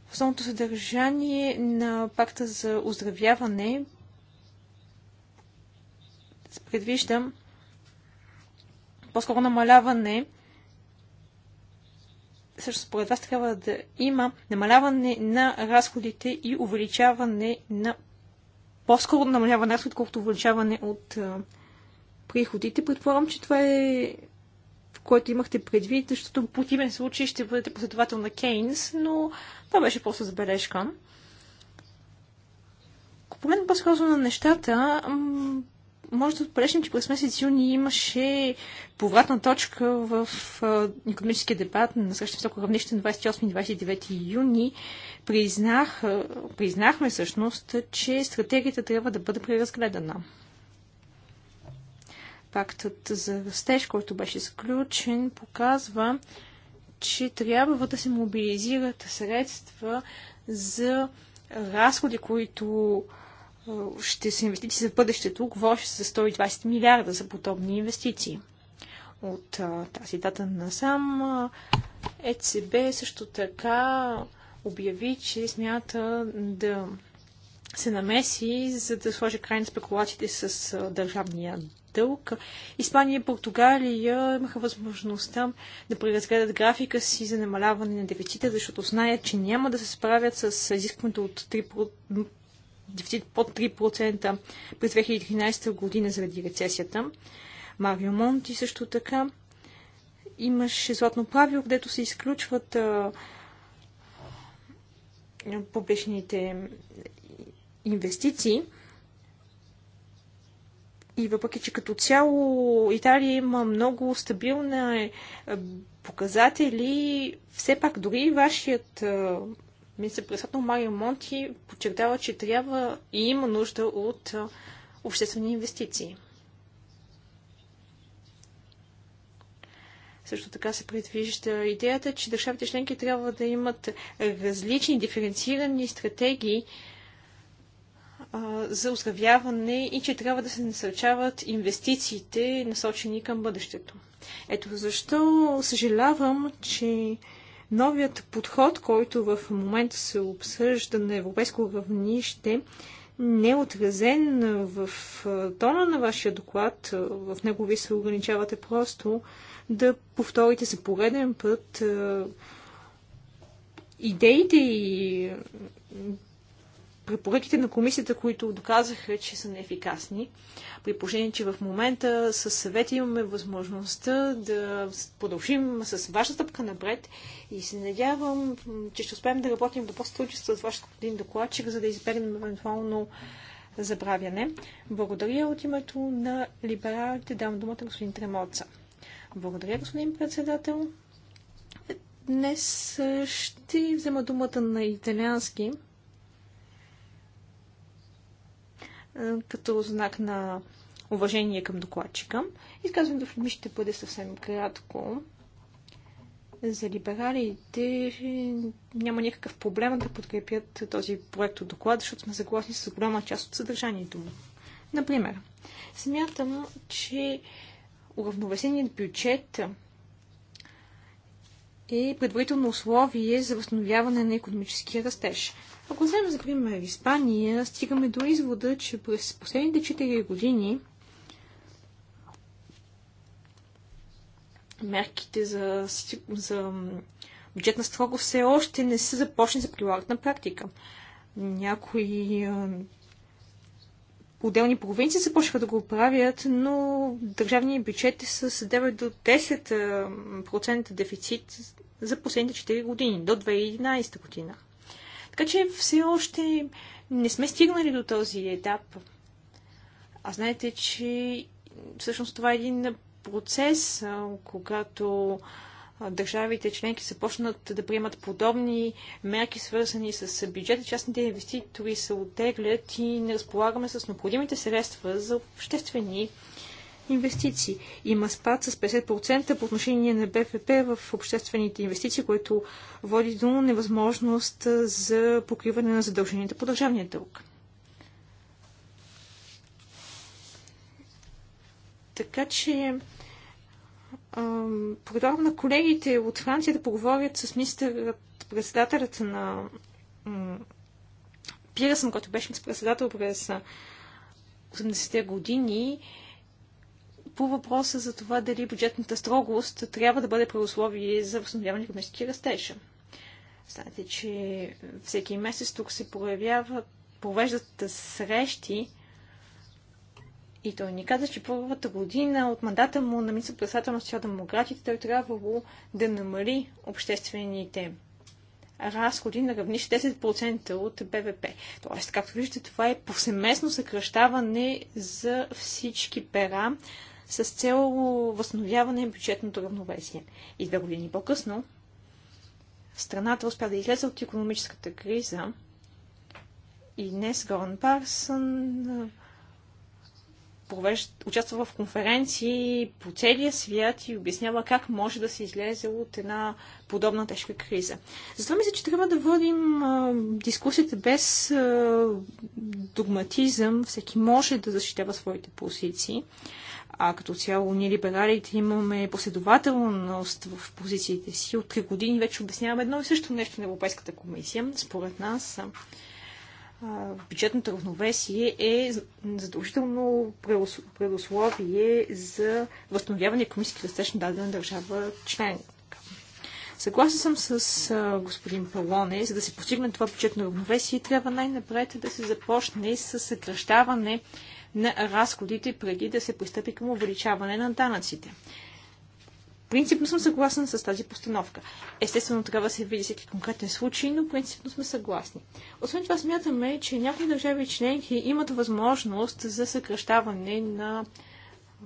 C: в основното съдържание на пакта за оздравяване предвиждам по-скоро намаляване също според вас трябва да има намаляване на разходите и увеличаване на по-скоро намаляване на разходите, колкото увеличаване от приходите. Предполагам, че това е което имахте предвид, защото в противен случай ще бъдете последовател на Кейнс, но това беше просто забележка. Ако погледнем по-скоро на нещата, може да отбележим, че през месец юни имаше повратна точка в економическия дебат на среща високо равнище на 28-29 юни. Признах, признахме всъщност, че стратегията трябва да бъде преразгледана пактът за растеж, който беше сключен, показва, че трябва да се мобилизират средства за разходи, които ще се инвестиции за бъдещето. Говореше за 120 милиарда за подобни инвестиции. От тази дата насам ЕЦБ също така обяви, че смята да се намеси, за да сложи край на спекулациите с държавния дълг. Испания и Португалия имаха възможността да преразгледат графика си за намаляване на дефицита, защото знаят, че няма да се справят с изискването от 3%, дефицит под 3% през 2013 година заради рецесията. Марио Монти също така имаше златно правило, където се изключват публичните инвестиции. И въпреки, че като цяло Италия има много стабилни е, е, показатели, все пак дори вашият е, министър-председател Марио Монти подчертава, че трябва и има нужда от обществени инвестиции. Също така се предвижда идеята, че държавите членки трябва да имат различни диференцирани стратегии за оздравяване и че трябва да се насърчават инвестициите, насочени към бъдещето. Ето защо съжалявам, че новият подход, който в момента се обсъжда на европейско равнище, не е отразен в тона на вашия доклад. В него ви се ограничавате просто да повторите за пореден път идеите и препоръките на комисията, които доказаха, че са неефикасни. При положение, че в момента със съвет имаме възможността да продължим с ваша стъпка напред и се надявам, че ще успеем да работим до по-сътрудничество с вашия господин докладчик, за да избегнем евентуално забравяне. Благодаря от името на либералите. Дам думата господин Тремоца. Благодаря, господин председател. Днес ще взема думата на италиански. Е, като знак на уважение към докладчика. Изказването в ми ще бъде съвсем кратко. За либералите няма никакъв проблем да подкрепят този проект от доклад, защото сме съгласни с голяма част от съдържанието му. Например, смятам, че уравновесеният бюджет е предварително условие за възстановяване на економическия растеж. Ако вземем за пример Испания, стигаме до извода, че през последните 4 години мерките за, за бюджетна строго все още не са започнали за прилагат на практика. Някои отделни провинции започнаха да го правят, но държавният бюджет е с 9 до 10% дефицит за последните 4 години, до 2011 година. Така че все още не сме стигнали до този етап. А знаете, че всъщност това е един процес, когато държавите членки започнат да приемат подобни мерки, свързани с бюджета, частните инвеститори се отеглят и не разполагаме с необходимите средства за обществени инвестиции. Има спад с 50% по отношение на БФП в обществените инвестиции, което води до невъзможност за покриване на задълженията по държавния дълг. Така че предлагам на колегите от Франция да поговорят с министърът, председателят на Пирсън, който беше председател през 80-те години, по въпроса за това дали бюджетната строгост трябва да бъде преусловие за възстановяване на економически растежа. Знаете, че всеки месец тук се проявяват, провеждат срещи и той ни каза, че първата година от мандата му на министър-председател на социал-демократите той трябвало да намали обществените разходи на равнище 10% от БВП. Тоест, както виждате, това е повсеместно съкръщаване за всички пера с цел възстановяване на бюджетното равновесие. И две години по-късно страната успя да излезе от економическата криза и днес Горан Парсън провежда, участва в конференции по целия свят и обяснява как може да се излезе от една подобна тежка криза. Затова мисля, че трябва да водим а, дискусията без а, догматизъм. Всеки може да защитава своите позиции. А като цяло ние либералите имаме последователност в позициите си. От три години вече обясняваме едно и също нещо на Европейската комисия. Според нас бюджетното равновесие е задължително предусловие за възстановяване економически растеж на дадена държава член. Съгласен съм с а, господин Палоне, за да се постигне това бюджетно равновесие, трябва най-напред да се започне с съкръщаване на разходите преди да се пристъпи към увеличаване на данъците. Принципно съм съгласен с тази постановка. Естествено, трябва да се види всеки конкретен случай, но принципно сме съгласни. Освен това, смятаме, че някои държави членки имат възможност за съкръщаване на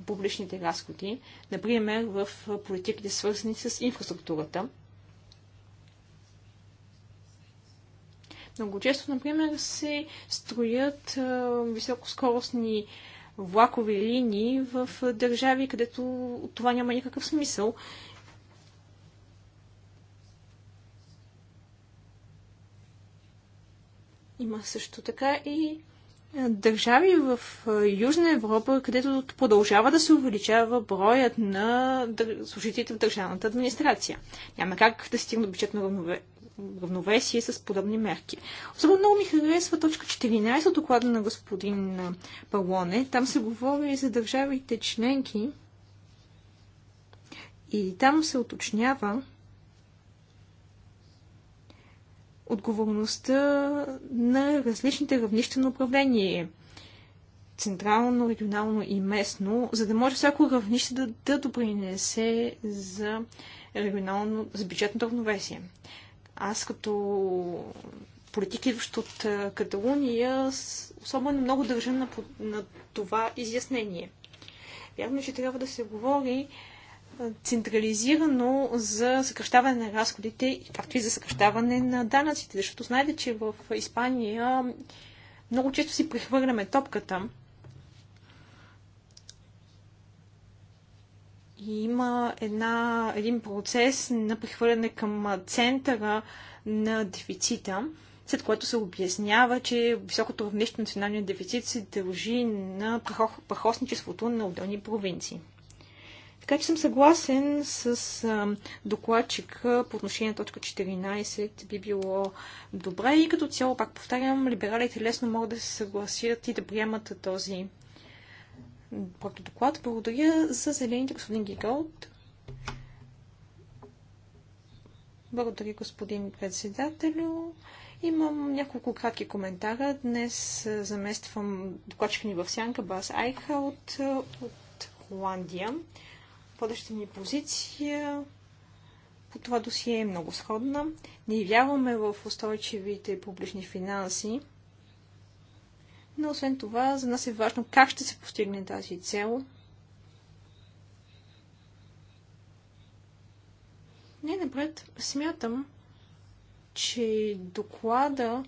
C: публичните разходи, например в политиките свързани с инфраструктурата. Много често, например, се строят високоскоростни влакови линии в държави, където това няма никакъв смисъл. Има също така и държави в Южна Европа, където продължава да се увеличава броят на служителите в държавната администрация. Няма как да до бюджетно равновесие с подобни мерки. Особено много ми харесва точка 14 от доклада на господин Палоне. Там се говори за държавите членки и там се уточнява отговорността на различните равнища на управление централно, регионално и местно, за да може всяко равнище да, да допринесе за регионално, за бюджетното равновесие. Аз като политик, идващ от Каталуния, особено много държа на, на това изяснение. Вярно, е, че трябва да се говори централизирано за съкръщаване на разходите, както и за съкръщаване на данъците, защото знаете, че в Испания много често си прехвърляме топката. И има една, един процес на прехвърляне към центъра на дефицита, след което се обяснява, че високото равнище на националния дефицит се дължи на прахосничеството на отделни провинции. Така че съм съгласен с а, докладчика по отношение на точка 14. Би било добре и като цяло, пак повтарям, либералите лесно могат да се съгласят и да приемат този който доклад. Благодаря за зелените, господин Гигалт. Благодаря, господин председателю. Имам няколко кратки коментара. Днес замествам докладчика ни в сянка Бас Айха от, от Холандия. Водеща ни позиция по това досие е много сходна. Ние вярваме в устойчивите публични финанси но освен това, за нас е важно как ще се постигне тази цел. Не, напред смятам, че доклада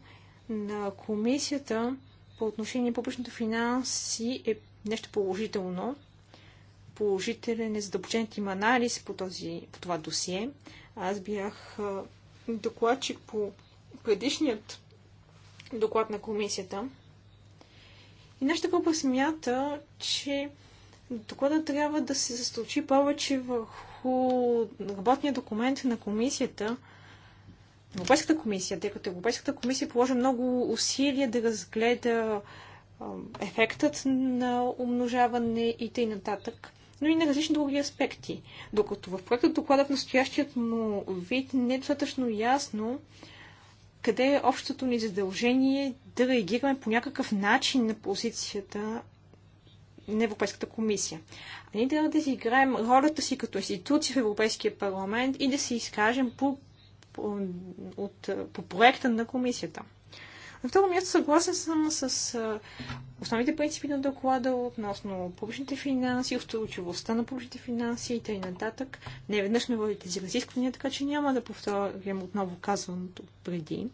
C: на комисията по отношение на публичните финанси е нещо положително. Положителен е задълбочен им анализ по, този, по това досие. Аз бях докладчик по предишният доклад на комисията. И нашата група смята, че доклада трябва да се засточи повече върху работния документ на комисията, Европейската комисия, тъй като Европейската комисия положи много усилия да разгледа ефектът на умножаване и т.н. но и на различни други аспекти. Докато в проектът доклада в настоящият му вид не е достатъчно ясно къде е общото ни задължение да реагираме по някакъв начин на позицията на Европейската комисия. А ние трябва да си играем ролята си като институция в Европейския парламент и да се изкажем по, по, от, по проекта на комисията. На второ място съгласен съм с основните принципи на доклада относно публичните финанси, устойчивостта на публичните финанси и т.н. Не веднъж ме водите за разисквания, така че няма да повторям отново казваното преди.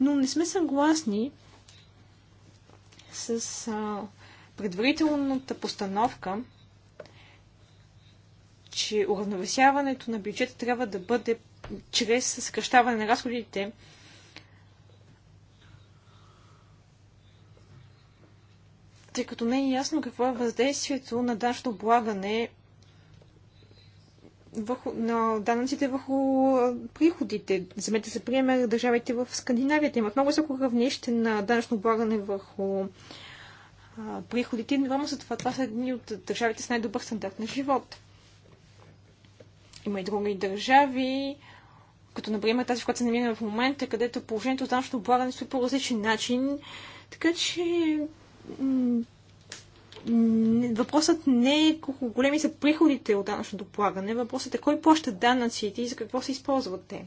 C: Но не сме съгласни с а, предварителната постановка, че уравновесяването на бюджета трябва да бъде чрез съкръщаване на разходите тъй като не е ясно какво е въздействието на данъчно облагане върху, на данъците върху приходите. Вземете за пример държавите в Скандинавията. Имат много високо равнище на данъчно облагане върху а, приходите. Едновременно за това, това са едни от държавите с най-добър стандарт на живот. Има и други държави, като например тази, в която се намираме в момента, където положението с данъчно облагане стои по различен начин. Така че въпросът не е колко големи са приходите от данъчното полагане, въпросът е кой плаща данъците и за какво се използват те.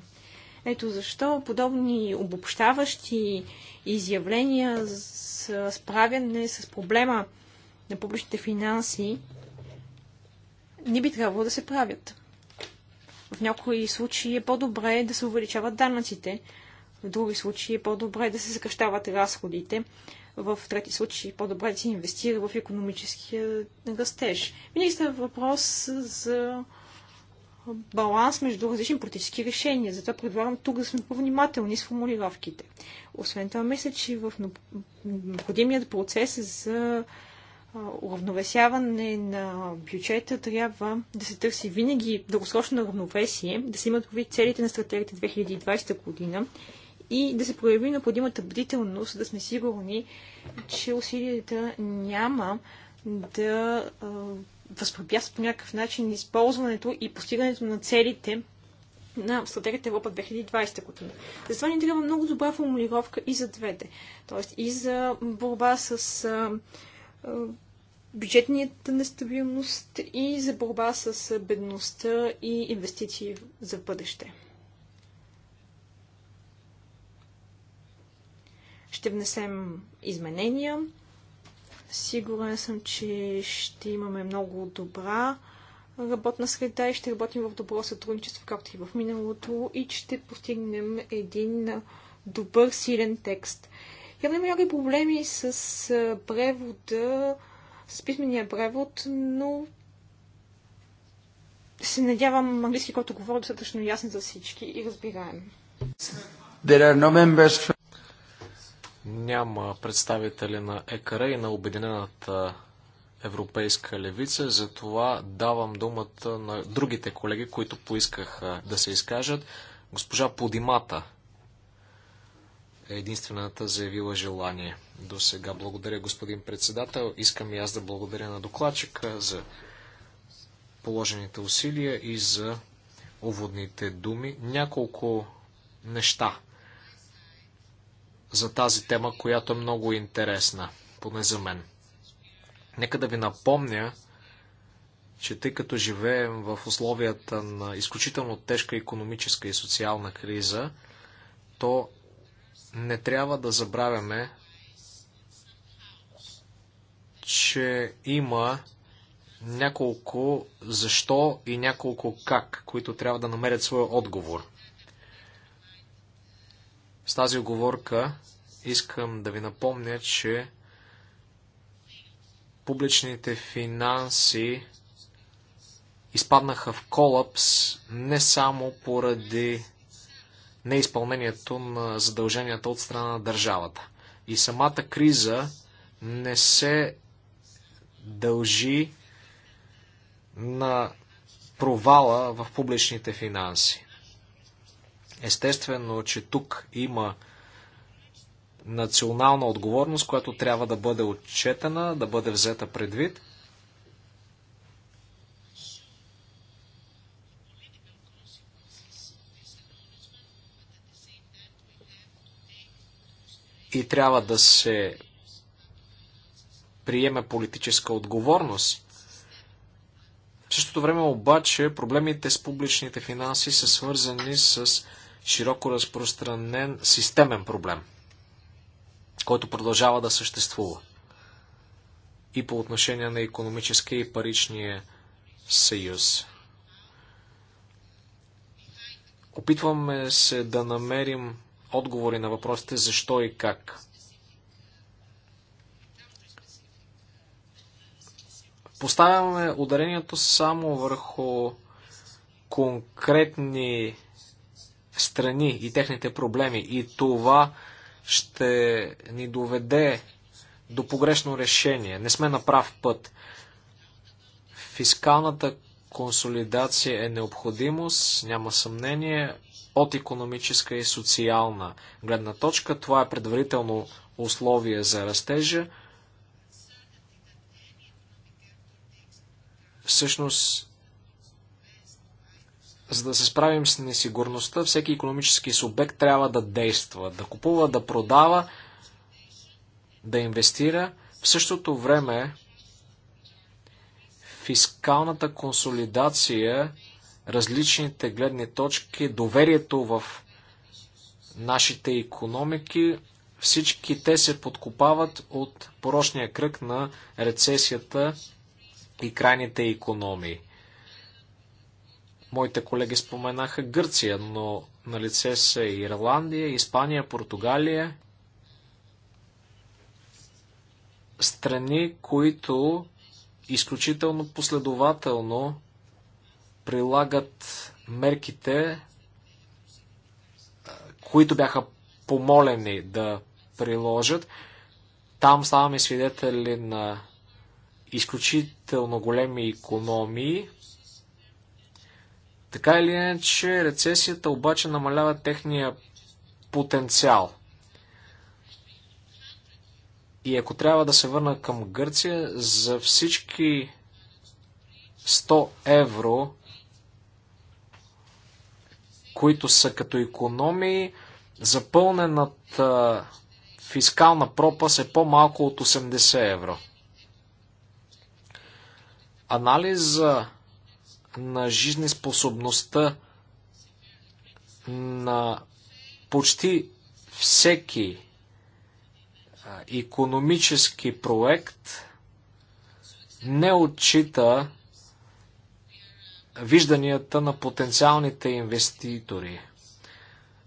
C: Ето защо подобни обобщаващи изявления с справяне с проблема на публичните финанси не би трябвало да се правят. В някои случаи е по-добре да се увеличават данъците, в други случаи е по-добре да се съкръщават разходите, в трети случаи по-добре да се инвестира в економическия растеж. Винаги става въпрос за баланс между различни политически решения. Затова предлагам тук да сме по-внимателни с формулировките. Освен това, мисля, че в необходимият процес за уравновесяване на бюджета трябва да се търси винаги дългосрочно равновесие, да се имат прави целите на стратегията 2020 година и да се прояви необходимата бдителност, да сме сигурни, че усилията няма да възпрепятстват по някакъв начин използването и постигането на целите на стратегията Европа 2020 година. Затова ни трябва много добра формулировка и за двете. Тоест и за борба с а, а, бюджетната нестабилност и за борба с бедността и инвестиции за бъдеще. Ще внесем изменения. Сигурен съм, че ще имаме много добра работна среда и ще работим в добро сътрудничество, както и в миналото, и ще постигнем един добър, силен текст. Явно има много проблеми с превода, с писмения превод, но се надявам английски, който говоря, достатъчно ясен за всички и разбираем.
A: There are no members
B: няма представители на ЕКР и на Обединената европейска левица, затова давам думата на другите колеги, които поискаха да се изкажат. Госпожа Подимата е единствената заявила желание до сега. Благодаря, господин председател. Искам и аз да благодаря на докладчика за положените усилия и за уводните думи. Няколко неща за тази тема, която е много интересна, поне за мен. Нека да ви напомня, че тъй като живеем в условията на изключително тежка економическа и социална криза, то не трябва да забравяме, че има няколко защо и няколко как, които трябва да намерят своя отговор. С тази оговорка искам да ви напомня, че публичните финанси изпаднаха в колапс не само поради неизпълнението на задълженията от страна на държавата. И самата криза не се дължи на провала в публичните финанси. Естествено, че тук има национална отговорност, която трябва да бъде отчетена, да бъде взета предвид. И трябва да се приеме политическа отговорност. В същото време обаче проблемите с публичните финанси са свързани с широко разпространен системен проблем, който продължава да съществува и по отношение на економическия и паричния съюз. Опитваме се да намерим отговори на въпросите защо и как. Поставяме ударението само върху конкретни страни и техните проблеми. И това ще ни доведе до погрешно решение. Не сме на прав път. Фискалната консолидация е необходимост, няма съмнение, от економическа и социална гледна точка. Това е предварително условие за растежа. Всъщност, за да се справим с несигурността, всеки економически субект трябва да действа, да купува, да продава, да инвестира. В същото време фискалната консолидация, различните гледни точки, доверието в нашите економики, всички те се подкопават от порочния кръг на рецесията и крайните економии. Моите колеги споменаха Гърция, но на лице са Ирландия, Испания, Португалия. Страни, които изключително последователно прилагат мерките, които бяха помолени да приложат. Там ставаме свидетели на изключително големи економии. Така или иначе, рецесията обаче намалява техния потенциал. И ако трябва да се върна към Гърция, за всички 100 евро, които са като економии, запълнената фискална пропаст е по-малко от 80 евро. Анализа на жизнеспособността на почти всеки економически проект не отчита вижданията на потенциалните инвеститори.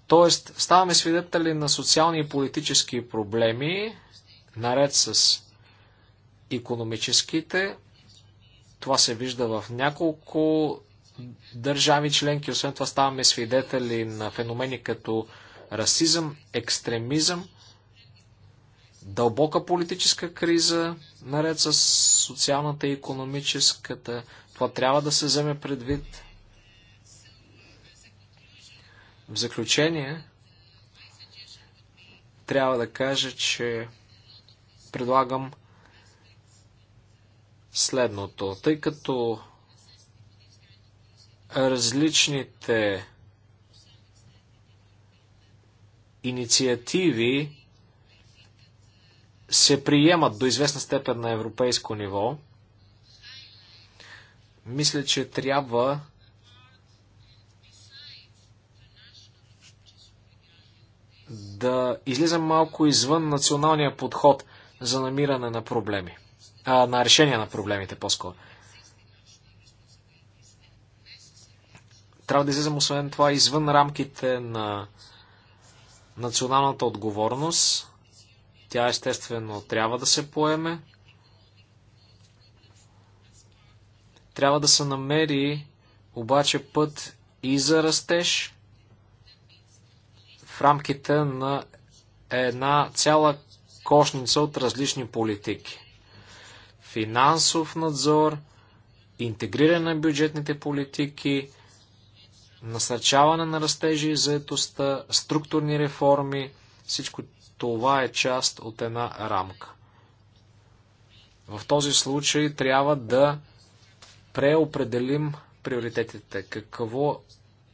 B: Тоест, ставаме свидетели на социални и политически проблеми, наред с економическите, това се вижда в няколко държави членки. Освен това ставаме свидетели на феномени като расизъм, екстремизъм, дълбока политическа криза, наред с социалната и економическата. Това трябва да се вземе предвид. В заключение, трябва да кажа, че предлагам следното. Тъй като различните инициативи се приемат до известна степен на европейско ниво, мисля, че трябва да излизам малко извън националния подход за намиране на проблеми а, на решение на проблемите по-скоро. Трябва да излизам освен това извън рамките на националната отговорност. Тя естествено трябва да се поеме. Трябва да се намери обаче път и за растеж в рамките на една цяла кошница от различни политики финансов надзор, интегриране на бюджетните политики, насърчаване на растежи и заетостта, структурни реформи, всичко това е част от една рамка. В този случай трябва да преопределим приоритетите. Какво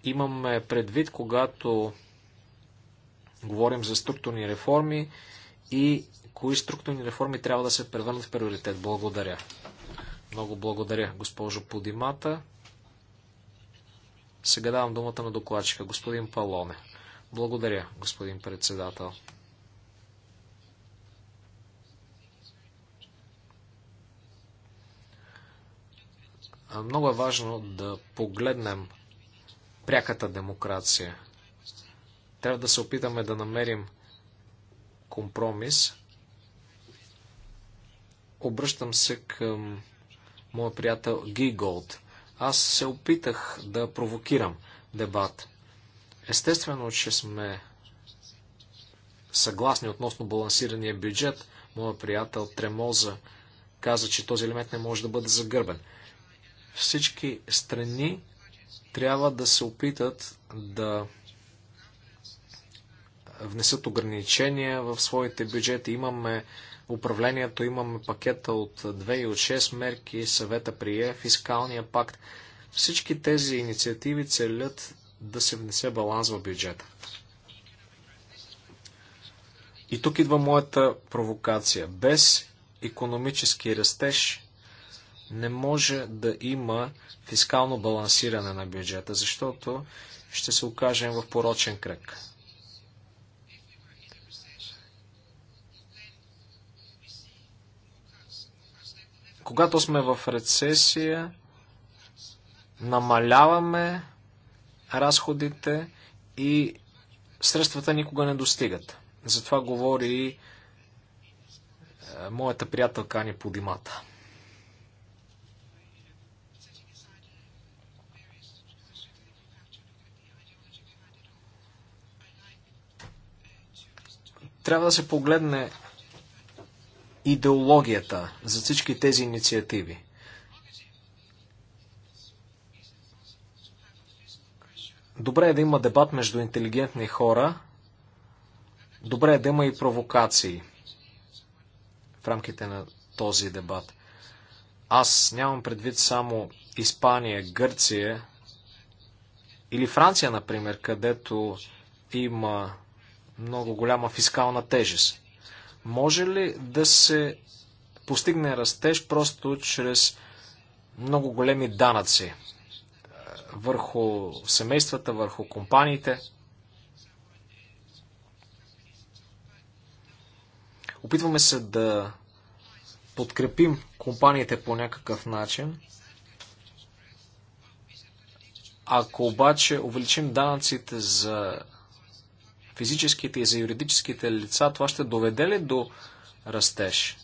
B: имаме предвид, когато говорим за структурни реформи и кои структурни реформи трябва да се превърнат в приоритет. Благодаря. Много благодаря, госпожо Подимата. Сега давам думата на докладчика, господин Палоне. Благодаря, господин председател. Много е важно да погледнем пряката демокрация. Трябва да се опитаме да намерим компромис. Обръщам се към моя приятел Гиголд. Аз се опитах да провокирам дебат. Естествено, че сме съгласни относно балансирания бюджет. Моя приятел Тремоза каза, че този елемент не може да бъде загърбен. Всички страни трябва да се опитат да внесат ограничения в своите бюджети. Имаме управлението имаме пакета от 2 и от 6 мерки, съвета прие, фискалния пакт. Всички тези инициативи целят да се внесе баланс в бюджета. И тук идва моята провокация. Без економически растеж не може да има фискално балансиране на бюджета, защото ще се окажем в порочен кръг. Когато сме в рецесия, намаляваме разходите и средствата никога не достигат. Затова говори и е, моята приятелка Ани Подимата. Трябва да се погледне идеологията за всички тези инициативи. Добре е да има дебат между интелигентни хора, добре е да има и провокации в рамките на този дебат. Аз нямам предвид само Испания, Гърция или Франция, например, където има много голяма фискална тежест. Може ли да се постигне растеж просто чрез много големи данъци върху семействата, върху компаниите? Опитваме се да подкрепим компаниите по някакъв начин. Ако обаче увеличим данъците за физическите и за юридическите лица, това ще доведе ли до растеж?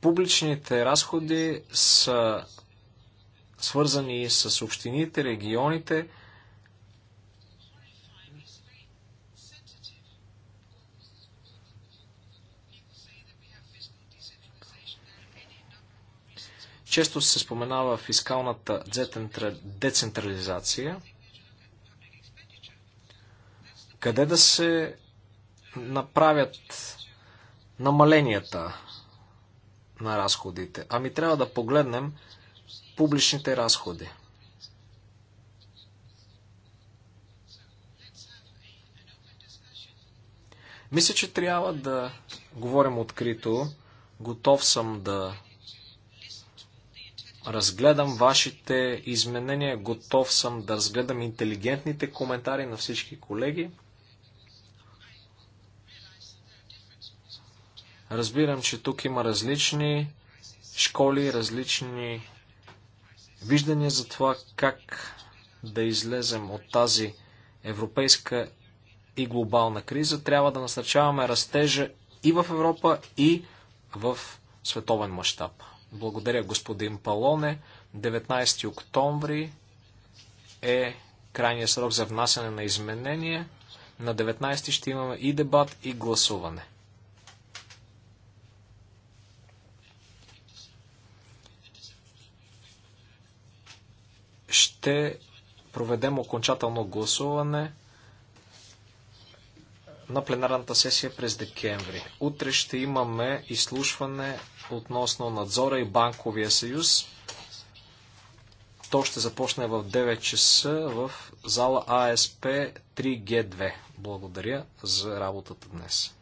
B: Публичните разходи са свързани с общините, регионите. Често се споменава фискалната децентрализация къде да се направят намаленията на разходите? Ами трябва да погледнем публичните разходи. Мисля, че трябва да говорим открито. Готов съм да разгледам вашите изменения, готов съм да разгледам интелигентните коментари на всички колеги. Разбирам, че тук има различни школи, различни виждания за това как да излезем от тази европейска и глобална криза. Трябва да насърчаваме растежа и в Европа, и в световен мащаб. Благодаря, господин Палоне. 19 октомври е крайния срок за внасяне на изменения. На 19 ще имаме и дебат, и гласуване. ще проведем окончателно гласуване на пленарната сесия през декември. Утре ще имаме изслушване относно надзора и банковия съюз. То ще започне в 9 часа в зала АСП 3 г 2 Благодаря за работата днес.